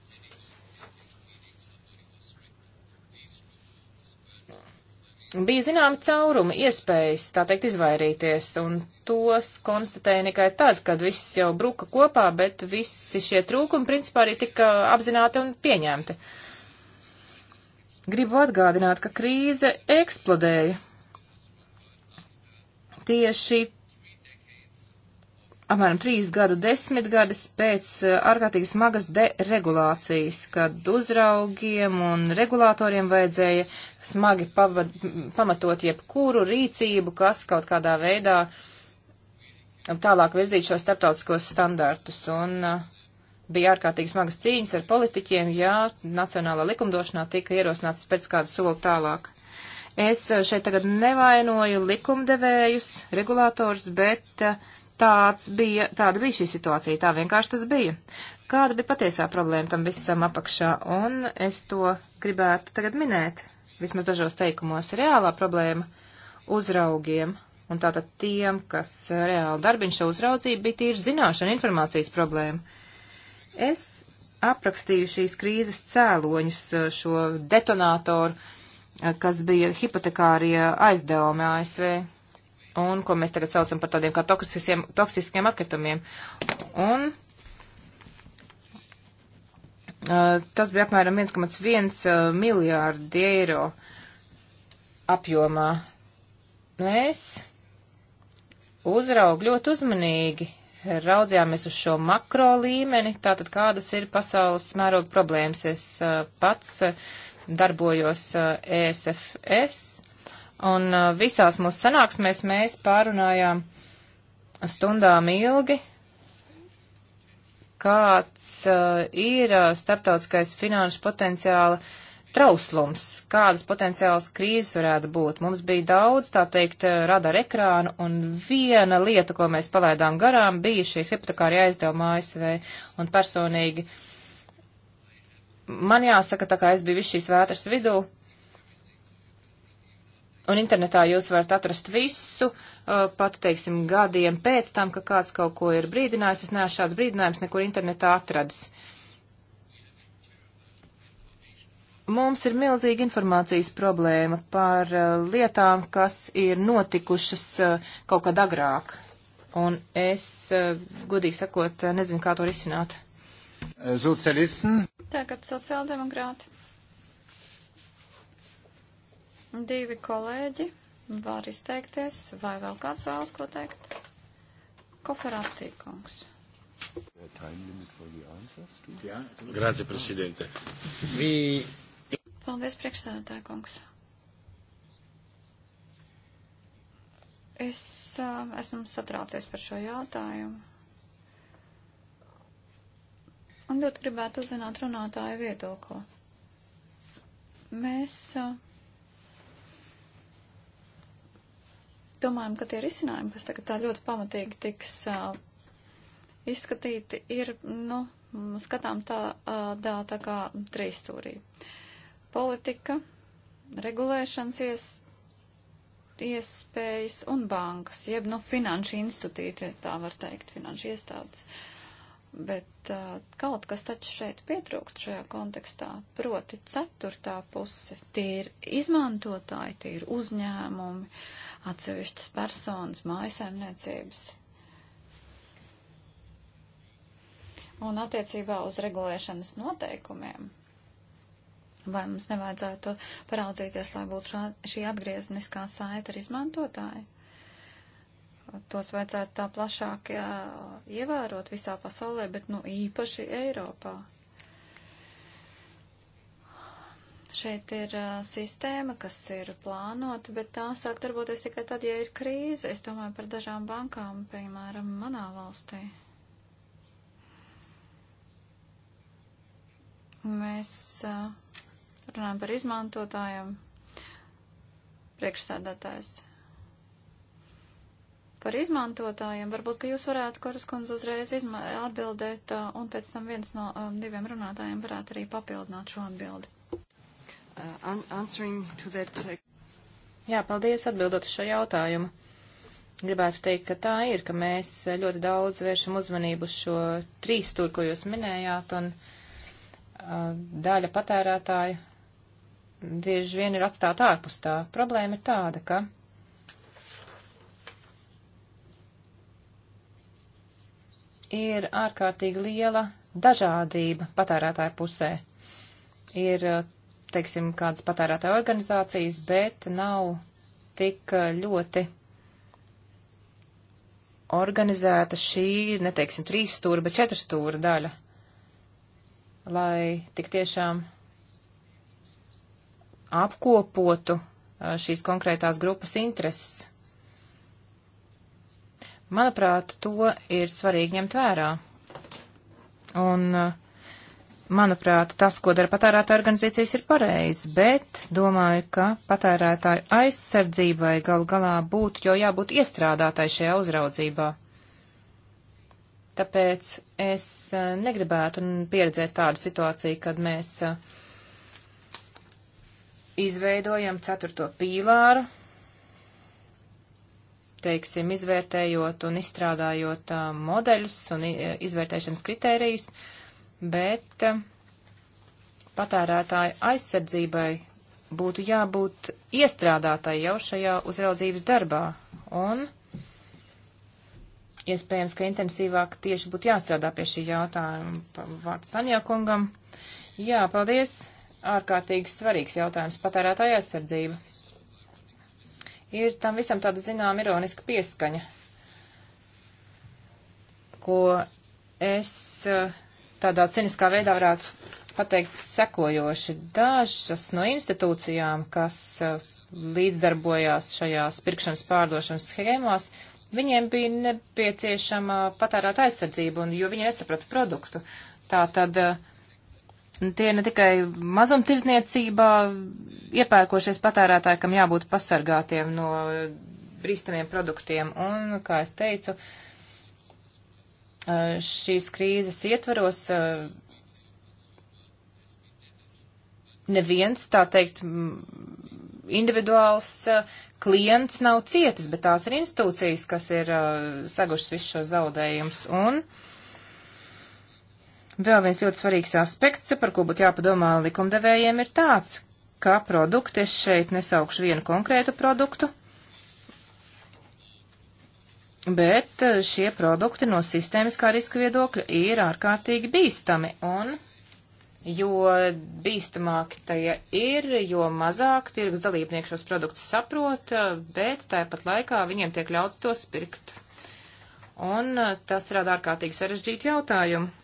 bija zināma cauruma iespējas, tā teikt, izvairīties, un tos konstatēja tikai tad, kad viss jau bruka kopā, bet visi šie trūkumi principā arī tika apzināti un pieņemti. Gribu atgādināt, ka krīze eksplodēja tieši apmēram trīs gadu desmitgades pēc eh, ārkārtīgi smagas deregulācijas, kad uzraugiem un regulātoriem vajadzēja smagi pavad, pamatot jebkuru rīcību, kas kaut kādā veidā um, tālāk virzīt šos starptautiskos standartus. Un eh, bija ārkārtīgi smagas cīņas ar politiķiem, ja nacionālā likumdošanā tika ierosināts pēc kādu soli tālāk. Es eh, šeit tagad nevainoju likumdevējus, regulātors, bet uh, Tāds bija, tāda bija šī situācija, tā vienkārši tas bija. Kāda bija patiesā problēma tam visam apakšā, un es to gribētu tagad minēt, vismaz dažos teikumos, reālā problēma uzraugiem, un tātad tiem, kas e, reāli darbiņ šo uzraudzību, bija tīri zināšana informācijas problēma. Es aprakstīju šīs krīzes cēloņus, e, šo detonātoru, e, kas bija hipotekārie aizdevumi ASV un ko mēs tagad saucam par tādiem kā toksiskiem, toksiskiem atkritumiem. Un uh, tas bija apmēram 1,1 uh, miljārdi eiro apjomā. Mēs nu, uzraug ļoti uzmanīgi raudzījāmies uz šo makro līmeni, tātad kādas ir pasaules mēroga problēmas. Es uh, pats darbojos ESFS Un uh, visās mūsu sanāksmēs mēs pārunājām stundām ilgi, kāds uh, ir uh, starptautiskais finanšu potenciāla trauslums, kādas potenciālas krīzes varētu būt. Mums bija daudz, tā teikt, uh, radar ekrānu, un viena lieta, ko mēs palaidām garām, bija šī hipotekāra aizdevuma ASV, un personīgi man jāsaka, tā kā es biju visu šīs vētras vidū, uh, Un internetā jūs varat atrast visu, uh, pat, teiksim, gadiem pēc tam, ka kāds kaut ko ir brīdinājis. Es neesmu šāds brīdinājums nekur internetā atradis. Mums ir milzīga informācijas problēma par uh, lietām, kas ir notikušas uh, kaut kad agrāk. Un es, godīgi sakot, nezinu, kā to risināt. Socialisten. Tagad sociāldemokrāti. Divi kolēģi var izteikties, vai vēl kāds vēlas ko teikt? Koferācija kungs. Grācija, prezidente. Vi... Paldies, priekšsēdētāja kungs. Es uh, esmu satraucies par šo jautājumu. Un ļoti gribētu uzzināt runātāju viedokli. Mēs uh, Domājam, ka tie risinājumi, kas tagad tā ļoti pamatīgi tiks uh, izskatīti, ir, nu, skatām tā, tā, tā kā trīsstūrī. Politika, regulēšanas ies, iespējas un bankas, jeb, nu, finanšu institūti, tā var teikt, finanšu iestādes. Uh, Bet uh, kaut kas taču šeit pietrūkst šajā kontekstā, proti ceturtā puse. Tie ir izmantotāji, tie ir uzņēmumi, atsevišķas personas, mājasaimniecības. Un attiecībā uz regulēšanas noteikumiem. Vai mums nevajadzētu paraudzīties, lai būtu šā, šī atgriezniskā saita ar izmantotāju? tos vajadzētu tā plašāk jā, ievērot visā pasaulē, bet nu īpaši Eiropā. Šeit ir uh, sistēma, kas ir plānota, bet tā sāk darboties tikai tad, ja ir krīze. Es domāju par dažām bankām, piemēram, manā valstī. Mēs uh, runājam par izmantotājiem, priekšsēdētājs par izmantotājiem. Varbūt, ka jūs varētu, Koruskundze, uzreiz atbildēt, un pēc tam viens no um, diviem runātājiem varētu arī papildināt šo atbildi. Uh, that... Uh, Jā, paldies atbildot uz šo jautājumu. Gribētu teikt, ka tā ir, ka mēs ļoti daudz vēršam uzmanību uz šo trīsstūri, ko jūs minējāt, un uh, daļa patērētāju bieži vien ir atstāta ārpus tā. Problēma ir tāda, ka ir ārkārtīgi liela dažādība patērētāju pusē. Ir, eh, teiksim, kādas patērētāju organizācijas, bet nav tik eh, ļoti organizēta šī, neteiksim, trīs stūra, bet četru stūra daļa, lai tik tiešām apkopotu eh, šīs konkrētās grupas intereses Manuprāt, to ir svarīgi ņemt vērā. Un, uh, manuprāt, tas, ko dara patērētāju organizācijas, ir pareizi, bet domāju, ka patērētāju aizsardzībai gal galā būtu jau jābūt iestrādātai šajā uzraudzībā. Tāpēc es uh, negribētu pieredzēt tādu situāciju, kad mēs uh, izveidojam ceturto pīlāru teiksim, izvērtējot un izstrādājot uh, modeļus un izvērtēšanas kritērijus, bet uh, patērētāja aizsardzībai būtu jābūt iestrādātai jau šajā uzraudzības darbā. Un iespējams, ka intensīvāk tieši būtu jāstrādā pie šī jautājuma vārds Sanjakungam. Jā, paldies! Ārkārtīgi svarīgs jautājums patērētāja aizsardzība ir tam visam tāda zinām ironiska pieskaņa, ko es eh, tādā ciniskā veidā varētu pateikt sekojoši. Dažas no institūcijām, kas eh, līdzdarbojās šajās pirkšanas pārdošanas schēmās, viņiem bija nepieciešama patērēt aizsardzību, un, jo viņi nesaprata produktu. Tā tad uh, eh, tie ne tikai mazumtirdzniecībā iepērkošies patērētāji, kam jābūt pasargātiem no bristamiem produktiem. Un, kā es teicu, eh, šīs krīzes ietvaros eh, neviens, tā teikt, individuāls eh, klients nav cietis, bet tās ir institūcijas, kas ir sagušas visus šos zaudējumus. Un, uh, Vēl viens ļoti svarīgs aspekts, par ko būtu jāpadomā likumdevējiem, ir tāds, ka produkti, es šeit nesaukšu vienu konkrētu produktu, bet eh, šie produkti no sistēmiskā riska viedokļa ir ārkārtīgi bīstami, un jo bīstamāki tie ir, jo mazāk tirgus dalībnieki šos produktus saprot, bet tāpat laikā viņiem tiek ļauts tos pirkt. Un eh, tas rada ārkārtīgi sarežģītu jautājumu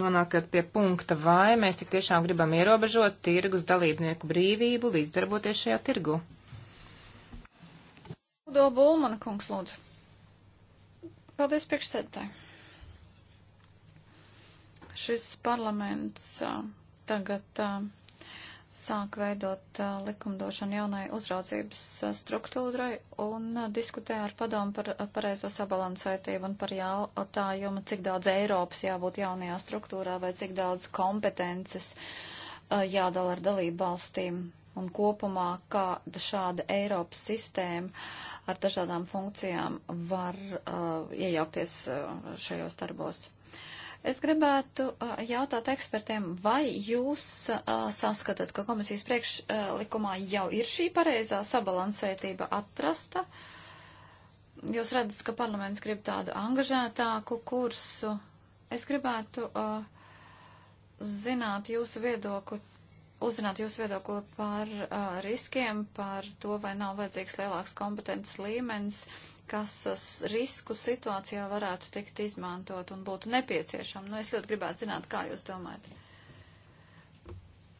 nonākat pie punkta, vai mēs tik tiešām gribam ierobežot tirgus dalībnieku brīvību līdzdarboties šajā tirgu. Udo Bulmana kungs, lūdzu. Paldies priekšsēdētāji. Šis parlaments a, tagad. A, sāk veidot likumdošanu jaunai uzraudzības struktūrai un diskutē ar padomu par pareizo sabalansētību un par jautājumu, cik daudz Eiropas jābūt jaunajā struktūrā vai cik daudz kompetences jādala ar dalību valstīm un kopumā, kā šāda Eiropas sistēma ar dažādām funkcijām var uh, iejaukties uh, šajos darbos. Es gribētu jautāt ekspertiem, vai jūs saskatāt, ka komisijas priekšlikumā jau ir šī pareizā sabalansētība atrasta? Jūs redzat, ka parlaments grib tādu angažētāku kursu. Es gribētu uh, zināt jūsu viedokli, uzzināt jūsu viedokli par uh, riskiem, par to, vai nav vajadzīgs lielāks kompetences līmenis, kas risku situācijā varētu tikt izmantot un būtu nepieciešama. Nu, es ļoti gribētu zināt, kā jūs domājat.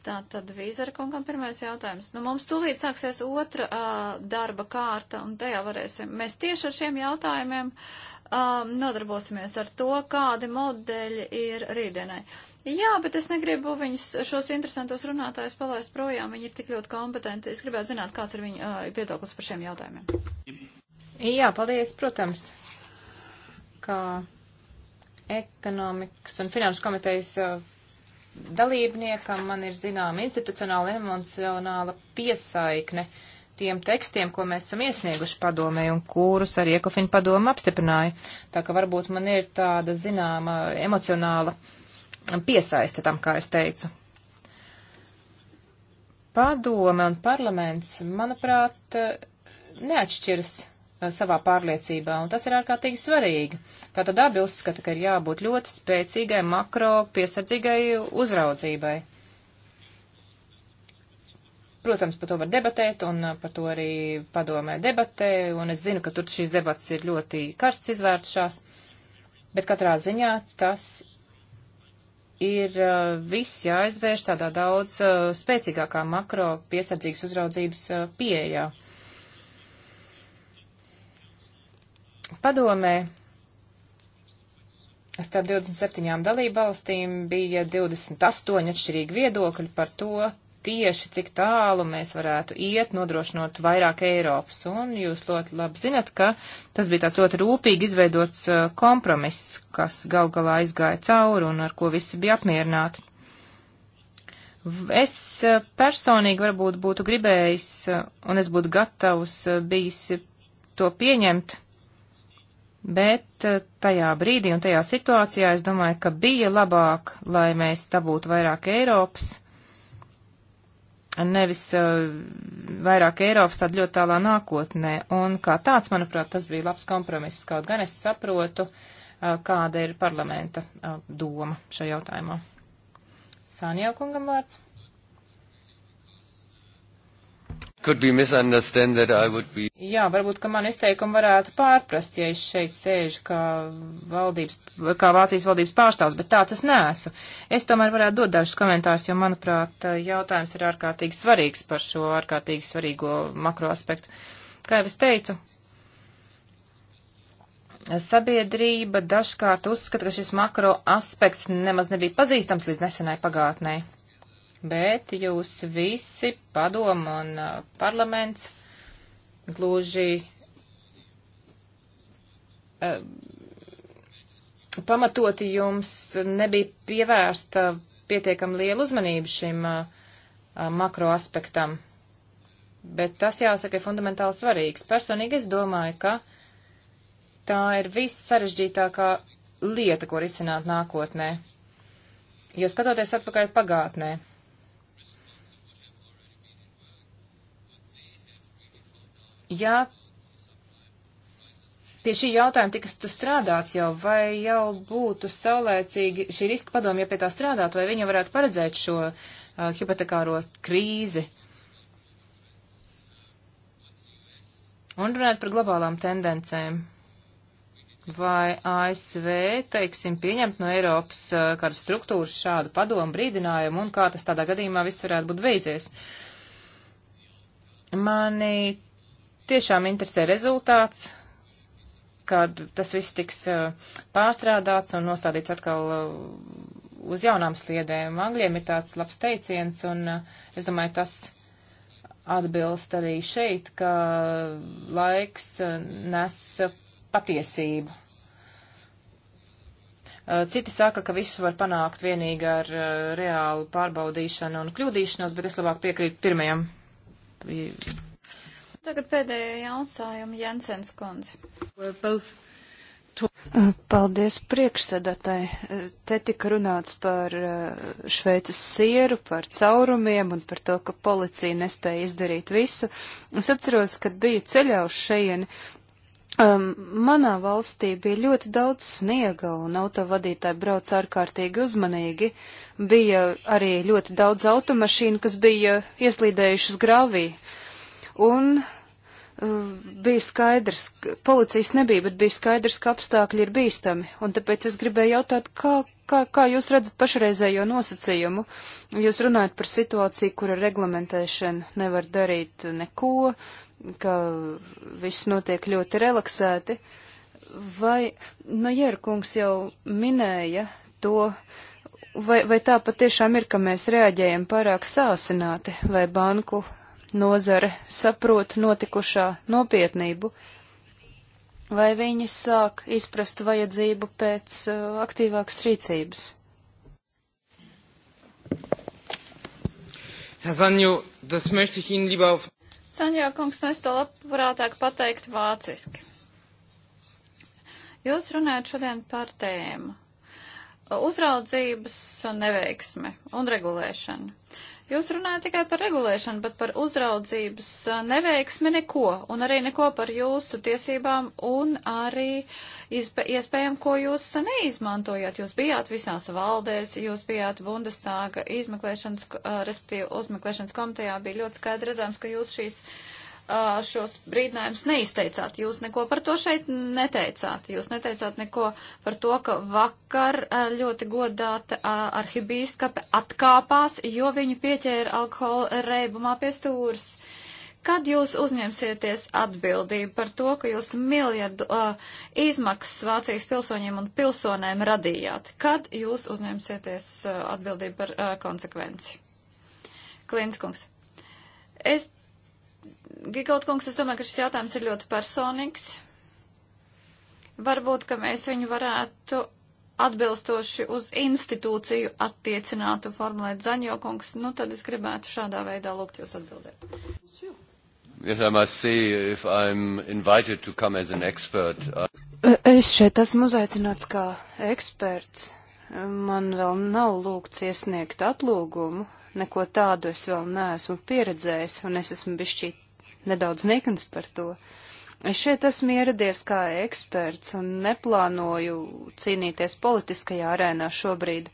Tā tad vīzarkungam pirmais jautājums. Nu, mums tūlīt sāksies otra uh, darba kārta, un tajā varēsim. Mēs tieši ar šiem jautājumiem um, nodarbosimies ar to, kādi modeļi ir rītdienai. Jā, bet es negribu viņus, šos interesantos runātājus palaist projām, viņi ir tik ļoti kompetenti. Es gribētu zināt, kāds ir viņu uh, viedoklis par šiem jautājumiem. Jā, paldies, protams, kā ekonomikas un finanšu komitejas uh, dalībniekam man ir zināma institucionāla emocionāla piesaikne tiem tekstiem, ko mēs esam iesnieguši padomē un kurus arī Ekofina padoma apstiprināja. Tā ka varbūt man ir tāda zināma emocionāla piesaiste tam, kā es teicu. Padome un parlaments, manuprāt, uh, neatšķiras savā pārliecībā, un tas ir ārkārtīgi svarīgi. Tātad abi uzskata, ka ir jābūt ļoti spēcīgai makro piesardzīgai uzraudzībai. Protams, par to var debatēt, un par to arī padomē debatē, un es zinu, ka tur šīs debats ir ļoti karsts izvērtušās, bet katrā ziņā tas ir uh, viss jāizvērš tādā daudz uh, spēcīgākā makro piesardzīgas uzraudzības uh, pieejā. Uh, Padomē starp 27 dalību valstīm bija 28 atšķirīgi viedokļi par to, tieši cik tālu mēs varētu iet, nodrošinot vairāk Eiropas. Un jūs ļoti labi zinat, ka tas bija tāds ļoti rūpīgi izveidots uh, kompromiss, kas gal galā izgāja cauri un ar ko visi bija apmierināti. Es uh, personīgi varbūt būtu gribējis, uh, un es būtu gatavs bijis to pieņemt, Bet eh, tajā brīdī un tajā situācijā es domāju, ka bija labāk, lai mēs dabūtu vairāk Eiropas, nevis uh, vairāk Eiropas tādā ļoti tālā nākotnē. Un kā tāds, manuprāt, tas bija labs kompromiss, kaut gan es saprotu, uh, kāda ir parlamenta uh, doma šajā jautājumā. Sāņā kungam vārds. Be... Jā, varbūt, ka man izteikumu varētu pārprast, ja es šeit sēžu kā, valdības, kā Vācijas valdības pārstāvs, bet tā tas nesu. Es tomēr varētu dot dažus komentārus, jo, manuprāt, jautājums ir ārkārtīgi svarīgs par šo ārkārtīgi svarīgo makro aspektu. Kā jau es teicu, sabiedrība dažkārt uzskata, ka šis makro aspekts nemaz nebija pazīstams līdz nesenai pagātnē. Ne bet jūs visi, padomu un uh, parlaments, gluži uh, pamatoti jums nebija pievērsta pietiekam liela uzmanība šim uh, makro aspektam. Bet tas, jāsaka, ir fundamentāli svarīgs. Personīgi es domāju, ka tā ir viss sarežģītākā lieta, ko risināt nākotnē. Jo skatoties atpakaļ pagātnē, Ja pie šī jautājuma tikas tu strādāts jau, vai jau būtu saulēcīgi šī riska padomu, ja pie tā strādāt, vai viņi varētu paredzēt šo uh, hipotekāro krīzi? Un runāt par globālām tendencēm. Vai ASV, teiksim, pieņemt no Eiropas uh, kādas struktūras šādu padomu brīdinājumu un kā tas tādā gadījumā viss varētu būt beidzies? Mani tiešām interesē rezultāts, kad tas viss tiks uh, pārstrādāts un nostādīts atkal uh, uz jaunām sliedēm. Angļiem ir tāds labs teiciens, un uh, es domāju, tas atbilst arī šeit, ka laiks nes patiesību. Citi saka, ka visu var panākt vienīgi ar reālu pārbaudīšanu un kļūdīšanos, bet es labāk piekrītu pirmajam Tagad pēdējā jautājuma Jensens kundze. Uh, paldies priekšsedatai. Uh, te tika runāts par uh, šveices sieru, par caurumiem un par to, ka policija nespēja izdarīt visu. Es atceros, kad biju ceļā uz šejieni, um, manā valstī bija ļoti daudz sniega un autovadītāji brauca ārkārtīgi uzmanīgi. Bija arī ļoti daudz automašīnu, kas bija ieslīdējušas grāvī. Uh, un uh, bija skaidrs, policijas nebija, bet bija skaidrs, ka apstākļi ir bīstami, un tāpēc es gribēju jautāt, kā, kā, kā jūs redzat pašreizējo nosacījumu? Jūs runājat par situāciju, kura reglamentēšana nevar darīt neko, ka viss notiek ļoti relaksēti, vai, nu, Jērkungs jau minēja to, vai, vai tā patiešām ir, ka mēs reaģējam pārāk sāsināti, vai banku nozare saprot notikušā nopietnību, vai viņi sāk izprast vajadzību pēc uh, aktīvākas rīcības? Herr Sanjo, das möchte ich Ihnen lieber auf. Sanjo, kungs, es to labprātāk pateikt vāciski. Jūs runājat šodien par tēmu uzraudzības neveiksme un regulēšana. Jūs runājat tikai par regulēšanu, bet par uzraudzības neveiksmi neko, un arī neko par jūsu tiesībām, un arī iespējām, ko jūs neizmantojat. Jūs bijāt visās valdēs, jūs bijāt Bundestāga izmeklēšanas, respektīvi uzmeklēšanas komitejā, bija ļoti skaidri redzams, ka jūs šīs uh, šos brīdinājumus neizteicāt. Jūs neko par to šeit neteicāt. Jūs neteicāt neko par to, ka vakar ļoti godāta arhibīskape atkāpās, jo viņu pieķēra alkohola reibumā pie stūras. Kad jūs uzņemsieties atbildību par to, ka jūs miljardu uh, izmaksas Vācijas pilsoņiem un pilsonēm radījāt? Kad jūs uzņemsieties uh, atbildību par uh, konsekvenci? Klinskungs. Es Gigautkungs, es domāju, ka šis jautājums ir ļoti personīgs. Varbūt, ka mēs viņu varētu atbilstoši uz institūciju attiecinātu formulēt zaņokungs, nu tad es gribētu šādā veidā lūgt jūs atbildēt. Yes, I must see if I'm invited to come as an expert. Es šeit esmu uzaicināts kā eksperts. Man vēl nav lūgts iesniegt atlūgumu neko tādu es vēl neesmu pieredzējis, un es esmu bišķīt nedaudz nikns par to. Es šeit esmu ieradies kā eksperts un neplānoju cīnīties politiskajā arēnā šobrīd.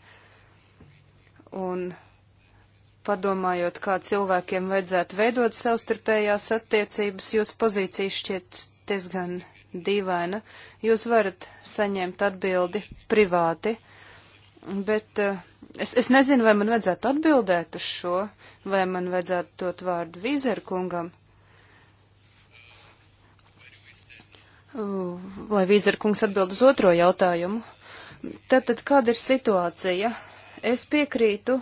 Un padomājot, kā cilvēkiem vajadzētu veidot savstarpējās attiecības, jūs pozīcija šķiet diezgan dīvaina. Jūs varat saņemt atbildi privāti, bet uh, Es, es nezinu, vai man vajadzētu atbildēt uz šo, vai man vajadzētu dot vārdu Vīzerkungam. Lai Vīzerkungs atbild uz otro jautājumu. Tātad, kāda ir situācija? Es piekrītu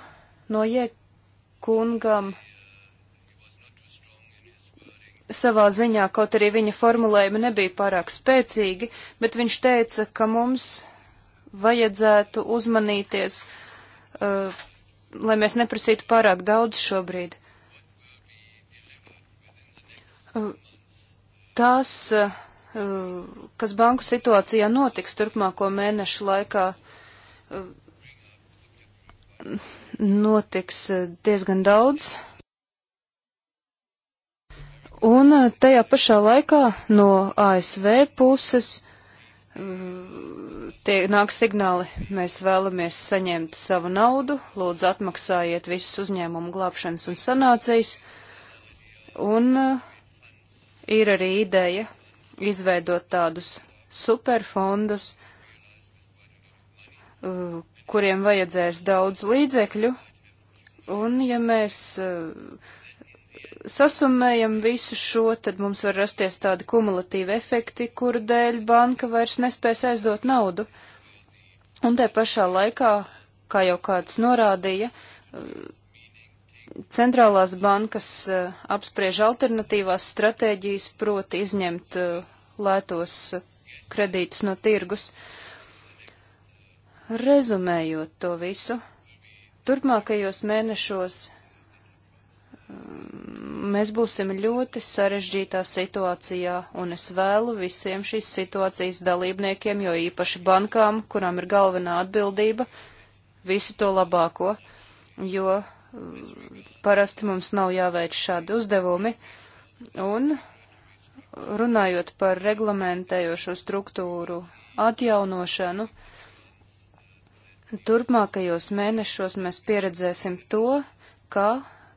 no Jekungam savā ziņā, kaut arī viņa formulējumi nebija pārāk spēcīgi, bet viņš teica, ka mums vajadzētu uzmanīties uh, lai mēs neprasītu pārāk daudz šobrīd. Uh, tās, uh, kas banku situācijā notiks turpmāko mēnešu laikā, uh, notiks uh, diezgan daudz. Un tajā pašā laikā no ASV puses Tie nāk signāli, mēs vēlamies saņemt savu naudu, lūdzu atmaksājiet visus uzņēmumu glābšanas un sanācijas. Un uh, ir arī ideja izveidot tādus superfondus, uh, kuriem vajadzēs daudz līdzekļu, un ja mēs uh, sasummējam visu šo, tad mums var rasties tādi kumulatīvi efekti, kuru dēļ banka vairs nespēs aizdot naudu. Un te pašā laikā, kā jau kāds norādīja, centrālās bankas eh, apspriež alternatīvās stratēģijas, proti izņemt eh, lētos eh, kredītus no tirgus. Rezumējot to visu, turpmākajos mēnešos Mm, mēs būsim ļoti sarežģītā situācijā, un es vēlu visiem šīs situācijas dalībniekiem, jo īpaši bankām, kurām ir galvenā atbildība, visu to labāko, jo mm, parasti mums nav jāveic šādi uzdevumi, un runājot par reglamentējošo struktūru atjaunošanu, turpmākajos mēnešos mēs pieredzēsim to, ka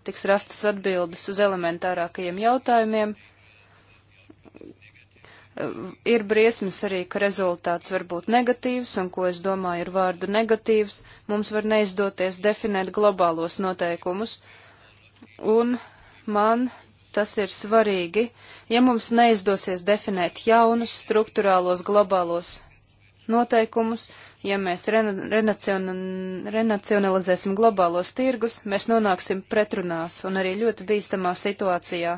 tiks rastas atbildes uz elementārākajiem jautājumiem. Ir briesmas arī, ka rezultāts var būt negatīvs, un ko es domāju ar vārdu negatīvs, mums var neizdoties definēt globālos noteikumus, un man tas ir svarīgi, ja mums neizdosies definēt jaunus struktūrālos globālos noteikumus, ja mēs renacionalizēsim globālos tirgus, mēs nonāksim pretrunās un arī ļoti bīstamā situācijā,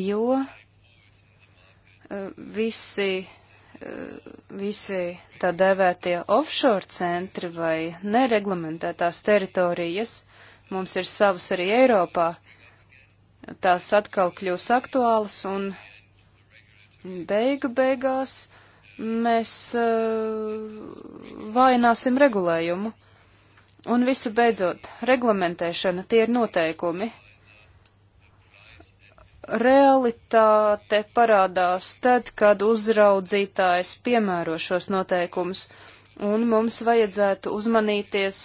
jo eh, visi, eh, visi tā dēvētie offshore centri vai nereglamentētās teritorijas, mums ir savas arī Eiropā, tās atkal kļūs aktuālas un beigu beigās mēs uh, vājināsim regulējumu. Un visu beidzot, reglamentēšana tie ir noteikumi. Realitāte parādās tad, kad uzraudzītājs piemēro šos noteikumus, un mums vajadzētu uzmanīties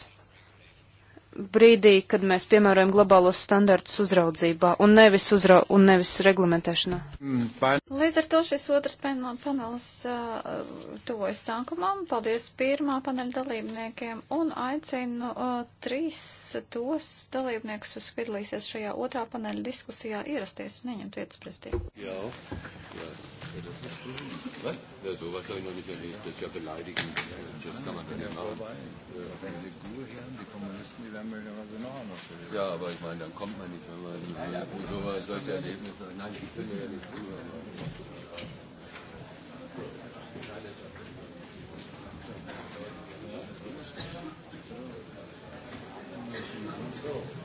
brīdī, kad mēs piemērojam globālos standartus uzraudzībā un nevis, uzra un nevis reglamentēšanā. Mm, Līdz ar to šis otrs panelis uh, tuvojas sākumam. Paldies pirmā paneļa dalībniekiem un aicinu uh, trīs tos dalībniekus, kas piedalīsies šajā otrā paneļa diskusijā, ierasties un ieņemt vietas prezidiju. Jā, jā. Ja, das ist grün. Was? Ja, sowas habe ich noch nicht erlebt. Das ist ja beleidigend. Das kann man doch nicht machen. Wenn Sie Gurherren, die Kommunisten, die werden möglicherweise noch anders gewesen. Ja, aber ich meine, dann kommt man nicht, wenn man ja, ja, sowas, solche Erlebnisse. Nein, ich bin ja nicht Gurherren. So.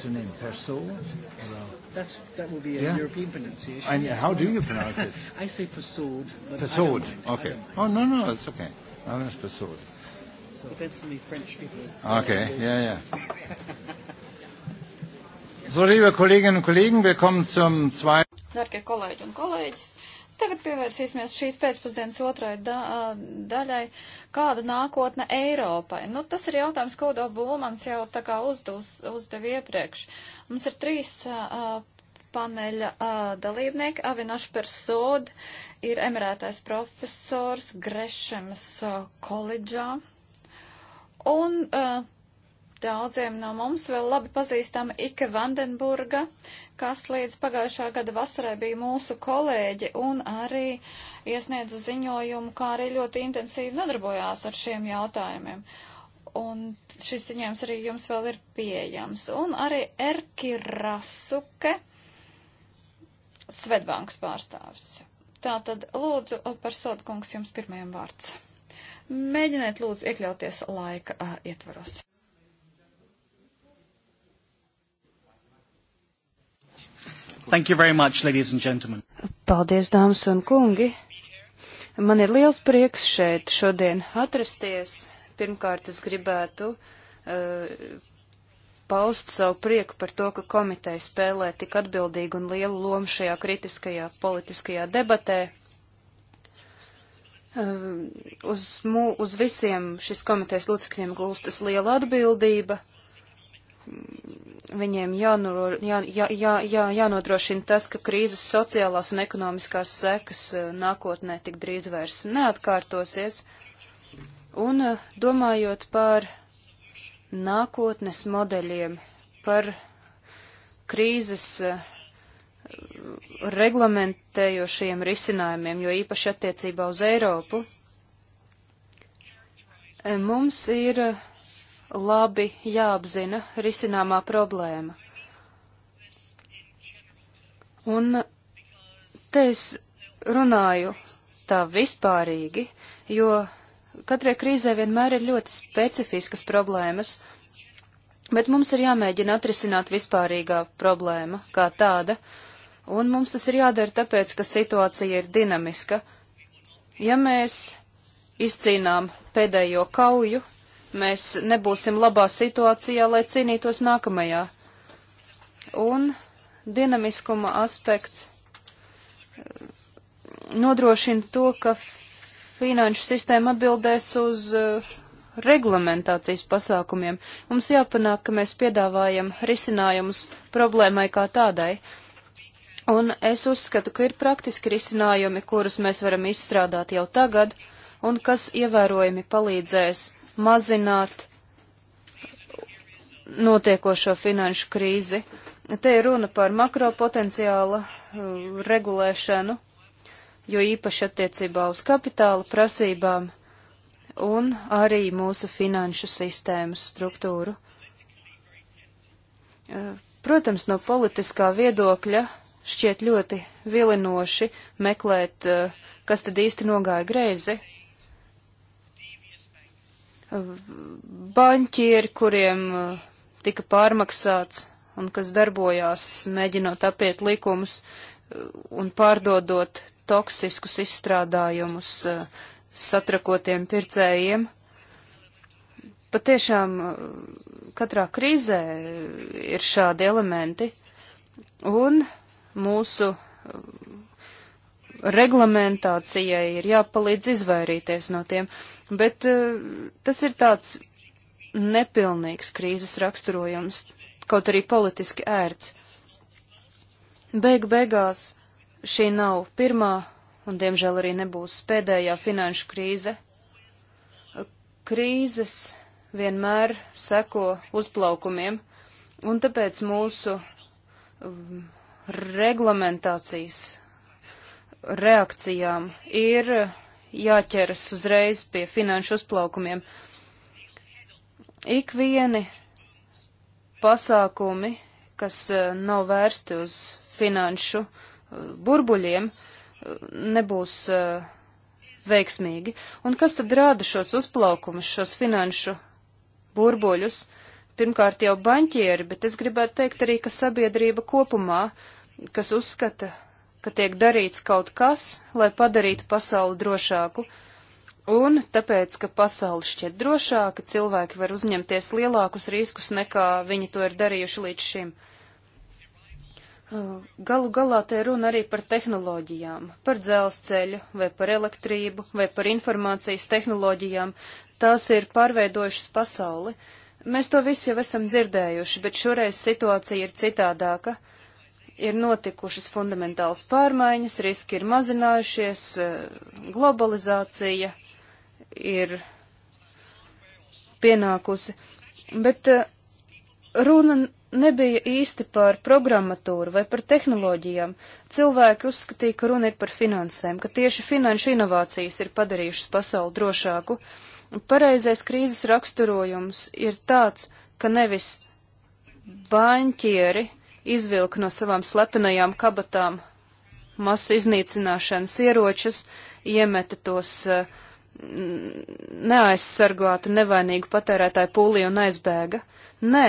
pronounce your name? Persaud? That's, that will be a yeah? European pronunciation. And how well. do you pronounce it? I say Persaud. Persaud, okay. Oh, no, no, it's okay. My name is Persaud. So that's the French people. Okay, yeah, yeah. so, liebe Kolleginnen und Kollegen, willkommen zum zweiten. Darkie kolēģi un kolēģis, Tagad pievērsīsimies šīs pēcpusdienas otrai da daļai. Kāda nākotne Eiropai? Nu, tas ir jautājums, ko Udo Bulmans jau tā kā uzdus, uzdev iepriekš. Mums ir trīs uh, paneļa uh, dalībnieki. Avinaš Persod ir emirētais profesors Grešemas uh, koledžā. Un uh, Daudziem no mums vēl labi pazīstama Ike Vandenburga, kas līdz pagājušā gada vasarai bija mūsu kolēģi un arī iesniedza ziņojumu, kā arī ļoti intensīvi nodarbojās ar šiem jautājumiem. Un šis ziņojums arī jums vēl ir pieejams. Un arī Erki Rasuke, Svedbankas pārstāvis. Tātad lūdzu par sodkungs jums pirmajam vārds. Mēģiniet lūdzu iekļauties laika uh, ietvaros. Thank you very much, ladies and gentlemen. Paldies, dāmas un kungi. Man ir liels prieks šeit šodien atrasties. Pirmkārt, es gribētu uh, paust savu prieku par to, ka komiteja spēlē tik atbildīgu un lielu lomu šajā kritiskajā politiskajā debatē. Uh, uz, mū, uz visiem šis komitejas locekļiem gulstas liela atbildība viņiem jānuro, jā, jā, jā, jā, jānodrošina tas, ka krīzes sociālās un ekonomiskās sekas e, nākotnē tik drīz vairs neatkārtosies. Un e, domājot par nākotnes modeļiem, par krīzes e, reglamentējošiem risinājumiem, jo īpaši attiecībā uz Eiropu, mums ir uh, labi jāapzina risināmā problēma. Un te es runāju tā vispārīgi, jo katrai krīzē vienmēr ir ļoti specifiskas problēmas, bet mums ir jāmēģina atrisināt vispārīgā problēma kā tāda, un mums tas ir jādara tāpēc, ka situācija ir dinamiska. Ja mēs izcīnām pēdējo kauju, mēs nebūsim labā situācijā, lai cīnītos nākamajā. Un dinamiskuma aspekts eh, nodrošina to, ka finanšu sistēma atbildēs uz uh, reglamentācijas pasākumiem. Mums jāpanāk, ka mēs piedāvājam risinājumus problēmai kā tādai. Un es uzskatu, ka ir praktiski risinājumi, kurus mēs varam izstrādāt jau tagad, un kas ievērojami palīdzēs mazināt notiekošo finanšu krīzi. Te ir runa par makropotenciāla uh, regulēšanu, jo īpaši attiecībā uz kapitāla prasībām un arī mūsu finanšu sistēmas struktūru. Uh, protams, no politiskā viedokļa šķiet ļoti vilinoši meklēt, uh, kas tad īsti nogāja greizi, baņķieri, kuriem uh, tika pārmaksāts un kas darbojās, mēģinot apiet likumus uh, un pārdodot toksiskus izstrādājumus uh, satrakotiem pircējiem. Patiešām katrā krīzē ir šādi elementi, un mūsu reglamentācijai ir jāpalīdz izvairīties no tiem, bet eh, tas ir tāds nepilnīgs krīzes raksturojums, kaut arī politiski ērts. Beigu beigās šī nav pirmā un, diemžēl, arī nebūs pēdējā finanšu krīze. Krīzes vienmēr seko uzplaukumiem, un tāpēc mūsu mm, reglamentācijas reakcijām ir jāķeras uzreiz pie finanšu uzplaukumiem. Ikvieni pasākumi, kas e, nav vērsti uz finanšu e, burbuļiem, e, nebūs veiksmīgi. Un kas tad rāda šos uzplaukumus, šos finanšu burbuļus? Pirmkārt jau baņķieri, bet es gribētu teikt arī, ka sabiedrība kopumā, kas uzskata ka tiek darīts kaut kas, lai padarītu pasauli drošāku, un tāpēc, ka pasauli šķiet drošāka, cilvēki var uzņemties lielākus riskus, nekā viņi to ir darījuši līdz šim. Uh, galu galā te runa arī par tehnoloģijām, par dzelzceļu, vai par elektrību, vai par informācijas tehnoloģijām. Tās ir pārveidojušas pasauli. Mēs to visu jau esam dzirdējuši, bet šoreiz situācija ir citādāka ir notikušas fundamentāls pārmaiņas, riski ir mazinājušies, eh, globalizācija ir pienākusi, bet eh, runa nebija īsti par programmatūru vai par tehnoloģijām. Cilvēki uzskatīja, ka runa ir par finansēm, ka tieši finanšu inovācijas ir padarījušas pasauli drošāku. Pareizais krīzes raksturojums ir tāds, ka nevis baņķieri, uh, izvilka no savām slepenajām kabatām masu iznīcināšanas ieročus, iemeta tos uh, neaizsargātu nevainīgu patērētāju pūlī un aizbēga. Nē,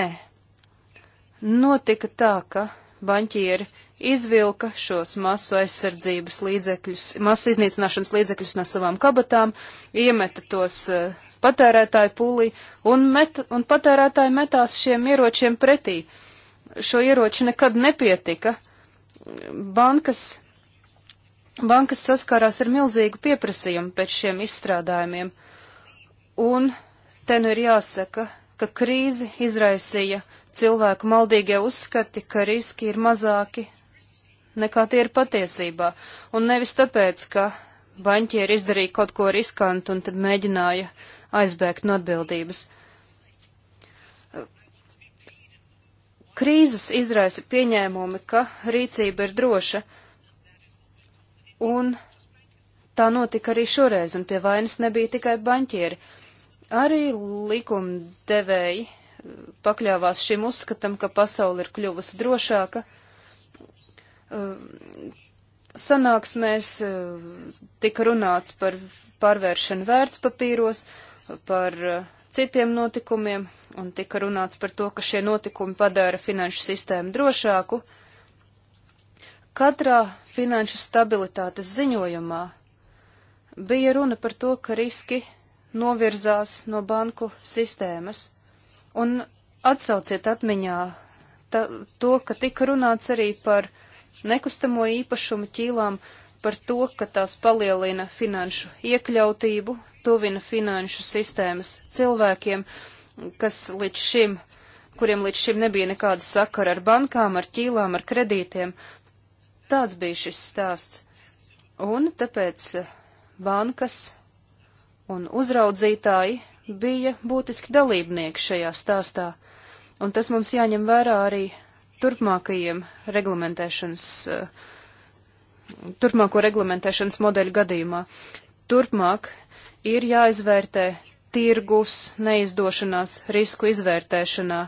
notika tā, ka baņķieri izvilka šos masu aizsardzības līdzekļus, masu iznīcināšanas līdzekļus no savām kabatām, iemeta tos uh, patērētāju pūlī un, met, un patērētāji metās šiem ieročiem pretī. Uh, šo ieroču nekad nepietika. Bankas, bankas saskārās ar milzīgu pieprasījumu pēc šiem izstrādājumiem, un te nu ir jāsaka, ka krīzi izraisīja cilvēku maldīgie uzskati, ka riski ir mazāki nekā tie ir patiesībā, un nevis tāpēc, ka baņķieri izdarīja kaut ko riskantu un tad mēģināja aizbēgt no atbildības. Krīzes izraisa pieņēmumi, ka rīcība ir droša, un tā notika arī šoreiz, un pie vainas nebija tikai baņķieri. Arī likumdevēji eh, pakļāvās šim uzskatam, ka pasauli ir kļuvusi drošāka. Eh, sanāksmēs eh, tika runāts par pārvēršanu vērtspapīros, par uh, citiem notikumiem, un tika runāts par to, ka šie notikumi padara finanšu sistēmu drošāku. Katrā finanšu stabilitātes ziņojumā bija runa par to, ka riski novirzās no banku sistēmas, un atsauciet atmiņā ta, to, ka tika runāts arī par nekustamo īpašumu ķīlām, par to, ka tās palielina finanšu iekļautību, tuvina finanšu sistēmas cilvēkiem, kas līdz šim, kuriem līdz šim nebija nekāda sakara ar bankām, ar ķīlām, ar kredītiem. Tāds bija šis stāsts. Un tāpēc eh, bankas un uzraudzītāji bija būtiski dalībnieki šajā stāstā, un tas mums jāņem vērā arī turpmākajiem reglamentēšanas, eh, turpmāko reglamentēšanas modeļu gadījumā. Turpmāk ir jāizvērtē tirgus neizdošanās risku izvērtēšanā.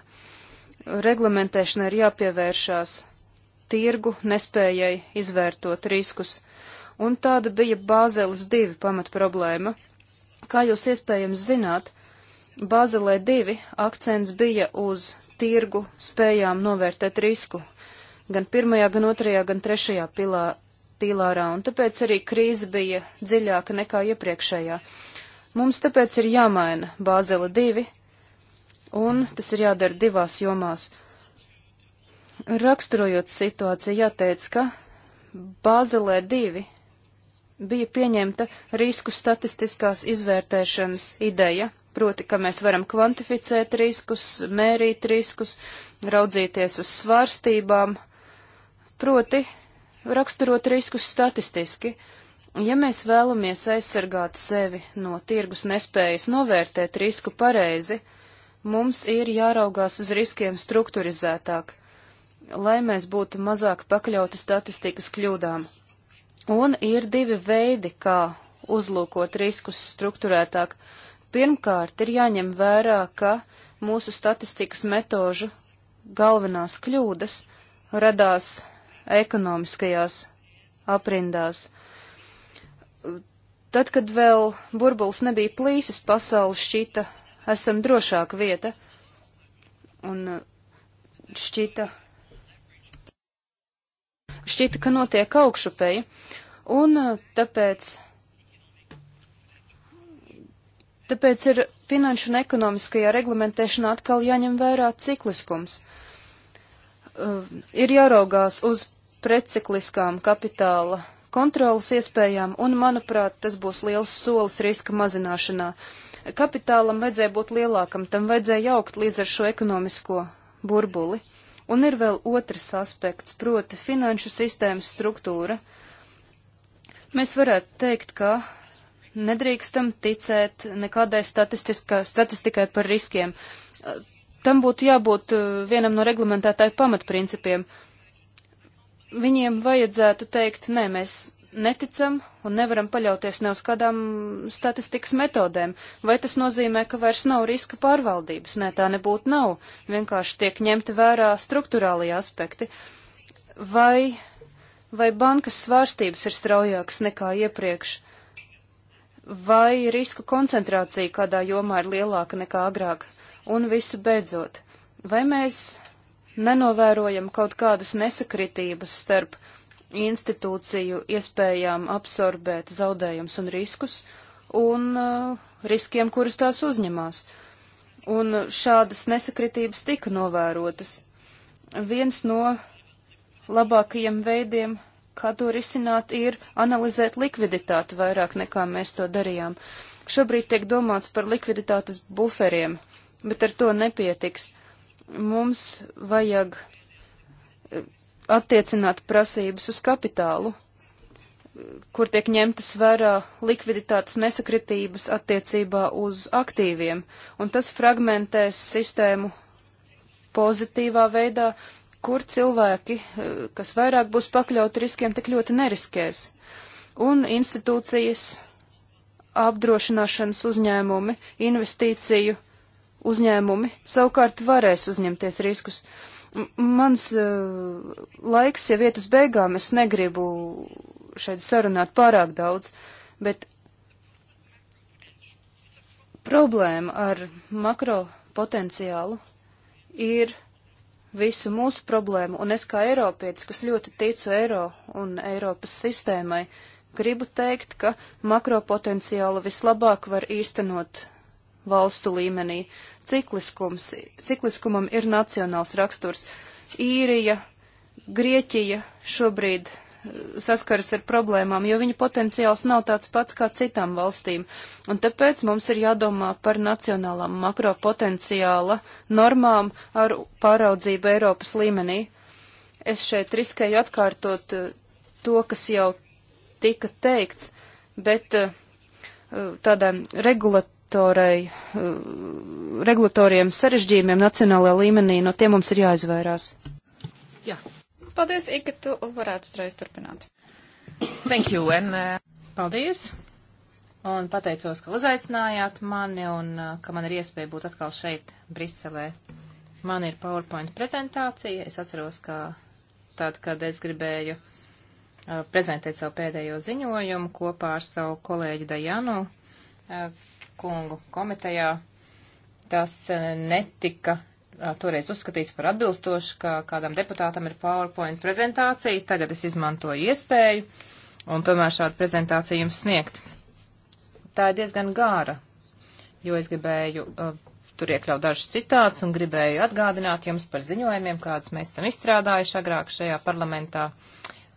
Reglamentēšanai ir jāpievēršās tirgu nespējai izvērtot riskus, un tāda bija Bāzeles 2 pamatproblēma. Kā jūs iespējams zināt, Bāzelē 2 akcents bija uz tirgu spējām novērtēt risku, gan pirmajā, gan otrajā, gan trešajā pilā, pilārā, un tāpēc arī krīze bija dziļāka nekā iepriekšējā. Mums tāpēc ir jāmaina Bāzela 2, un tas ir jādara divās jomās. Raksturojot situāciju, jāteic, ka Bāzelē 2 bija pieņemta risku statistiskās izvērtēšanas ideja, proti, ka mēs varam kvantificēt riskus, mērīt riskus, raudzīties uz svārstībām, proti, raksturot riskus statistiski. Uh, Ja mēs vēlamies aizsargāt sevi no tirgus nespējas novērtēt risku pareizi, mums ir jāraugās uz riskiem strukturizētāk, lai mēs būtu mazāk pakļauti statistikas kļūdām. Un ir divi veidi, kā uzlūkot riskus strukturētāk. Pirmkārt, ir jāņem vērā, ka mūsu statistikas metožu galvenās kļūdas radās ekonomiskajās aprindās. Tad, kad vēl burbulis nebija plīsis, pasauli šķita esam drošāka vieta. Un eh, šķita, šķita ka notiek augšupeja. Un eh, tāpēc, tāpēc ir finanšu un ekonomiskajā reglamentēšanā atkal jāņem vērā cikliskums. Uh, ir jāraugās uz precikliskām kapitāla kontrolas iespējām, un, manuprāt, tas būs liels solis riska mazināšanā. Kapitālam vajadzēja būt lielākam, tam vajadzēja augt līdz ar šo ekonomisko burbuli. Un ir vēl otrs aspekts, proti finanšu sistēmas struktūra. Mēs varētu teikt, ka nedrīkstam ticēt nekādai statistikai par riskiem. Tam būtu jābūt eh, vienam no reglamentētāju pamatprincipiem. Uh, viņiem vajadzētu teikt, nē, mēs neticam un nevaram paļauties ne uz kādām statistikas metodēm. Vai tas nozīmē, ka vairs nav riska pārvaldības? Nē, tā nebūtu nav. Vienkārši tiek ņemti vērā struktūrālie aspekti. Vai, vai bankas svārstības ir straujākas nekā iepriekš? Vai risku koncentrācija kādā jomā ir lielāka nekā agrāk? Un visu beidzot, vai mēs nenovērojam kaut kādas nesakritības starp institūciju iespējām absorbēt zaudējumus un riskus un uh, riskiem, kurus tās uzņemās. Un šādas nesakritības tika novērotas. Viens no labākajiem veidiem, kā to risināt, ir analizēt likviditāti vairāk nekā mēs to darījām. Šobrīd tiek domāts par likviditātes buferiem, bet ar to nepietiks mums vajag e, attiecināt prasības uz kapitālu, kur tiek ņemtas vērā likviditātes nesakritības attiecībā uz aktīviem, un tas fragmentēs sistēmu pozitīvā veidā, kur cilvēki, e, kas vairāk būs pakļauti riskiem, tik ļoti neriskēs. Un institūcijas, apdrošināšanas uzņēmumi, investīciju uzņēmumi savukārt varēs uzņemties riskus. M mans uh, laiks jau iet uz beigām, es negribu šeit sarunāt pārāk daudz, bet problēma ar makro potenciālu ir visu mūsu problēmu, un es kā Eiropietis, kas ļoti ticu eiro un Eiropas sistēmai, gribu teikt, ka makro potenciālu vislabāk var īstenot valstu līmenī. Cikliskums, cikliskumam ir nacionāls raksturs. Īrija, Grieķija šobrīd eh, saskaras ar problēmām, jo viņa potenciāls nav tāds pats kā citām valstīm, un tāpēc mums ir jādomā par nacionālām makropotenciāla normām ar pāraudzību Eiropas līmenī. Es šeit riskēju atkārtot eh, to, kas jau tika teikts, bet eh, tādā regulatīvā Eh, regulatoriem sarežģījumiem nacionālajā līmenī, no tiem mums ir jāizvairās. Jā. Paldies, Ika, tu varētu uzreiz turpināt. Thank you, and, uh... Paldies. Un pateicos, ka uzaicinājāt mani un uh, ka man ir iespēja būt atkal šeit, Briselē. Man ir PowerPoint prezentācija. Es atceros, ka tad, kad es gribēju uh, prezentēt savu pēdējo ziņojumu kopā ar savu kolēģi Dajanu, uh, kungu komitejā. Tas e, netika toreiz uzskatīts par atbilstošu, ka kādam deputātam ir PowerPoint prezentācija. Tagad es izmantoju iespēju un tomēr šādu prezentāciju jums sniegt. Tā ir diezgan gāra, jo es gribēju uh, tur iekļaut dažus citātus un gribēju atgādināt jums par ziņojumiem, kādus mēs esam izstrādājuši agrāk šajā parlamentā,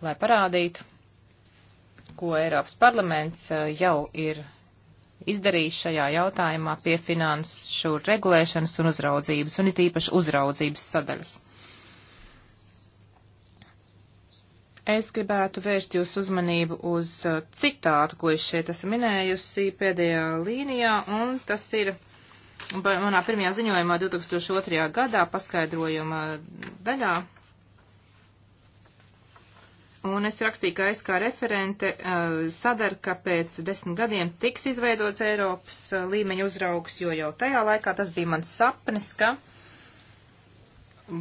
lai parādītu, ko Eiropas parlaments uh, jau ir izdarījis šajā jautājumā pie finanšu regulēšanas un uzraudzības, un it īpaši uzraudzības sadaļas. Es gribētu vērst jūsu uzmanību uz uh, citātu, ko es šeit esmu minējusi pēdējā līnijā, un tas ir manā pirmajā ziņojumā 2002. gadā paskaidrojuma daļā, Un es rakstīju, ka es kā referente uh, eh, sadaru, ka pēc desmit gadiem tiks izveidots Eiropas uh, līmeņa uzraugs, jo jau tajā laikā tas bija mans sapnis, ka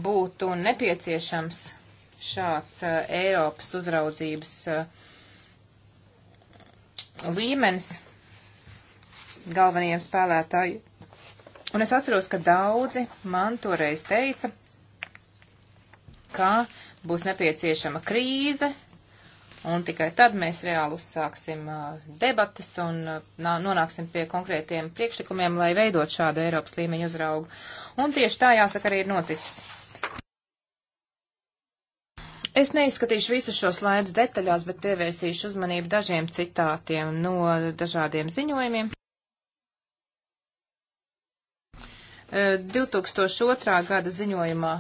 būtu nepieciešams šāds uh, Eiropas uzraudzības līmenis galvenajiem spēlētājiem. Un es atceros, ka daudzi man toreiz teica, ka uh, būs nepieciešama krīze, un tikai tad mēs reāli uzsāksim uh, debatas un uh, nonāksim pie konkrētiem priekšlikumiem, lai veidot šādu Eiropas līmeņu uzraugu. Un tieši tā jāsaka arī ir noticis. Es neizskatīšu visus šos slaidus detaļās, bet pievērsīšu uzmanību dažiem citātiem no dažādiem ziņojumiem. 2002. Uh, gada ziņojumā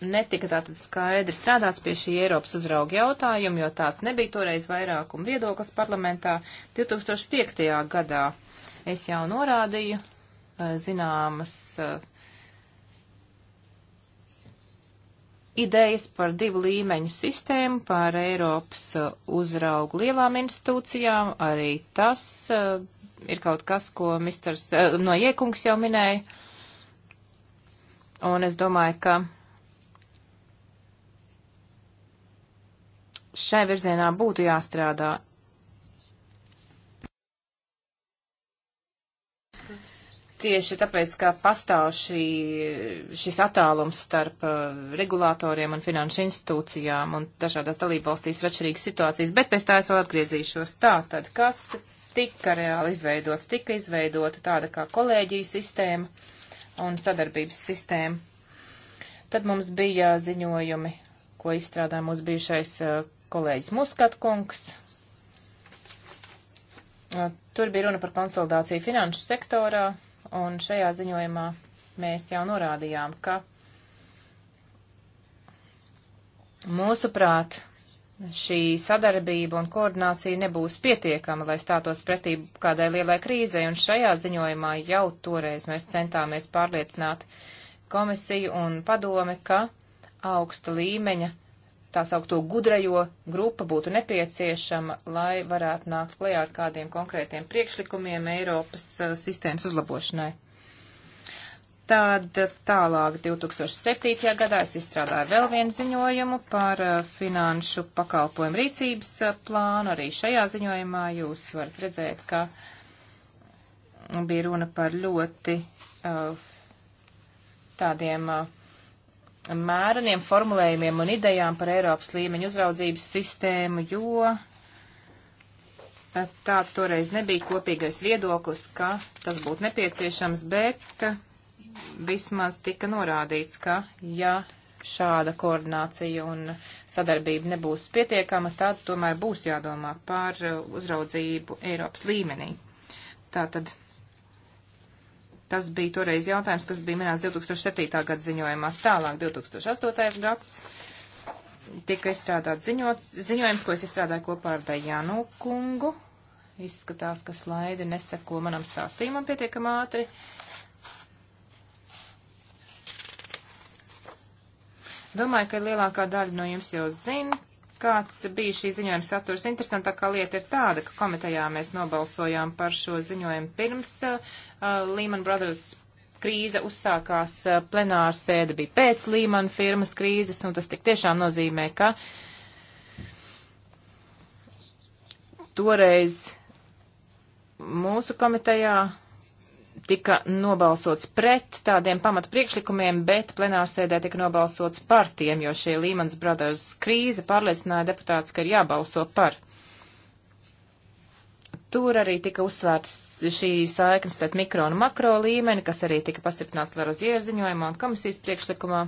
netika tātad skaidri strādāts pie šī Eiropas uzrauga jautājuma, jo tāds nebija toreiz vairākuma viedoklis parlamentā. 2005. gadā es jau norādīju eh, zināmas eh, idejas par divu līmeņu sistēmu, par Eiropas eh, uzraugu lielām institūcijām. Arī tas ir kaut kas, ko misters, no iekungs jau minēja. Un es domāju, ka šai virzienā būtu jāstrādā. Tieši tāpēc, ka pastāv šī, šis attālums starp uh, regulātoriem un finanšu institūcijām un dažādās dalībvalstīs ir atšķirīgas situācijas, bet pēc tā es vēl atgriezīšos. Tātad, kas tika reāli izveidots? Tika izveidota tāda kā kolēģiju sistēma un sadarbības sistēma. Tad mums bija ziņojumi, ko izstrādāja mūsu bijušais uh, kolēģis Muskatkungs. Tur bija runa par konsolidāciju finanšu sektorā, un šajā ziņojumā mēs jau norādījām, ka mūsuprāt šī sadarbība un koordinācija nebūs pietiekama, lai stātos pretī kādai lielai krīzei, un šajā ziņojumā jau toreiz mēs centāmies pārliecināt komisiju un padome, ka augsta līmeņa uh, tā saukto gudrajo grupa būtu nepieciešama, lai varētu nākt klajā ar kādiem konkrētiem priekšlikumiem Eiropas uh, sistēmas uzlabošanai. Tad eh, tālāk 2007. gadā es izstrādāju vēl vienu ziņojumu par uh, finanšu pakalpojumu rīcības uh, plānu. Arī šajā ziņojumā jūs varat redzēt, ka bija runa par ļoti tādiem uh, mēreniem formulējumiem un idejām par Eiropas līmeņu uzraudzības sistēmu, jo eh, tāds toreiz nebija kopīgais viedoklis, ka tas būtu nepieciešams, bet eh, vismaz tika norādīts, ka ja šāda koordinācija un sadarbība nebūs pietiekama, tad tomēr būs jādomā par eh, uzraudzību Eiropas līmenī. Tātad Tas bija toreiz jautājums, kas bija minēts 2007. gada ziņojumā. Tālāk 2008. gads tika izstrādāt ziņot, ziņojums, ko es izstrādāju kopā ar Dajanu kungu. Izskatās, ka slaidi neseko manam stāstījumam pietiekam ātri. Domāju, ka lielākā daļa no jums jau zina kāds bija šī ziņojuma saturs. Interesantākā lieta ir tāda, ka komitejā mēs nobalsojām par šo ziņojumu pirms uh, uh, Lehman Brothers krīze uzsākās uh, plenāra sēde bija pēc Lehman firmas krīzes, un tas tik tiešām nozīmē, ka toreiz mūsu komitejā tika nobalsots pret tādiem pamata priekšlikumiem, bet plenārsēdē tika nobalsots par tiem, jo šī Lehman Brothers krīze pārliecināja deputātus, ka ir jābalso par. Tur arī tika uzsvērts šī saiknes starp mikro un makro līmeni, kas arī tika pastiprināts Larozier ziņojumā un komisijas priekšlikumā.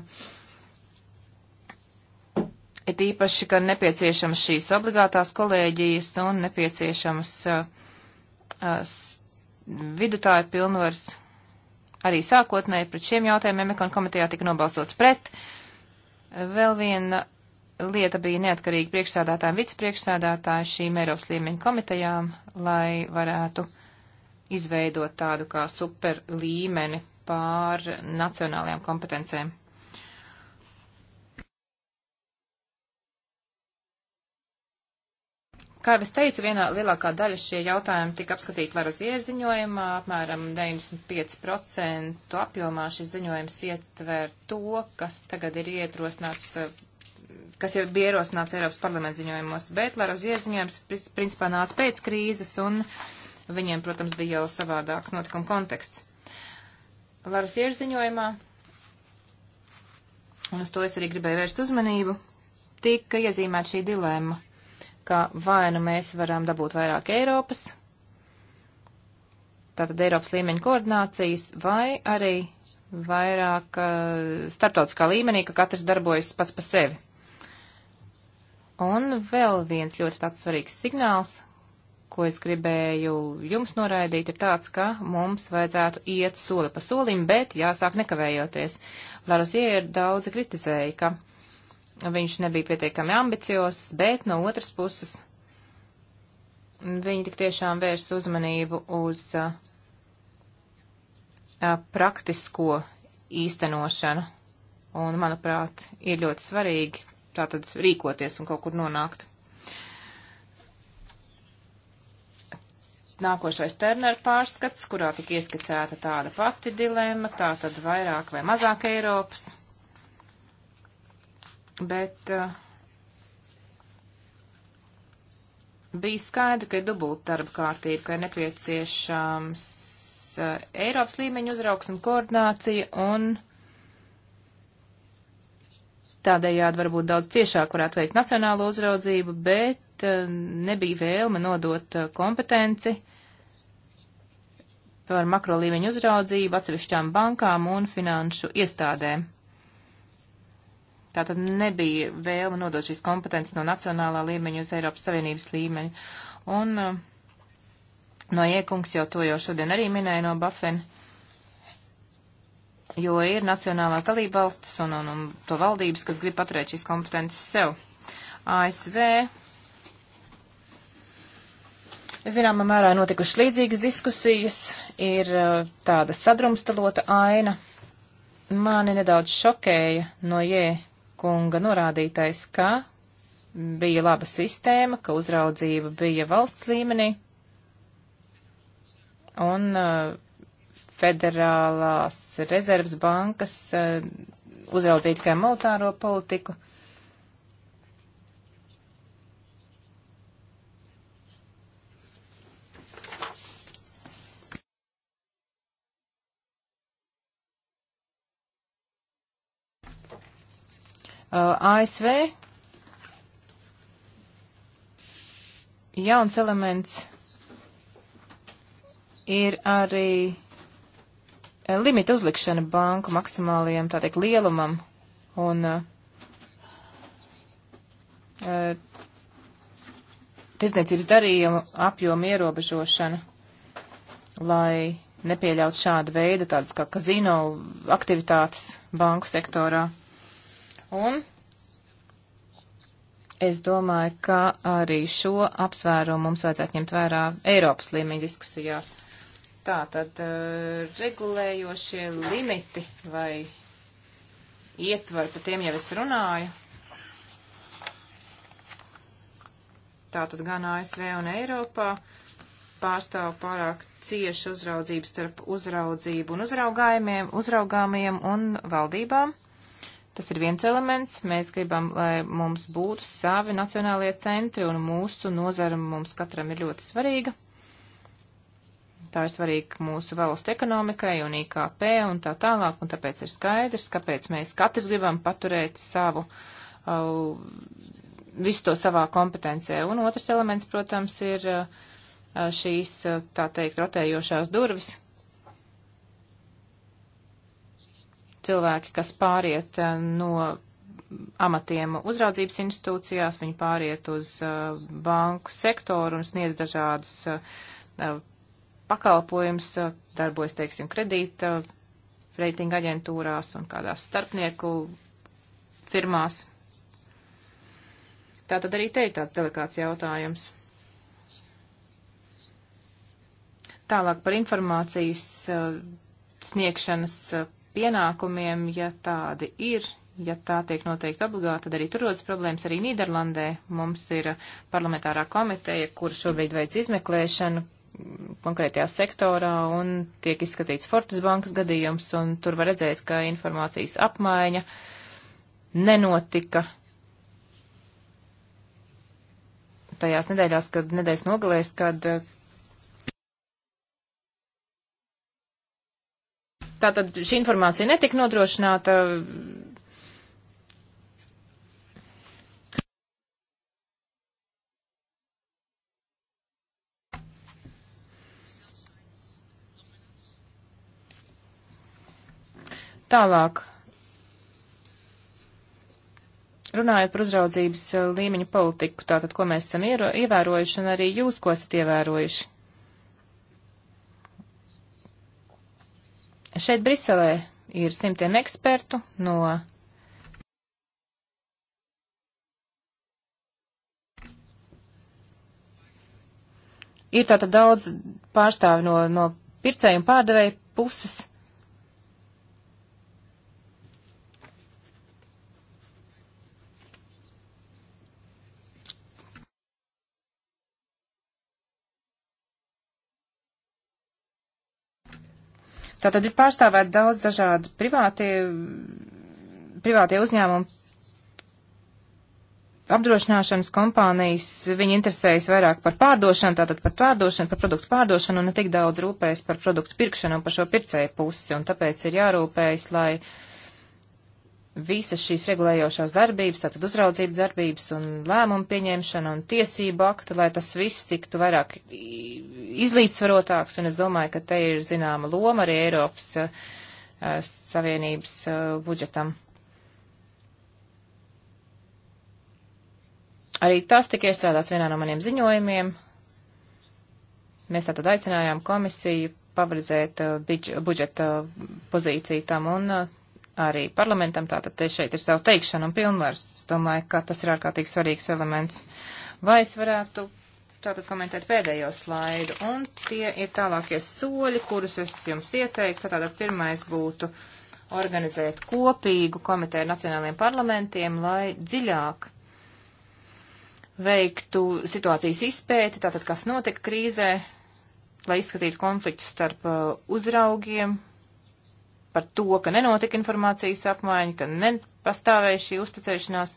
Ir īpaši, ka nepieciešams šīs obligātās kolēģijas un nepieciešams uh, uh, vidutāju pilnvars arī sākotnēji pret šiem jautājumiem ekonomikas komitejā tika nobalsots pret. Vēl viena lieta bija neatkarīgi priekšsādātājiem, vicepriekšsādātāji šīm Eiropas līmeņa komitejām, lai varētu izveidot tādu kā super līmeni pār nacionālajām kompetencēm. Kā jau es teicu, vienā lielākā daļa šie jautājumi tika apskatīti Laras ieziņojumā, apmēram 95% apjomā šis ziņojums ietver to, kas tagad ir ietrosināts, eh, kas jau bija ierosināts Eiropas parlamenta ziņojumos, bet Laras ieziņojums principā nāca pēc krīzes un viņiem, protams, bija jau savādāks notikuma konteksts. Laras ieziņojumā, un uz to es arī gribēju vērst uzmanību, tika iezīmēta šī dilēma ka vai nu mēs varam dabūt vairāk Eiropas, tātad Eiropas līmeņa koordinācijas, vai arī vairāk uh, starptautiskā līmenī, ka katrs darbojas pats pa sevi. Un vēl viens ļoti tāds svarīgs signāls, ko es gribēju jums noraidīt, ir tāds, ka mums vajadzētu iet soli pa solim, bet jāsāk nekavējoties. Larosie ir daudzi kritizēja, ka viņš nebija pietiekami ambiciozs, bet no otras puses viņi tik tiešām vērs uzmanību uz a, uh, a, uh, praktisko īstenošanu. Un, manuprāt, ir ļoti svarīgi tātad rīkoties un kaut kur nonākt. Nākošais Turner pārskats, kurā tika ieskicēta tāda pati dilemma, tātad vairāk vai mazāk Eiropas bet uh, bija skaidri, ka ir dubulta darba kārtība, ka ir nepieciešams uh, Eiropas līmeņa uzraugs un koordinācija un tādējādi varbūt daudz ciešāk varētu veikt nacionālo uzraudzību, bet uh, nebija vēlme nodot uh, kompetenci par makro līmeņu uzraudzību atsevišķām bankām un finanšu iestādēm. Tātad nebija vēlme nodot šīs kompetences no nacionālā līmeņa uz Eiropas Savienības līmeņu. Un eh, no iekungs jau to jau šodien arī minēja no Bafena, jo ir nacionālās dalībvalstis un, un, un to valdības, kas grib paturēt šīs kompetences sev. ASV Zināmā mērā notikušas līdzīgas diskusijas, ir eh, tāda sadrumstalota aina. Mani nedaudz šokēja no jē kunga norādītais, ka bija laba sistēma, ka uzraudzība bija valsts līmenī un uh, federālās rezervas bankas uh, uzraudzīja tikai monetāro politiku. Uh, Uh, ASV jauns elements ir arī uh, limita uzlikšana banku maksimālajiem, tā teikt, lielumam. Un uh, uh tirdzniecības darījuma apjoma ierobežošana, lai nepieļaut šādu veidu tādas kā kazino aktivitātes banku sektorā. Un es domāju, ka arī šo apsvērumu mums vajadzētu ņemt vērā Eiropas līmeņa diskusijās. Tā tad uh, regulējošie limiti vai ietvari, par tiem jau es runāju. Tātad gan ASV un Eiropā pārstāv pārāk cieši uzraudzību starp uzraudzību un uzraugājumiem, uzraugāmiem un valdībām. Tas ir viens elements. Mēs gribam, lai mums būtu savi nacionālie centri, un mūsu nozara mums katram ir ļoti svarīga. Tā ir svarīga mūsu valsts ekonomikai un IKP un tā tālāk, un tāpēc ir skaidrs, kāpēc mēs katrs gribam paturēt savu uh, visu to savā kompetencē. Un otrs elements, protams, ir uh, šīs, uh, tā teikt, rotējošās durvis, cilvēki, kas pāriet eh, no amatiem uzraudzības institūcijās, viņi pāriet uz eh, banku sektoru un sniedz dažādus eh, pakalpojums, darbojas, teiksim, kredīta reitinga aģentūrās un kādās starpnieku firmās. Tā tad arī te ir tāds delikāts jautājums. Tālāk par informācijas sniegšanas pienākumiem, ja tādi ir, ja tā tiek noteikti obligāti, tad arī tur rodas problēmas. Arī Nīderlandē mums ir parlamentārā komiteja, kur šobrīd veids izmeklēšanu konkrētajā sektorā un tiek izskatīts Fortas bankas gadījums, un tur var redzēt, ka informācijas apmaiņa nenotika tajās nedēļās, kad nedēļas nogalēs, kad Tātad šī informācija netika nodrošināta. Tālāk. Runājot par uzraudzības eh, līmeņa politiku, tātad, ko mēs esam ievērojuši un arī jūs, ko esat ievērojuši. Šeit Briselē ir simtiem ekspertu no ir tātad daudz pārstāvi no, no pircēju un pārdevēju puses. Tātad ir pārstāvēt daudz dažādi privātie, privātie uzņēmumi, apdrošināšanas kompānijas, viņi interesējas vairāk par pārdošanu, tātad par pārdošanu, par produktu pārdošanu un ne tik daudz rūpējas par produktu pirkšanu un par šo pircēju pusi, un tāpēc ir jārūpējas, lai uh, visas šīs regulējošās darbības, tātad uzraudzību darbības un lēmumu pieņemšana un tiesību aktu, lai tas viss tiktu vairāk izlīdzsvarotāks, un es domāju, ka te ir zināma loma arī Eiropas uh, Savienības uh, budžetam. Arī tas tika iestrādāts vienā no maniem ziņojumiem. Mēs tātad aicinājām komisiju pavadzēt uh, budžeta pozīciju tam un uh, arī parlamentam, tātad te šeit ir savu teikšanu un pilnvars. Es domāju, ka tas ir ārkārtīgi svarīgs elements. Vai es varētu tātad komentēt pēdējo slaidu? Un tie ir tālākie soļi, kurus es jums ieteiktu. Tātad pirmais būtu organizēt kopīgu komiteju nacionāliem parlamentiem, lai dziļāk veiktu situācijas izpēti, tātad kas notika krīzē, lai izskatītu konfliktus starp uh, uzraugiem, par to, ka nenotika informācijas apmaiņa, ka nepastāvēja šī uzticēšanās.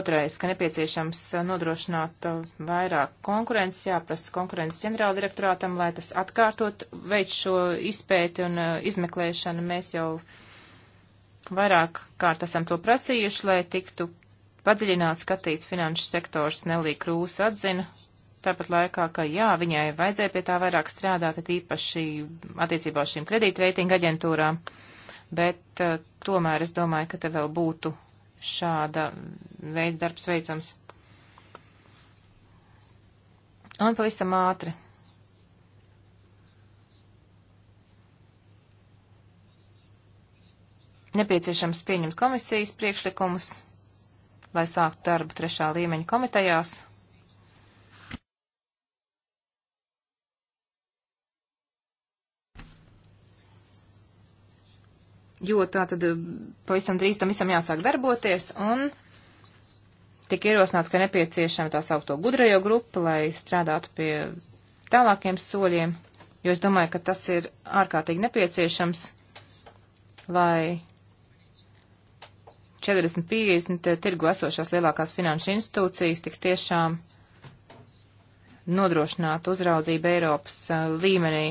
Otrais, ka nepieciešams uh, nodrošināt uh, vairāk konkurences, jāprasa konkurences ģenerāldirektorātam, lai tas atkārtot, veic šo izpēti un uh, izmeklēšanu. Mēs jau vairāk kārt esam to prasījuši, lai tiktu padziļināts skatīts finanšu sektors Nelī Krūs atzina, tāpat laikā, ka jā, viņai vajadzēja pie tā vairāk strādāt, tīpaši attiecībā uz šīm kredītreitinga aģentūrām, bet uh, tomēr es domāju, ka te vēl būtu šāda veida darbs veicams. Un pavisam ātri. Nepieciešams pieņemt komisijas priekšlikumus, lai sāktu darbu trešā līmeņa komitejās jo tā tad eh, pavisam drīz tam visam jāsāk darboties, un tika ierosināts, ka nepieciešama tā saukto gudrajo grupu, lai strādātu pie tālākiem soļiem, jo es domāju, ka tas ir ārkārtīgi nepieciešams, lai 40-50 eh, tirgu esošās lielākās finanšu institūcijas tik tiešām nodrošinātu uzraudzību Eiropas eh, līmenī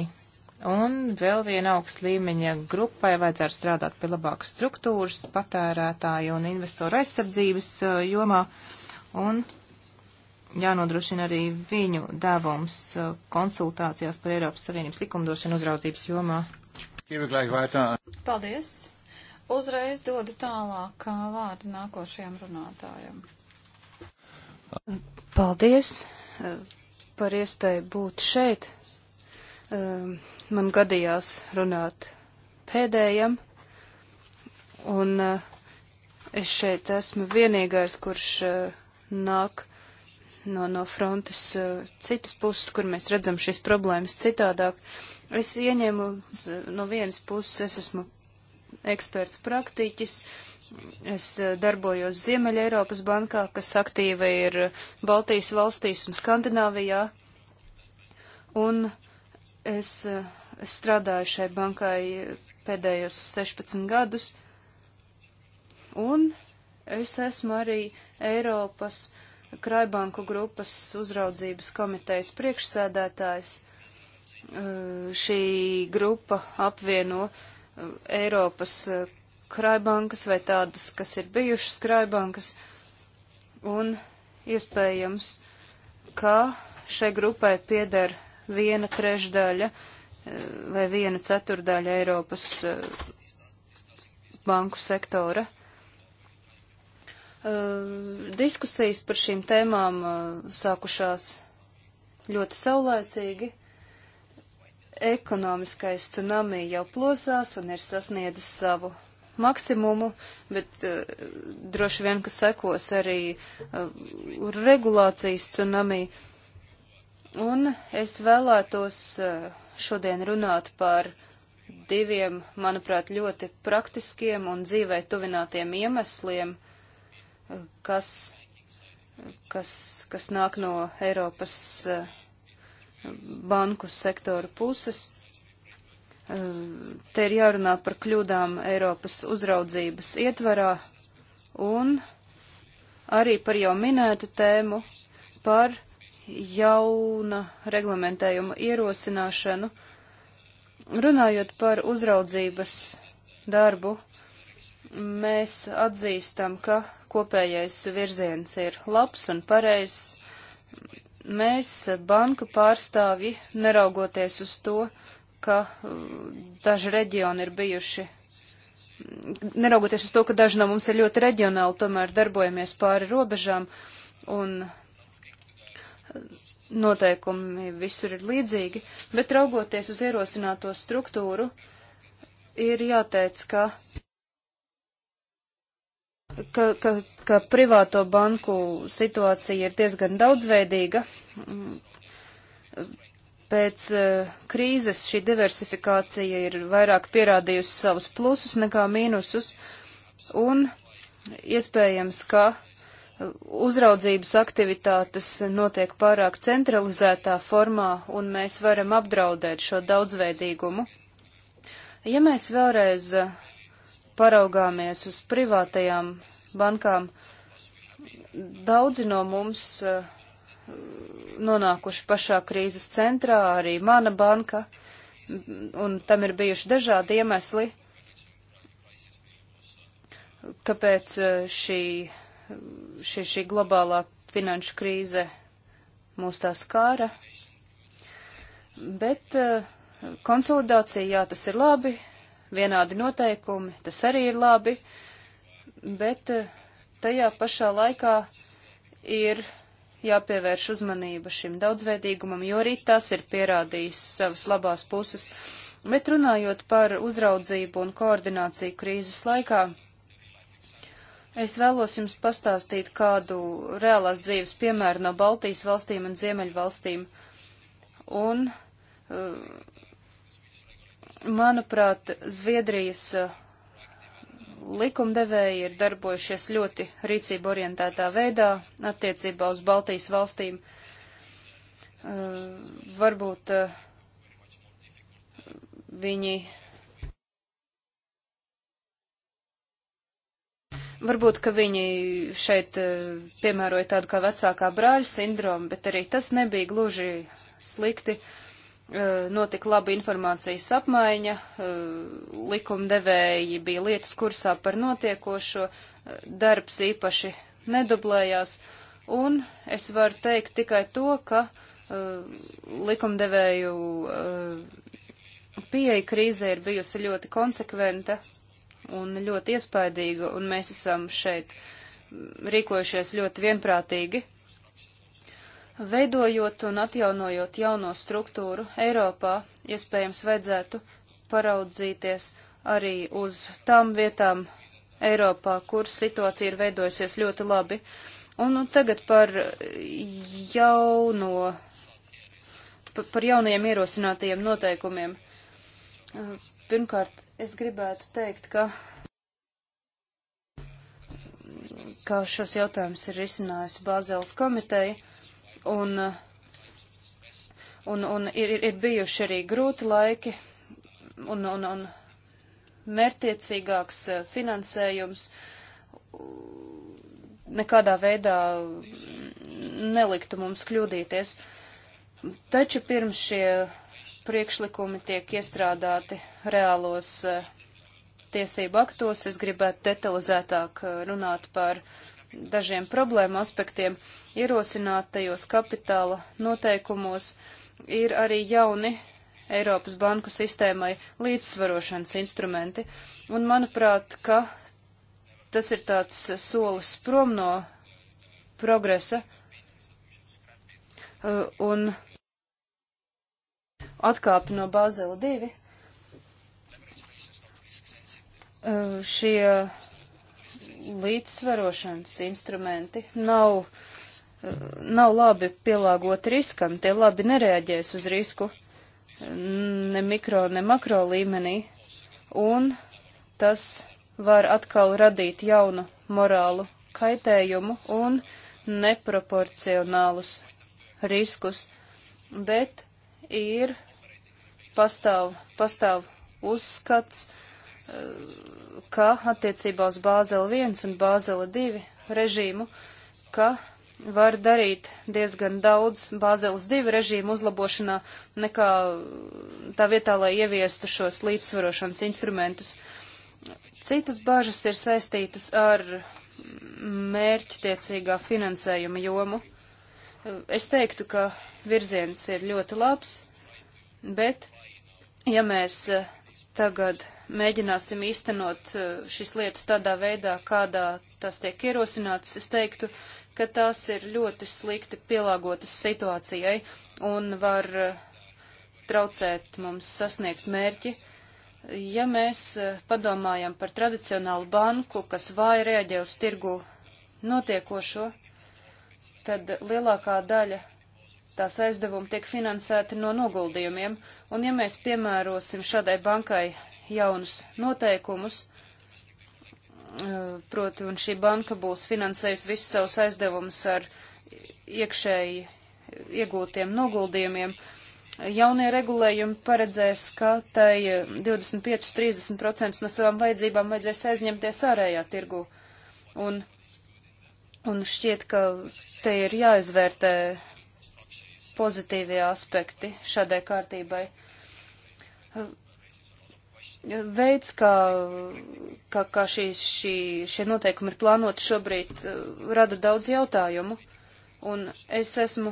Un vēl viena augsta līmeņa grupai vajadzētu strādāt pie labākas struktūras, patērētāju un investoru aizsardzības uh, jomā. Un jānodrošina arī viņu devums uh, konsultācijās par Eiropas Savienības likumdošanu uzraudzības jomā. Paldies! Uzreiz dodu tālāk uh, vārdu nākošajam runātājam. Paldies uh, par iespēju būt šeit. Ehm, man gadījās runāt pēdējam, un eh, es šeit esmu vienīgais, kurš eh, nāk no, no frontes eh, citas puses, kur mēs redzam šīs problēmas citādāk. Es ieņēmu no vienas puses, es esmu eksperts praktiķis, es darbojos Ziemeļa Eiropas bankā, kas aktīva ir Baltijas valstīs un Skandināvijā, un uh, Es, eh, es strādāju šai bankai pēdējos 16 gadus, un es esmu arī Eiropas Kraibanku grupas uzraudzības komitejas priekšsēdētājs. Eh, šī grupa apvieno eh, Eiropas krājbankas vai tādas, kas ir bijušas krājbankas, un iespējams, ka šai grupai pieder viena trešdaļa eh, vai viena ceturdaļa Eiropas eh, banku sektora. Eh, diskusijas par šīm tēmām sākušās ļoti saulēcīgi ekonomiskais tsunami jau plosās un ir sasniedzis savu maksimumu, bet uh, droši vien, ka sekos arī uh, regulācijas tsunami. Uh, Un es vēlētos eh, šodien runāt par diviem, manuprāt, ļoti praktiskiem un dzīvē tuvinātiem iemesliem, eh, kas, kas, kas nāk no Eiropas eh, banku sektora puses. Te ir jārunā par kļūdām Eiropas uzraudzības ietvarā un arī par jau minētu tēmu par jauna reglamentējuma ierosināšanu. Runājot par uzraudzības darbu, mēs atzīstam, ka kopējais virziens ir labs un pareizs. Mēs, banka pārstāvji, neraugoties uz to, ka mm, daži reģioni ir bijuši mm, neraugoties uz to, ka daži no mums ir ļoti reģionāli, tomēr darbojamies pāri robežām, un noteikumi visur ir līdzīgi, bet raugoties uz ierosināto struktūru, ir jāteic, ka, ka, ka, ka privāto banku situācija ir diezgan daudzveidīga. Pēc eh, krīzes šī diversifikācija ir vairāk pierādījusi savus plusus nekā mīnusus, un iespējams, ka uzraudzības aktivitātes notiek pārāk centralizētā formā, un mēs varam apdraudēt šo daudzveidīgumu. Ja mēs vēlreiz paraugāmies uz privātajām bankām, daudzi no mums eh, nonākuši pašā krīzes centrā, arī mana banka, un tam ir bijuši dažādi iemesli, kāpēc eh, šī šī, šī globālā finanšu krīze mūs tā skāra. Bet eh, konsolidācija, jā, tas ir labi, vienādi noteikumi, tas arī ir labi, bet eh, tajā pašā laikā ir jāpievērš uzmanība šim daudzveidīgumam, jo arī tas ir pierādījis savas labās puses. Bet runājot par uzraudzību un koordināciju krīzes laikā, Es vēlos jums pastāstīt kādu reālās dzīves piemēru no Baltijas valstīm un Ziemeļvalstīm. Un, eh, manuprāt, Zviedrijas eh, likumdevēji ir darbojušies ļoti rīcību orientētā veidā attiecībā uz Baltijas valstīm. Eh, varbūt viņi Varbūt, ka viņi šeit eh, piemēroja tādu kā vecākā brāļa sindromu, bet arī tas nebija gluži slikti. Eh, notika laba informācijas apmaiņa, eh, likumdevēji bija lietas kursā par notiekošo, darbs īpaši nedublējās, un es varu teikt tikai to, ka likumdevēju pieeja krīzē ir bijusi ļoti konsekventa un ļoti iespaidīga, un mēs esam šeit rīkojušies ļoti vienprātīgi. Veidojot un atjaunojot jauno struktūru Eiropā, iespējams vajadzētu paraudzīties arī uz tām vietām Eiropā, kur situācija ir veidojusies ļoti labi. Un, un tagad par jauno, par jaunajiem ierosinātajiem noteikumiem. Pirmkārt, es gribētu teikt, ka, ka šos jautājumus ir izcinājusi Bāzēlas komiteja, un, un, un ir, ir bijuši arī grūti laiki, un, un, un mērtiecīgāks eh, finansējums nekādā veidā neliktu mums kļūdīties. Taču pirms šie priekšlikumi tiek iestrādāti reālos e, tiesību aktos. Es gribētu detalizētāk e, runāt par dažiem problēmu aspektiem. Ierosinātajos kapitāla noteikumos ir arī jauni Eiropas banku sistēmai līdzsvarošanas instrumenti, un manuprāt, ka tas ir tāds solis prom no progresa, e, un atkāpi no Bāzela 2. Šie līdzsvarošanas instrumenti nav, nav labi pielāgoti riskam, tie labi nereaģēs uz risku ne mikro, ne makro līmenī, un tas var atkal radīt jaunu morālu kaitējumu un neproporcionālus riskus, bet ir pastāv, pastāv uzskats, eh, ka attiecībā uz Bāzeli 1 un Bāzeli 2 režīmu, ka var darīt diezgan daudz Bāzeles 2 režīmu uzlabošanā, nekā tā vietā, lai ieviestu šos līdzsvarošanas instrumentus. Citas bažas ir saistītas ar mērķtiecīgā finansējuma jomu. Eh, es teiktu, ka virziens ir ļoti labs, bet ja mēs eh, tagad mēģināsim īstenot eh, šīs lietas tādā veidā, kādā tas tiek ierosināts, es teiktu, ka tās ir ļoti slikti pielāgotas situācijai un var eh, traucēt mums sasniegt mērķi. Ja mēs padomājam par tradicionālu banku, kas vāja reaģē uz tirgu notiekošo, tad lielākā daļa tās aizdevumi tiek finansēti no noguldījumiem, un ja mēs piemērosim šādai bankai jaunus noteikumus, eh, proti, un šī banka būs finansējusi visus savus aizdevumus ar iekšēji iegūtiem noguldījumiem, jaunie regulējumi paredzēs, ka tai 25-30% eh, no savām vajadzībām vajadzēs aizņemties ārējā tirgu. Un, un šķiet, ka te ir jāizvērtē pozitīvie aspekti šādai kārtībai. Veids, kā, kā, kā šīs, šī, šie noteikumi ir plānoti šobrīd, rada daudz jautājumu, un es esmu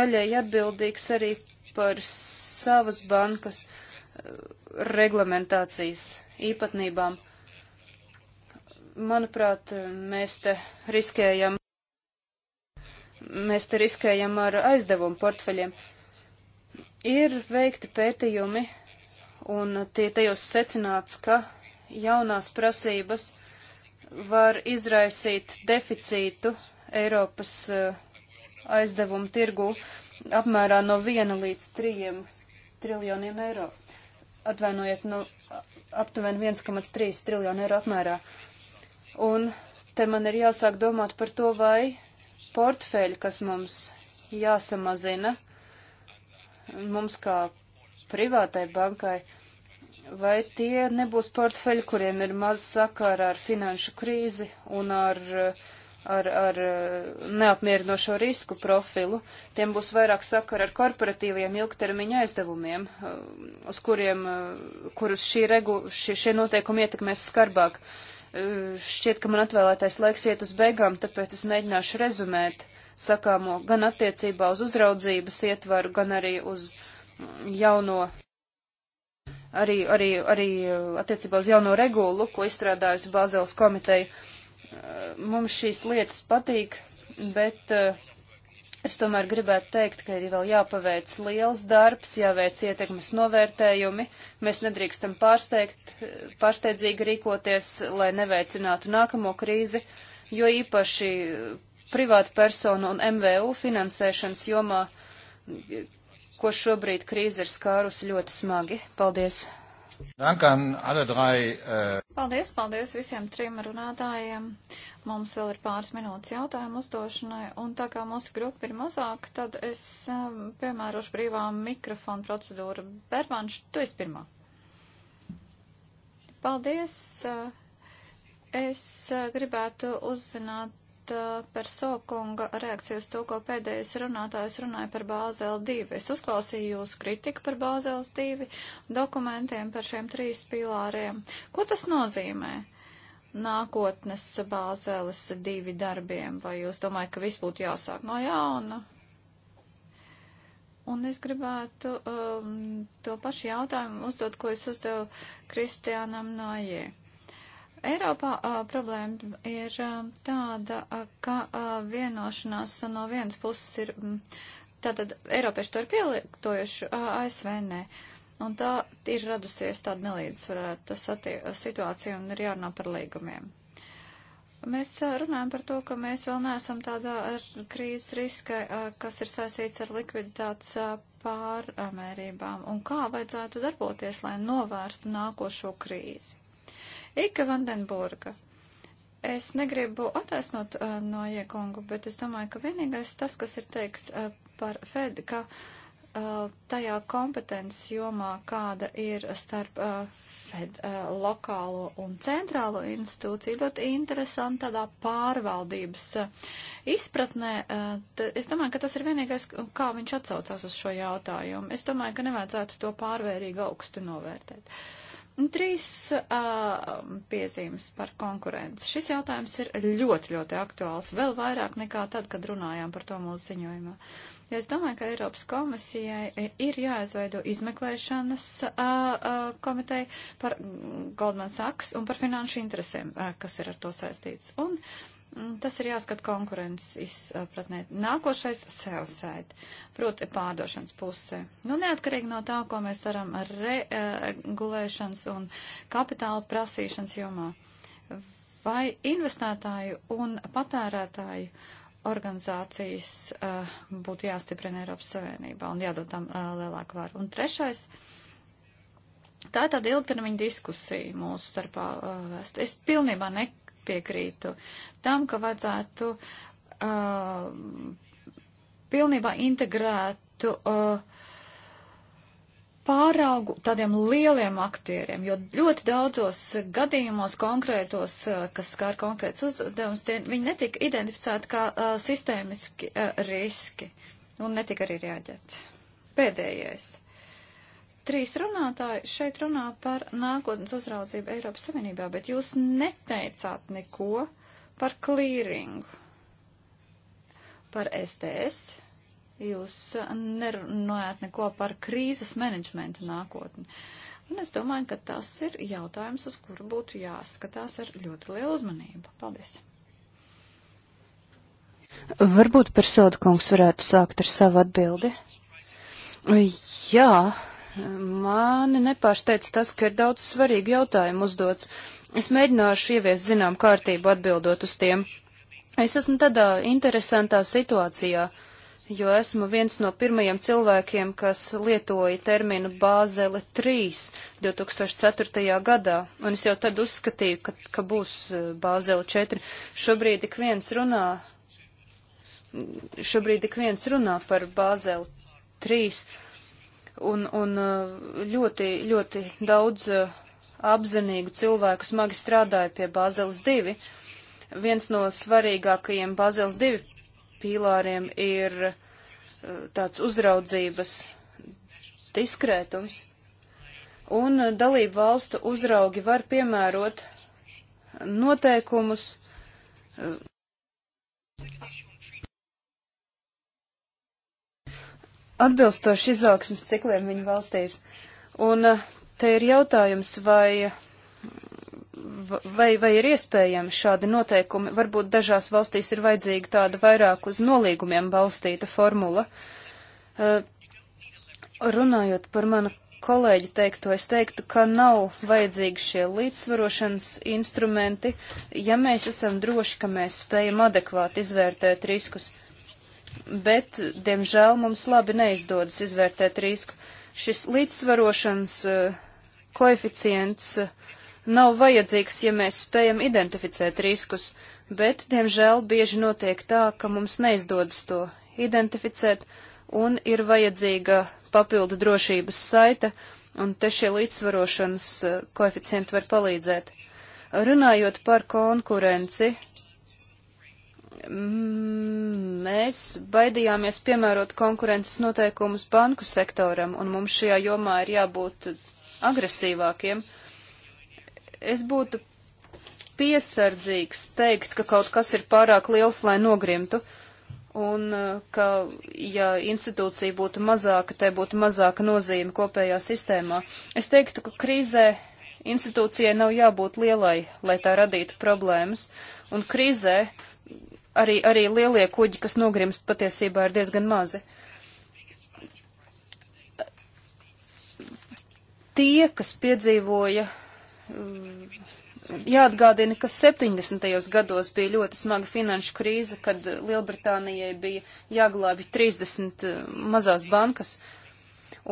daļai atbildīgs arī par savas bankas eh, reglamentācijas īpatnībām. Manuprāt, eh, mēs te riskējam mēs te riskējam ar aizdevumu portfeļiem. Ir veikti pētījumi, un tie tajos secināts, ka jaunās prasības var izraisīt deficītu Eiropas eh, aizdevumu tirgu apmērā no 1 līdz 3 triljoniem eiro. Atvainojiet, no aptuveni 1,3 triljonu eiro apmērā. Un te man ir jāsāk domāt par to, vai portfeļi, kas mums jāsamazina, mums kā privātai bankai, vai tie nebūs portfeļi, kuriem ir maz sakāra ar finanšu krīzi un ar, ar, ar neapmierinošo risku profilu, tiem būs vairāk sakara ar korporatīviem ilgtermiņa aizdevumiem, uz kuriem, kurus šī regu, šie, šie noteikumi ietekmēs skarbāk. Uh, Eh, šķiet, ka man atvēlētais laiks iet uz beigām, tāpēc es mēģināšu rezumēt sakāmo gan attiecībā uz uzraudzības ietvaru, gan arī uz mm, jauno, arī, arī, arī eh, attiecībā uz jauno regulu, ko izstrādājusi Bāzeles komiteja. Eh, mums šīs lietas patīk, bet uh, Es tomēr gribētu teikt, ka ir vēl jāpaveic liels darbs, jāveic ietekmes novērtējumi. Mēs nedrīkstam pārsteigt, pārsteidzīgi rīkoties, lai neveicinātu nākamo krīzi, jo īpaši privātu personu un MVU finansēšanas jomā, ko šobrīd krīze ir skārusi ļoti smagi. Paldies! Eh, paldies, paldies visiem trim runātājiem. Mums vēl ir pāris minūtes jautājumu uzdošanai, un tā kā mūsu grupa ir mazāka, tad es eh, piemērošu brīvā mikrofonu procedūru. Bervanš, tu esi pirmā. Paldies. Eh, es gribētu uzzināt Uh, par Sokonga reakciju uz to, ko pēdējais runātājs runāja par Bāzeli 2. Es uzklausīju jūsu kritiku par Bāzeles 2 dokumentiem, par šiem trīs pilāriem. Ko tas nozīmē? Nākotnes Bāzeles divi darbiem, vai jūs domājat, ka viss būtu jāsāk no jauna? Un es gribētu um, to pašu jautājumu uzdot, ko es uzdevu Kristiānam Nājē. No Eiropā a, problēma ir a, tāda, a, ka a, vienošanās a, no vienas puses ir, m, tātad Eiropieši to ir pielietojuši, a, ASV nē. Un tā ir radusies tāda nelīdzsvarēta situācija un ir jārunā par līgumiem. Mēs a, runājam par to, ka mēs vēl neesam tādā krīzes riska, a, kas ir saistīts ar likviditātes a, pārmērībām un kā vajadzētu darboties, lai novērstu nākošo krīzi. Ika Vandenburga. Es negribu attaisnot uh, no iekungu, bet es domāju, ka vienīgais tas, kas ir teikts uh, par Fed, ka uh, tajā kompetences jomā, kāda ir starp uh, Fed uh, lokālo un centrālo institūciju, ļoti interesanti tādā pārvaldības uh, izpratnē. Uh, t, es domāju, ka tas ir vienīgais, kā viņš atsaucās uz šo jautājumu. Es domāju, ka nevajadzētu to pārvērīgi augstu novērtēt. Uh, Trīs uh, piezīmes par konkurenci. Šis jautājums ir ļoti, ļoti aktuāls, vēl vairāk nekā tad, kad runājām par to mūsu ziņojumā. Jo es domāju, ka Eiropas komisijai ir jāizveido izmeklēšanas uh, uh, komiteja par Goldman Sachs un par finanšu interesēm, uh, kas ir ar to saistīts. Un uh, Mm, tas ir jāskat konkurences izpratnē. Nākošais - sell-side, proti pārdošanas pusē. Nu, neatkarīgi no tā, ko mēs darām ar regulēšanas un kapitāla prasīšanas jomā. Vai investētāju un patērētāju organizācijas uh, būtu jāstiprina Eiropas Savienībā un jādod tam uh, eh, lielāku varu. Un trešais. Tā ir tāda ilgtermiņa diskusija mūsu starpā uh, vēst. Es pilnībā ne, piekrītu tam, ka vajadzētu uh, pilnībā integrētu uh, pāraugu tādiem lieliem aktieriem, jo ļoti daudzos gadījumos konkrētos, uh, kas skār konkrēts uzdevums, tie, viņi netika identificēti kā uh, sistēmiski uh, riski un netika arī rēģēts. Pēdējais. Trīs runātāji šeit runā par nākotnes uzraudzību Eiropas Savienībā, bet jūs neteicāt neko par klīringu, par STS. Jūs nerunājāt neko par krīzes menedžmenta nākotni. Un es domāju, ka tas ir jautājums, uz kuru būtu jāskatās ar ļoti lielu uzmanību. Paldies! Varbūt persona kungs varētu sākt ar savu atbildi. Jā. Mani nepārsteidz tas, ka ir daudz svarīgu jautājumu uzdots. Es mēģināšu ieviest zinām kārtību atbildot uz tiem. Es esmu tādā interesantā situācijā, jo esmu viens no pirmajiem cilvēkiem, kas lietoja terminu Bāzele 3 2004. gadā, un es jau tad uzskatīju, ka, ka būs e, Bāzele 4. Šobrīd ik viens runā, šobrīd ik viens runā par Bāzeli 3 un, un uh, ļoti, ļoti daudz uh, apzinīgu cilvēku smagi strādāja pie Bāzeles 2. Viens no svarīgākajiem Bāzeles 2 pīlāriem ir uh, tāds uzraudzības diskrētums, un dalību valstu uzraugi var piemērot noteikumus atbilstoši izaugsmas cikliem viņu valstīs. Un eh, te ir jautājums, vai, vai, vai ir iespējami šādi noteikumi. Varbūt dažās valstīs ir vajadzīga tāda vairāk uz nolīgumiem balstīta formula. Eh, runājot par manu kolēģi teikto, es teiktu, ka nav vajadzīgi šie līdzsvarošanas instrumenti, ja mēs esam droši, ka mēs spējam adekvāti izvērtēt riskus bet, diemžēl, mums labi neizdodas izvērtēt risku. Šis līdzsvarošanas eh, koeficients eh, nav vajadzīgs, ja mēs spējam identificēt riskus, bet, diemžēl, bieži notiek tā, ka mums neizdodas to identificēt un ir vajadzīga papildu drošības saita, un te šie līdzsvarošanas eh, koeficienti var palīdzēt. Runājot par konkurenci, Mēs baidījāmies piemērot konkurences noteikumus banku sektoram, un mums šajā jomā ir jābūt agresīvākiem. Es būtu piesardzīgs teikt, ka kaut kas ir pārāk liels, lai nogrimtu, un eh, ka, ja institūcija būtu mazāka, tai būtu mazāka nozīme kopējā sistēmā. Es teiktu, ka krīzē institūcijai nav jābūt lielai, lai tā radītu problēmas, un krīzē arī, arī lielie kuģi, kas nogrimst, patiesībā ir diezgan mazi. Tie, kas piedzīvoja, mm, jāatgādina, ka 70. gados bija ļoti smaga finanšu krīze, kad Lielbritānijai bija jāglābi 30 mm, mazās bankas.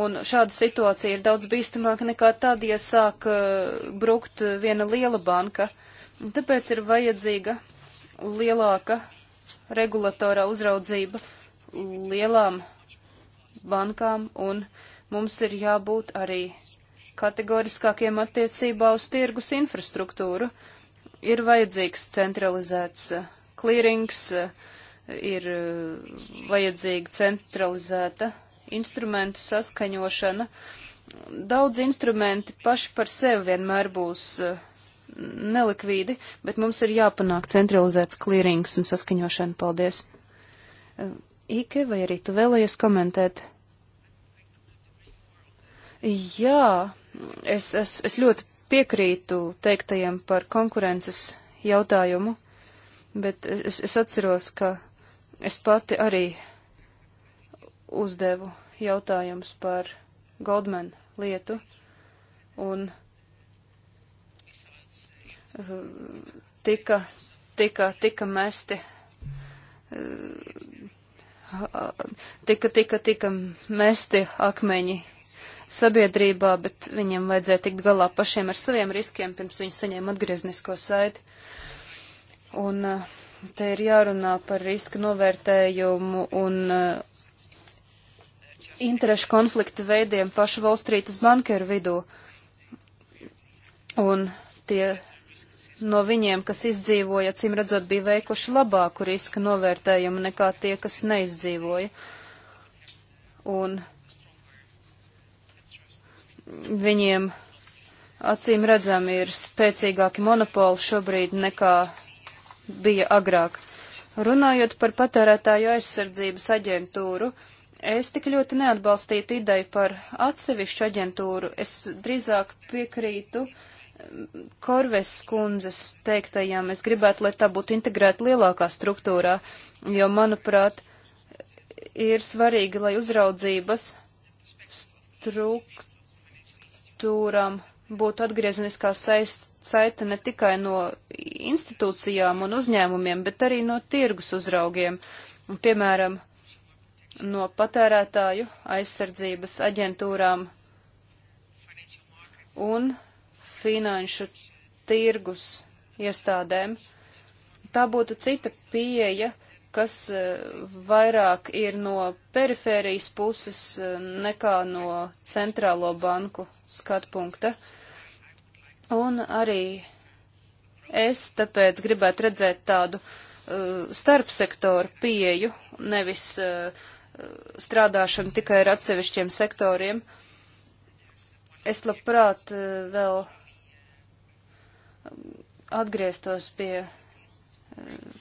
Un šāda situācija ir daudz bīstamāka nekā tad, ja sāk uh, brukt viena liela banka. Tāpēc ir vajadzīga lielāka regulatorā uzraudzība lielām bankām, un mums ir jābūt arī kategoriskākiem attiecībā uz tirgus infrastruktūru. Ir vajadzīgs centralizēts klīrings, eh, eh, ir eh, vajadzīga centralizēta instrumentu saskaņošana. Daudz instrumenti paši par sevi vienmēr būs uh, nelikvīdi, bet mums ir jāpanāk centralizēts klīrings un saskaņošana. Paldies! Eh, Ike, vai arī tu vēlējies komentēt? Jā, es, es, es ļoti piekrītu teiktajiem par konkurences jautājumu, bet es, es atceros, ka es pati arī uzdevu jautājumus par Goldman lietu, un tika, tika, tika mesti, tika, tika, tika mesti akmeņi sabiedrībā, bet viņiem vajadzēja tikt galā pašiem ar saviem riskiem, pirms viņi saņēma atgrieznisko saiti. Un eh, te ir jārunā par riska novērtējumu un eh, interešu konfliktu veidiem pašu Volstrītas bankeru vidū. Un tie no viņiem, kas izdzīvoja, cim redzot, bija veikuši labāku riska novērtējumu nekā tie, kas neizdzīvoja. Un viņiem acīm redzami ir spēcīgāki monopoli šobrīd nekā bija agrāk. Runājot par patērētāju aizsardzības aģentūru, es tik ļoti neatbalstītu ideju par atsevišķu aģentūru. Es drīzāk piekrītu uh, Korves kundzes teiktajām es gribētu, lai tā būtu integrēta lielākā struktūrā, jo, manuprāt, ir svarīgi, lai uzraudzības struktūram būtu atgriezeniskā saita ne tikai no institūcijām un uzņēmumiem, bet arī no tirgus uzraugiem, un, piemēram, no patērētāju aizsardzības aģentūrām un finanšu tirgus iestādēm. Tā būtu cita pieeja, kas eh, vairāk ir no perifērijas puses eh, nekā no centrālo banku skatu punkta. Un arī es tāpēc gribētu redzēt tādu uh, starpsektoru pieju, nevis uh, strādāšanu tikai ar atsevišķiem sektoriem. Es labprāt uh, vēl atgrieztos pie eh,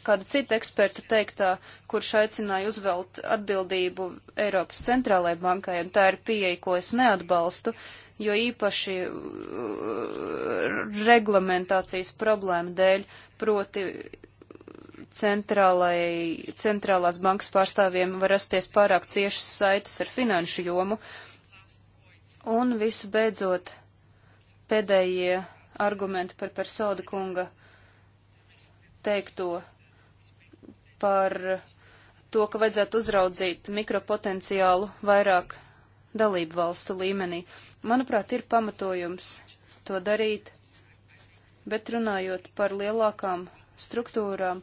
kāda cita eksperta teiktā, kurš aicināja uzvelt atbildību Eiropas centrālajai bankai, un tā ir pieeja, ko es neatbalstu, jo īpaši eh, reglamentācijas problēma dēļ, proti centrālās bankas pārstāvjiem var rasties pārāk ciešas saites ar finanšu jomu, un visu beidzot pēdējie argumenti par Persoda kunga teikto par to, ka vajadzētu uzraudzīt mikropotenciālu vairāk dalību valstu līmenī. Manuprāt, ir pamatojums to darīt, bet runājot par lielākām struktūrām,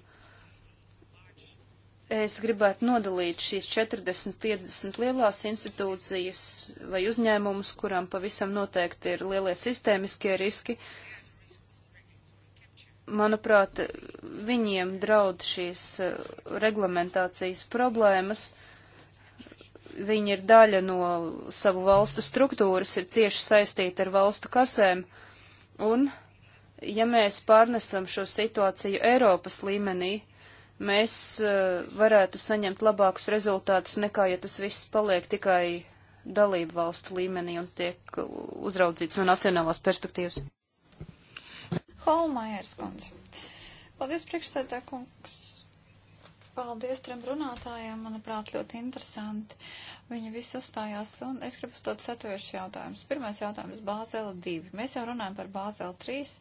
es gribētu nodalīt šīs 40, 50 lielās institūcijas vai uzņēmumus, kurām pavisam noteikti ir lielie sistēmiskie riski, manuprāt, viņiem draud šīs eh, reglamentācijas problēmas. Viņi ir daļa no savu valstu struktūras, ir cieši saistīti ar valstu kasēm. Un, ja mēs pārnesam šo situāciju Eiropas līmenī, mēs eh, varētu saņemt labākus rezultātus nekā, ja tas viss paliek tikai dalību valstu līmenī un tiek uzraudzīts no nacionālās perspektīvas. Holmajers kundze. Paldies, priekšstādā kungs. Paldies trim runātājiem, manuprāt, ļoti interesanti. Viņi visi uzstājās, un es gribu uzdot setojušas jautājumus. Pirmais jautājums - Bāzela 2. Mēs jau runājam par Bāzela 3,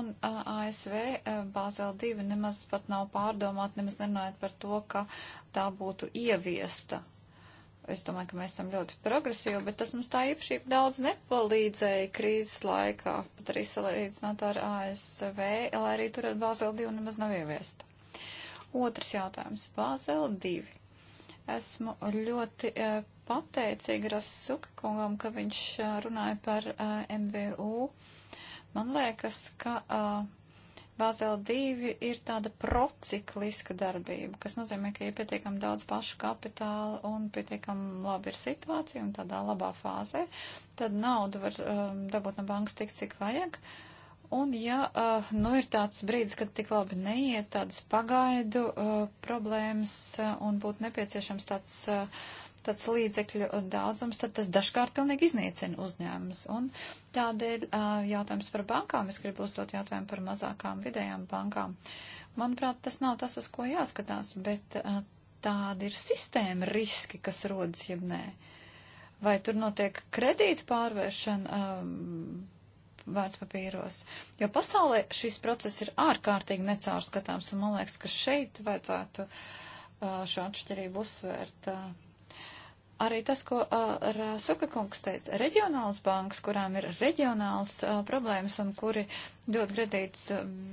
un uh, ASV uh, Bāzela 2 nemaz pat nav pārdomāta, nemaz nerunājot par to, ka tā būtu ieviesta Es domāju, ka mēs esam ļoti progresīvi, bet tas mums tā īpašība daudz nepalīdzēja krīzes laikā, pat arī salīdzinot ar ASV, lai arī tur ar Bāzeli 2 nemaz nav ieviesta. Otrs jautājums. Bāzeli 2. Esmu ļoti uh, pateicīga Rasuka kungam, ka viņš uh, runāja par uh, eh, MVU. Man liekas, ka uh, Bāzela 2 ir tāda procikliska darbība, kas nozīmē, ka ir pietiekam daudz pašu kapitāla un pietiekam labi ir situācija un tādā labā fāzē, tad naudu var um, dabūt no bankas tik, cik vajag. Un ja uh, nu ir tāds brīdis, kad tik labi neiet, tādas pagaidu uh, problēmas uh, un būtu nepieciešams tāds. Uh, tāds līdzekļu daudzums, tad tas dažkārt pilnīgi iznīcina uzņēmums. Un tādēļ jautājums par bankām, es gribu uzdot jautājumu par mazākām vidējām bankām. Manuprāt, tas nav tas, uz ko jāskatās, bet tāda ir sistēma riski, kas rodas, jeb nē. Vai tur notiek kredīta pārvēršana? Um, vērtspapīros. Jo pasaulē šis process ir ārkārtīgi necārskatāms, un man liekas, ka šeit vajadzētu uh, šo atšķirību uzsvērt. Uh, arī tas, ko uh, Rāsuka kungs teica, reģionāls banks, kurām ir reģionāls uh, problēmas un kuri dod kredītus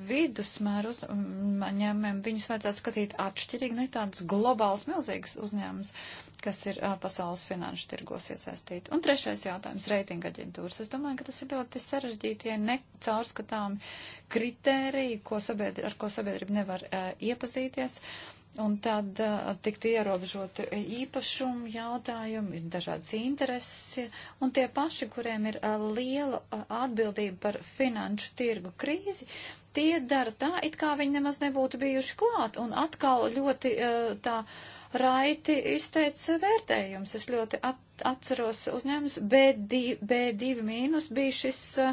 vidusmēru uzņēmumiem, viņus vajadzētu skatīt atšķirīgi, ne tādus globālus milzīgus uzņēmumus, kas ir uh, pasaules finanšu tirgos iesaistīti. Un trešais jautājums - reitinga aģentūras. Es domāju, ka tas ir ļoti sarežģītie, ja necaurskatāmi kritēriji, ko sabiedri, ar ko sabiedrība nevar uh, iepazīties. Uh, Un tad uh, eh, tiktu ierobežot īpašumu jautājumu, ir dažādas intereses, un tie paši, kuriem ir uh, liela uh, atbildība par finanšu tirgu krīzi, tie dara tā, it kā viņi nemaz nebūtu bijuši klāt, un atkal ļoti uh, tā raiti izteica vērtējums. Es ļoti at, atceros uzņēmums B2, B2 mīnus bija šis. Uh,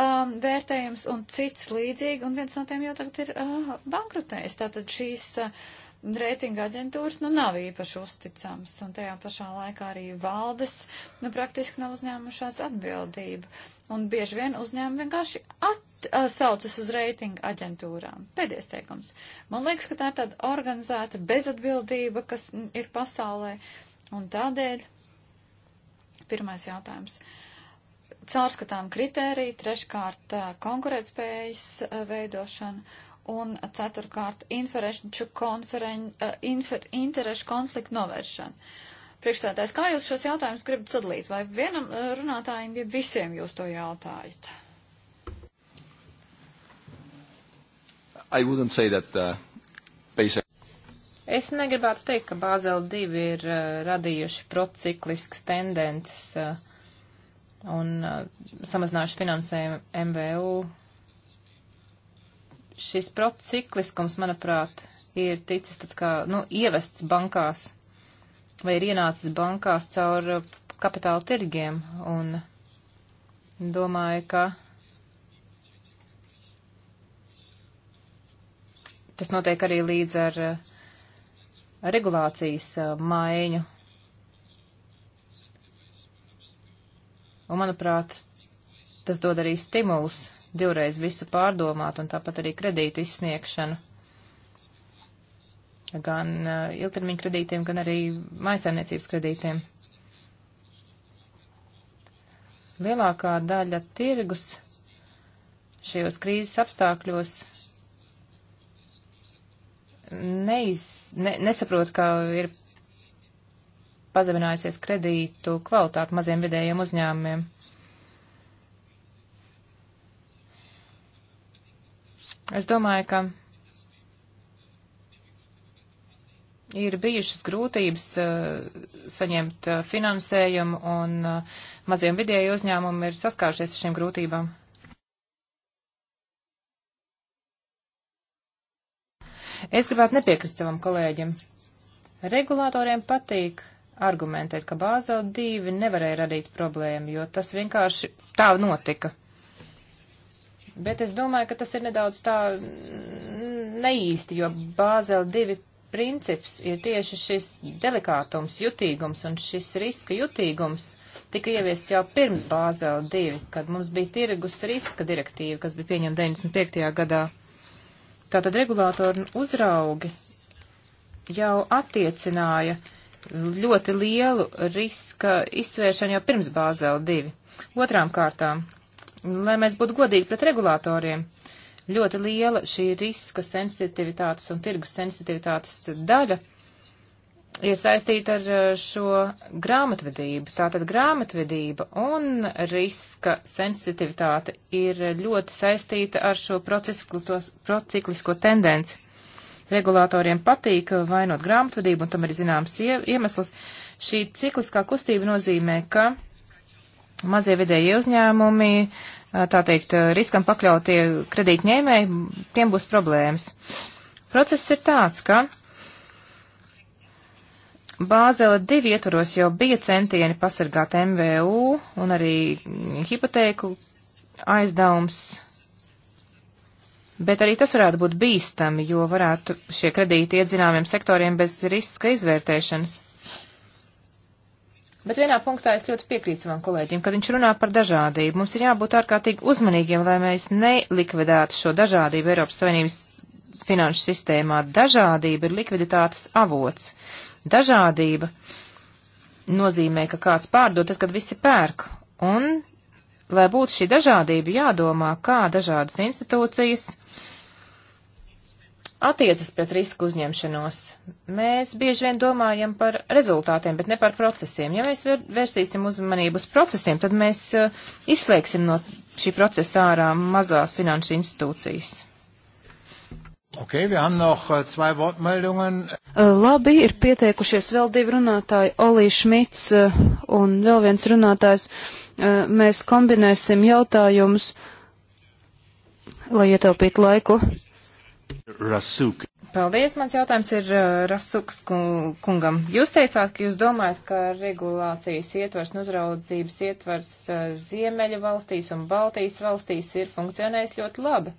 um, vērtējums un cits līdzīgi, un viens no tiem jau tagad ir uh, bankrutējis. Tātad šīs uh, reitinga aģentūras nu, nav īpaši uzticams, un tajā pašā laikā arī valdes nu, praktiski nav uzņēmušās atbildību. Un bieži vien uzņēmumi vienkārši atsaucas uz reitinga aģentūrām. Pēdējais teikums. Man liekas, ka tā ir tāda organizēta bezatbildība, kas ir pasaulē, un tādēļ pirmais jautājums. Caurskatām kritēriju, treškārt konkurētspējas veidošana un ceturkārt interešu, konferen, eh, infer, interešu konfliktu novēršana. Priekšstādājs, kā jūs šos jautājumus gribat sadalīt? Vai vienam eh, runātājiem, ja visiem jūs to jautājat? I wouldn't say that uh, basic. Es negribētu teikt, ka Bāzeli 2 ir uh, radījuši prociklisks tendences uh, un uh, samazinājuši finansējumu MVU šis procikliskums, manuprāt, ir ticis tāds kā, nu, ievests bankās vai ir ienācis bankās caur uh, kapitāla tirgiem un domāju, ka tas notiek arī līdz ar uh, regulācijas uh, maiņu. Un, manuprāt, tas dod arī stimulus divreiz visu pārdomāt un tāpat arī kredītu izsniegšanu. Gan uh, ilgtermiņa kredītiem, gan arī maisaimniecības kredītiem. Lielākā daļa tirgus šajos krīzes apstākļos neiz, ne, nesaprot, ka ir pazeminājusies kredītu kvalitāte maziem vidējiem uzņēmumiem. Es domāju, ka ir bijušas grūtības eh, saņemt eh, finansējumu, un eh, maziem vidēji uzņēmumi ir saskāršies ar šīm grūtībām. Es gribētu nepiekrist savam kolēģim. Regulātoriem patīk argumentēt, ka Bāzela 2 nevarēja radīt problēmu, jo tas vienkārši tā notika. Bet es domāju, ka tas ir nedaudz tā neīsti, jo Bāzela 2 princips ir tieši šis delikātums, jutīgums un šis riska jutīgums tika ieviests jau pirms Bāzela 2, kad mums bija tirgus riska direktīva, kas bija pieņemta 95. gadā. Tātad regulātori un uzraugi jau attiecināja ļoti lielu riska izsvēršanu jau pirms Bāzela 2. Otrām kārtām lai mēs būtu godīgi pret regulātoriem. Ļoti liela šī riska sensitivitātes un tirgus sensitivitātes daļa ir saistīta ar eh, šo grāmatvedību. Tātad grāmatvedība un riska sensitivitāte ir ļoti saistīta ar šo prociklisko tendenci. Regulātoriem patīk vainot grāmatvedību, un tam ir zināms iemesls. Šī cikliskā kustība nozīmē, ka mazie vidēji uzņēmumi, tā teikt, riskam pakļautie kredītņēmēji, tiem būs problēmas. Process ir tāds, ka Bāzela divi ietvaros jau bija centieni pasargāt MVU un arī hipotēku aizdevums, bet arī tas varētu būt bīstami, jo varētu šie kredīti iedzināmiem sektoriem bez riska izvērtēšanas. Bet vienā punktā es ļoti piekrītu savam kolēģim, kad viņš runā par dažādību. Mums ir jābūt ārkārtīgi uzmanīgiem, lai mēs nelikvidētu šo dažādību Eiropas Savienības finanšu sistēmā. Dažādība ir likviditātes avots. Dažādība nozīmē, ka kāds pārdod, tad, kad visi pērk. Un, lai būtu šī dažādība, jādomā, kā dažādas institūcijas uh, attiecas pret risku uzņemšanos. Mēs bieži vien domājam par rezultātiem, bet ne par procesiem. Ja mēs vērsīsim uzmanību uz procesiem, tad mēs uh, izslēgsim no šī procesa ārā mazās finanšu institūcijas. Okay, noch, uh, Labi, ir pieteikušies vēl divi runātāji, Olī Šmits uh, un vēl viens runātājs. Mēs kombinēsim jautājumus, lai ietaupītu laiku. Rasuk. Paldies, mans jautājums ir uh, Rasuks kungam. Jūs teicāt, ka jūs domājat, ka regulācijas ietvars un uzraudzības ietvars uh, Ziemeļa valstīs un Baltijas valstīs ir funkcionējis ļoti labi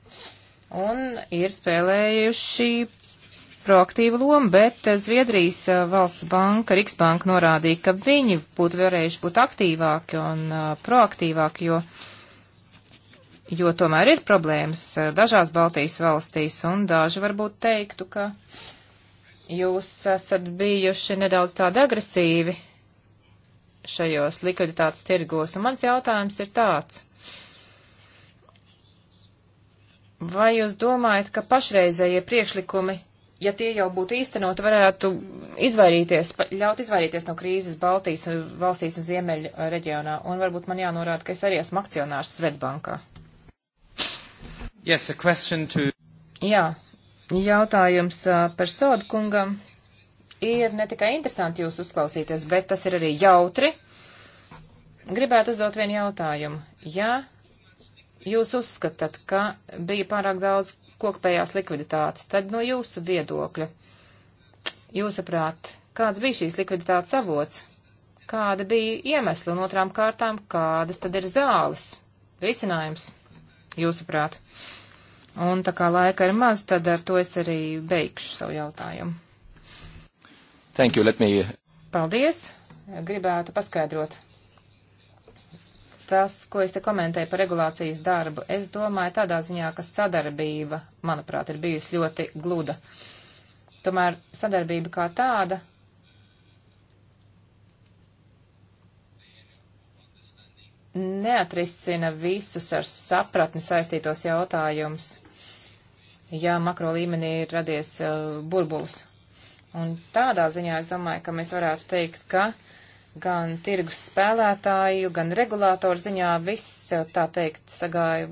un ir spēlējuši proaktīvu lomu, bet uh, Zviedrijas valsts banka, Riksbanka norādīja, ka viņi būtu varējuši būt aktīvāki un proaktīvāki, jo jo tomēr ir problēmas eh, dažās Baltijas valstīs, un daži varbūt teiktu, ka jūs esat bijuši nedaudz tādi agresīvi šajos likviditātes tirgos, un mans jautājums ir tāds. Vai jūs domājat, ka pašreizējie priekšlikumi, ja tie jau būtu īstenot, varētu izvairīties, ļaut izvairīties no krīzes Baltijas valstīs un Ziemeļu reģionā? Un varbūt man jānorāda, ka es arī esmu akcionārs Svedbankā. Yes, a question to. Jā, jautājums par sodu kungam. Ir ne tikai interesanti jūs uzklausīties, bet tas ir arī jautri. Gribētu uzdot vienu jautājumu. Ja jūs uzskatāt, ka bija pārāk daudz kokpējās likviditātes, tad no jūsu viedokļa, jūsuprāt, kāds bija šīs likviditātes avots? Kāda bija iemesla un otrām kārtām, kādas tad ir zāles? Risinājums jūsuprāt? Un tā kā laika ir maz, tad ar to es arī beigšu savu jautājumu. Thank you, let me. Paldies. Gribētu paskaidrot. Tas, ko es te komentēju par regulācijas darbu, es domāju tādā ziņā, ka sadarbība, manuprāt, ir bijusi ļoti gluda. Tomēr sadarbība kā tāda neatrisina visus ar sapratni saistītos jautājumus, ja makro līmenī ir radies uh, burbulis. Un tādā ziņā es domāju, ka mēs varētu teikt, ka gan tirgus spēlētāju, gan regulātoru ziņā viss, uh, tā teikt, sagāja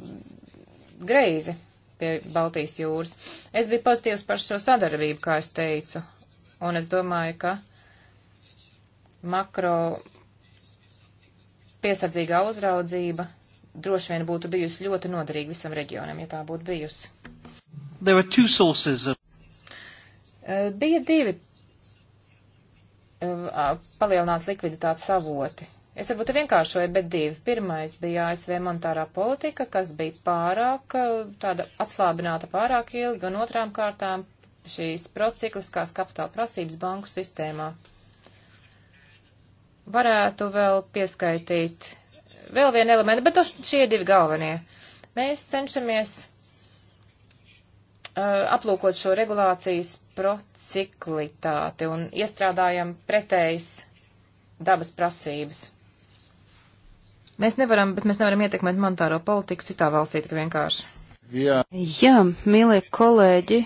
greizi pie Baltijas jūras. Es biju pozitīvs par šo sadarbību, kā es teicu, un es domāju, ka makro piesardzīgā uzraudzība droši vien būtu bijusi ļoti noderīga visam reģionam, ja tā būtu bijusi. Of... Eh, bija divi eh, palielināts likviditātes avoti. Es varbūt vienkāršoju, bet divi. Pirmais bija ASV monetārā politika, kas bija pārāk eh, tāda atslābināta pārāk ilgi, un otrām kārtām šīs procikliskās kapitāla prasības banku sistēmā. Uh, varētu vēl pieskaitīt vēl vienu elementu, bet šie divi galvenie. Mēs cenšamies uh, aplūkot šo regulācijas prociklitāti un iestrādājam pretējas dabas prasības. Mēs nevaram, bet mēs nevaram ietekmēt monetāro politiku citā valstī tik vienkārši. Jā. Jā, mīļie kolēģi,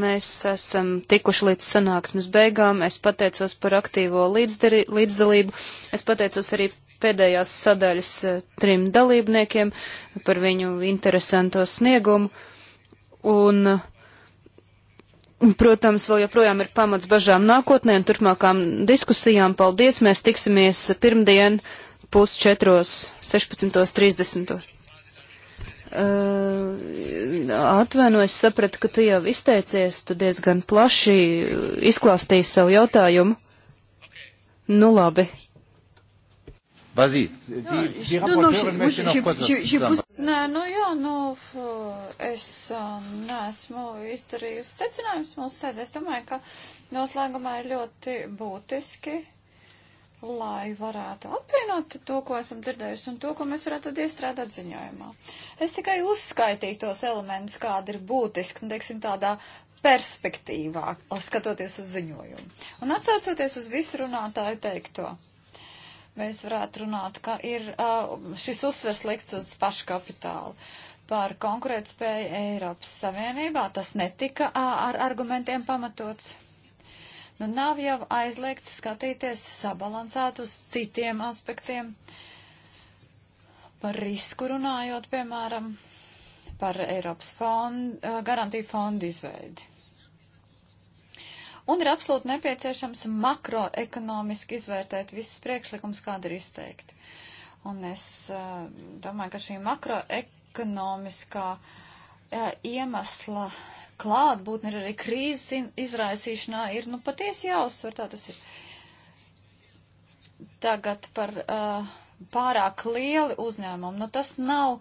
mēs esam tikuši līdz sanāksmes beigām. Es pateicos par aktīvo līdzdari, līdzdalību. Es pateicos arī pēdējās sadaļas eh, trim dalībniekiem par viņu interesanto sniegumu. Un, protams, vēl joprojām ir pamats bažām nākotnē un turpmākām diskusijām. Paldies! Mēs tiksimies pirmdien pusčetros 16.30. Eh, Atvainojos, sapratu, ka tu jau izteicies, tu diezgan plaši izklāstīji savu jautājumu. Nu labi. Vas-y. Nē, nu jā, nu es neesmu izdarījusi secinājumus mūsu sēdē. Es domāju, ka noslēgumā ir ļoti būtiski lai varētu apvienot to, ko esam dzirdējuši un to, ko mēs varētu tad iestrādāt ziņojumā. Es tikai uzskaitīju tos elementus, kāda ir būtiski, un, nu, teiksim, tādā perspektīvā, skatoties uz ziņojumu. Un atsaucoties uz visu runātāju teikto, mēs varētu runāt, ka ir šis uzsvers likts uz paškapitālu par konkurētspēju Eiropas Savienībā. Tas netika ar argumentiem pamatots Nu, nav jau aizliegts skatīties sabalansēt uz citiem aspektiem. Par risku runājot, piemēram, par Eiropas fond, eh, garantiju fondu izveidi. Un ir absolūti nepieciešams makroekonomiski izvērtēt visus priekšlikumus, kāda ir izteikti. Un es uh, domāju, ka šī makroekonomiskā uh, iemesla uh, klātbūtne, ir arī krīzes izraisīšanā, ir nu patiesi jāuzsver, tā tas ir. Tagad par uh, pārāk lieli uzņēmumi, nu tas nav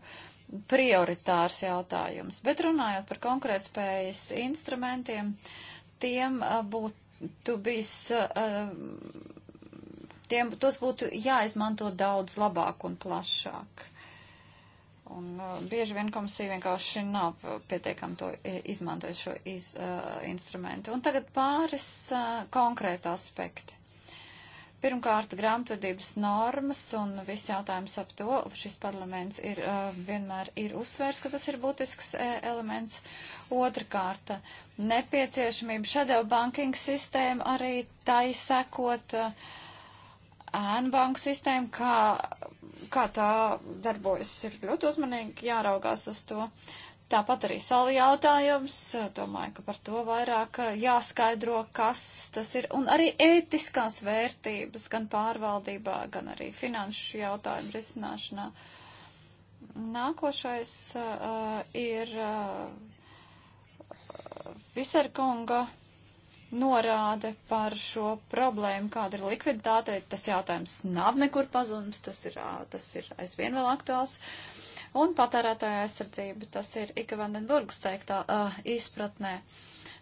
prioritārs jautājums, bet runājot par konkurētspējas instrumentiem, tiem uh, būtu bijis. Uh, Tiem, tos būtu jāizmanto daudz labāk un plašāk. Uh, Un uh, bieži vien komisija vienkārši nav pietiekami to izmantojis šo iz, uh, instrumentu. Un tagad pāris uh, konkrēti aspekti. Pirmkārt, grāmatvedības normas un viss jautājums ap to. Šis parlaments ir, uh, vienmēr ir uzsvērs, ka tas ir būtisks uh, elements. Otrakārt, nepieciešamība shadow banking sistēma arī tai sekot. Uh, ēnu banku sistēma, kā, kā tā darbojas, ir ļoti uzmanīgi jāraugās uz to. Tāpat arī salu jautājums, domāju, ka par to vairāk jāskaidro, kas tas ir, un arī ētiskās vērtības gan pārvaldībā, gan arī finanšu jautājumu risināšanā. Nākošais uh, ir uh, Viserkunga norāde par šo problēmu, kāda ir likviditāte. Tas jautājums nav nekur pazudums, tas ir, tas ir aizvien vēl aktuāls. Un patērētāja aizsardzība, tas ir Ika Vandenburgas teiktā uh, izpratnē.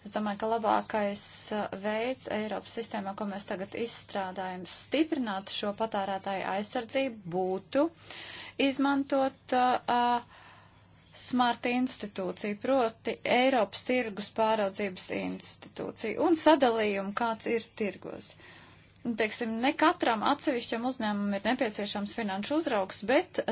Es domāju, ka labākais uh, veids Eiropas sistēmā, ko mēs tagad izstrādājam, stiprināt šo patērētāju aizsardzību būtu izmantot uh, smart institūcija, proti Eiropas tirgus pāraudzības institūcija un sadalījumu, kāds ir tirgos. Un, teiksim, ne katram atsevišķam uzņēmumam ir nepieciešams finanšu uzraugs, bet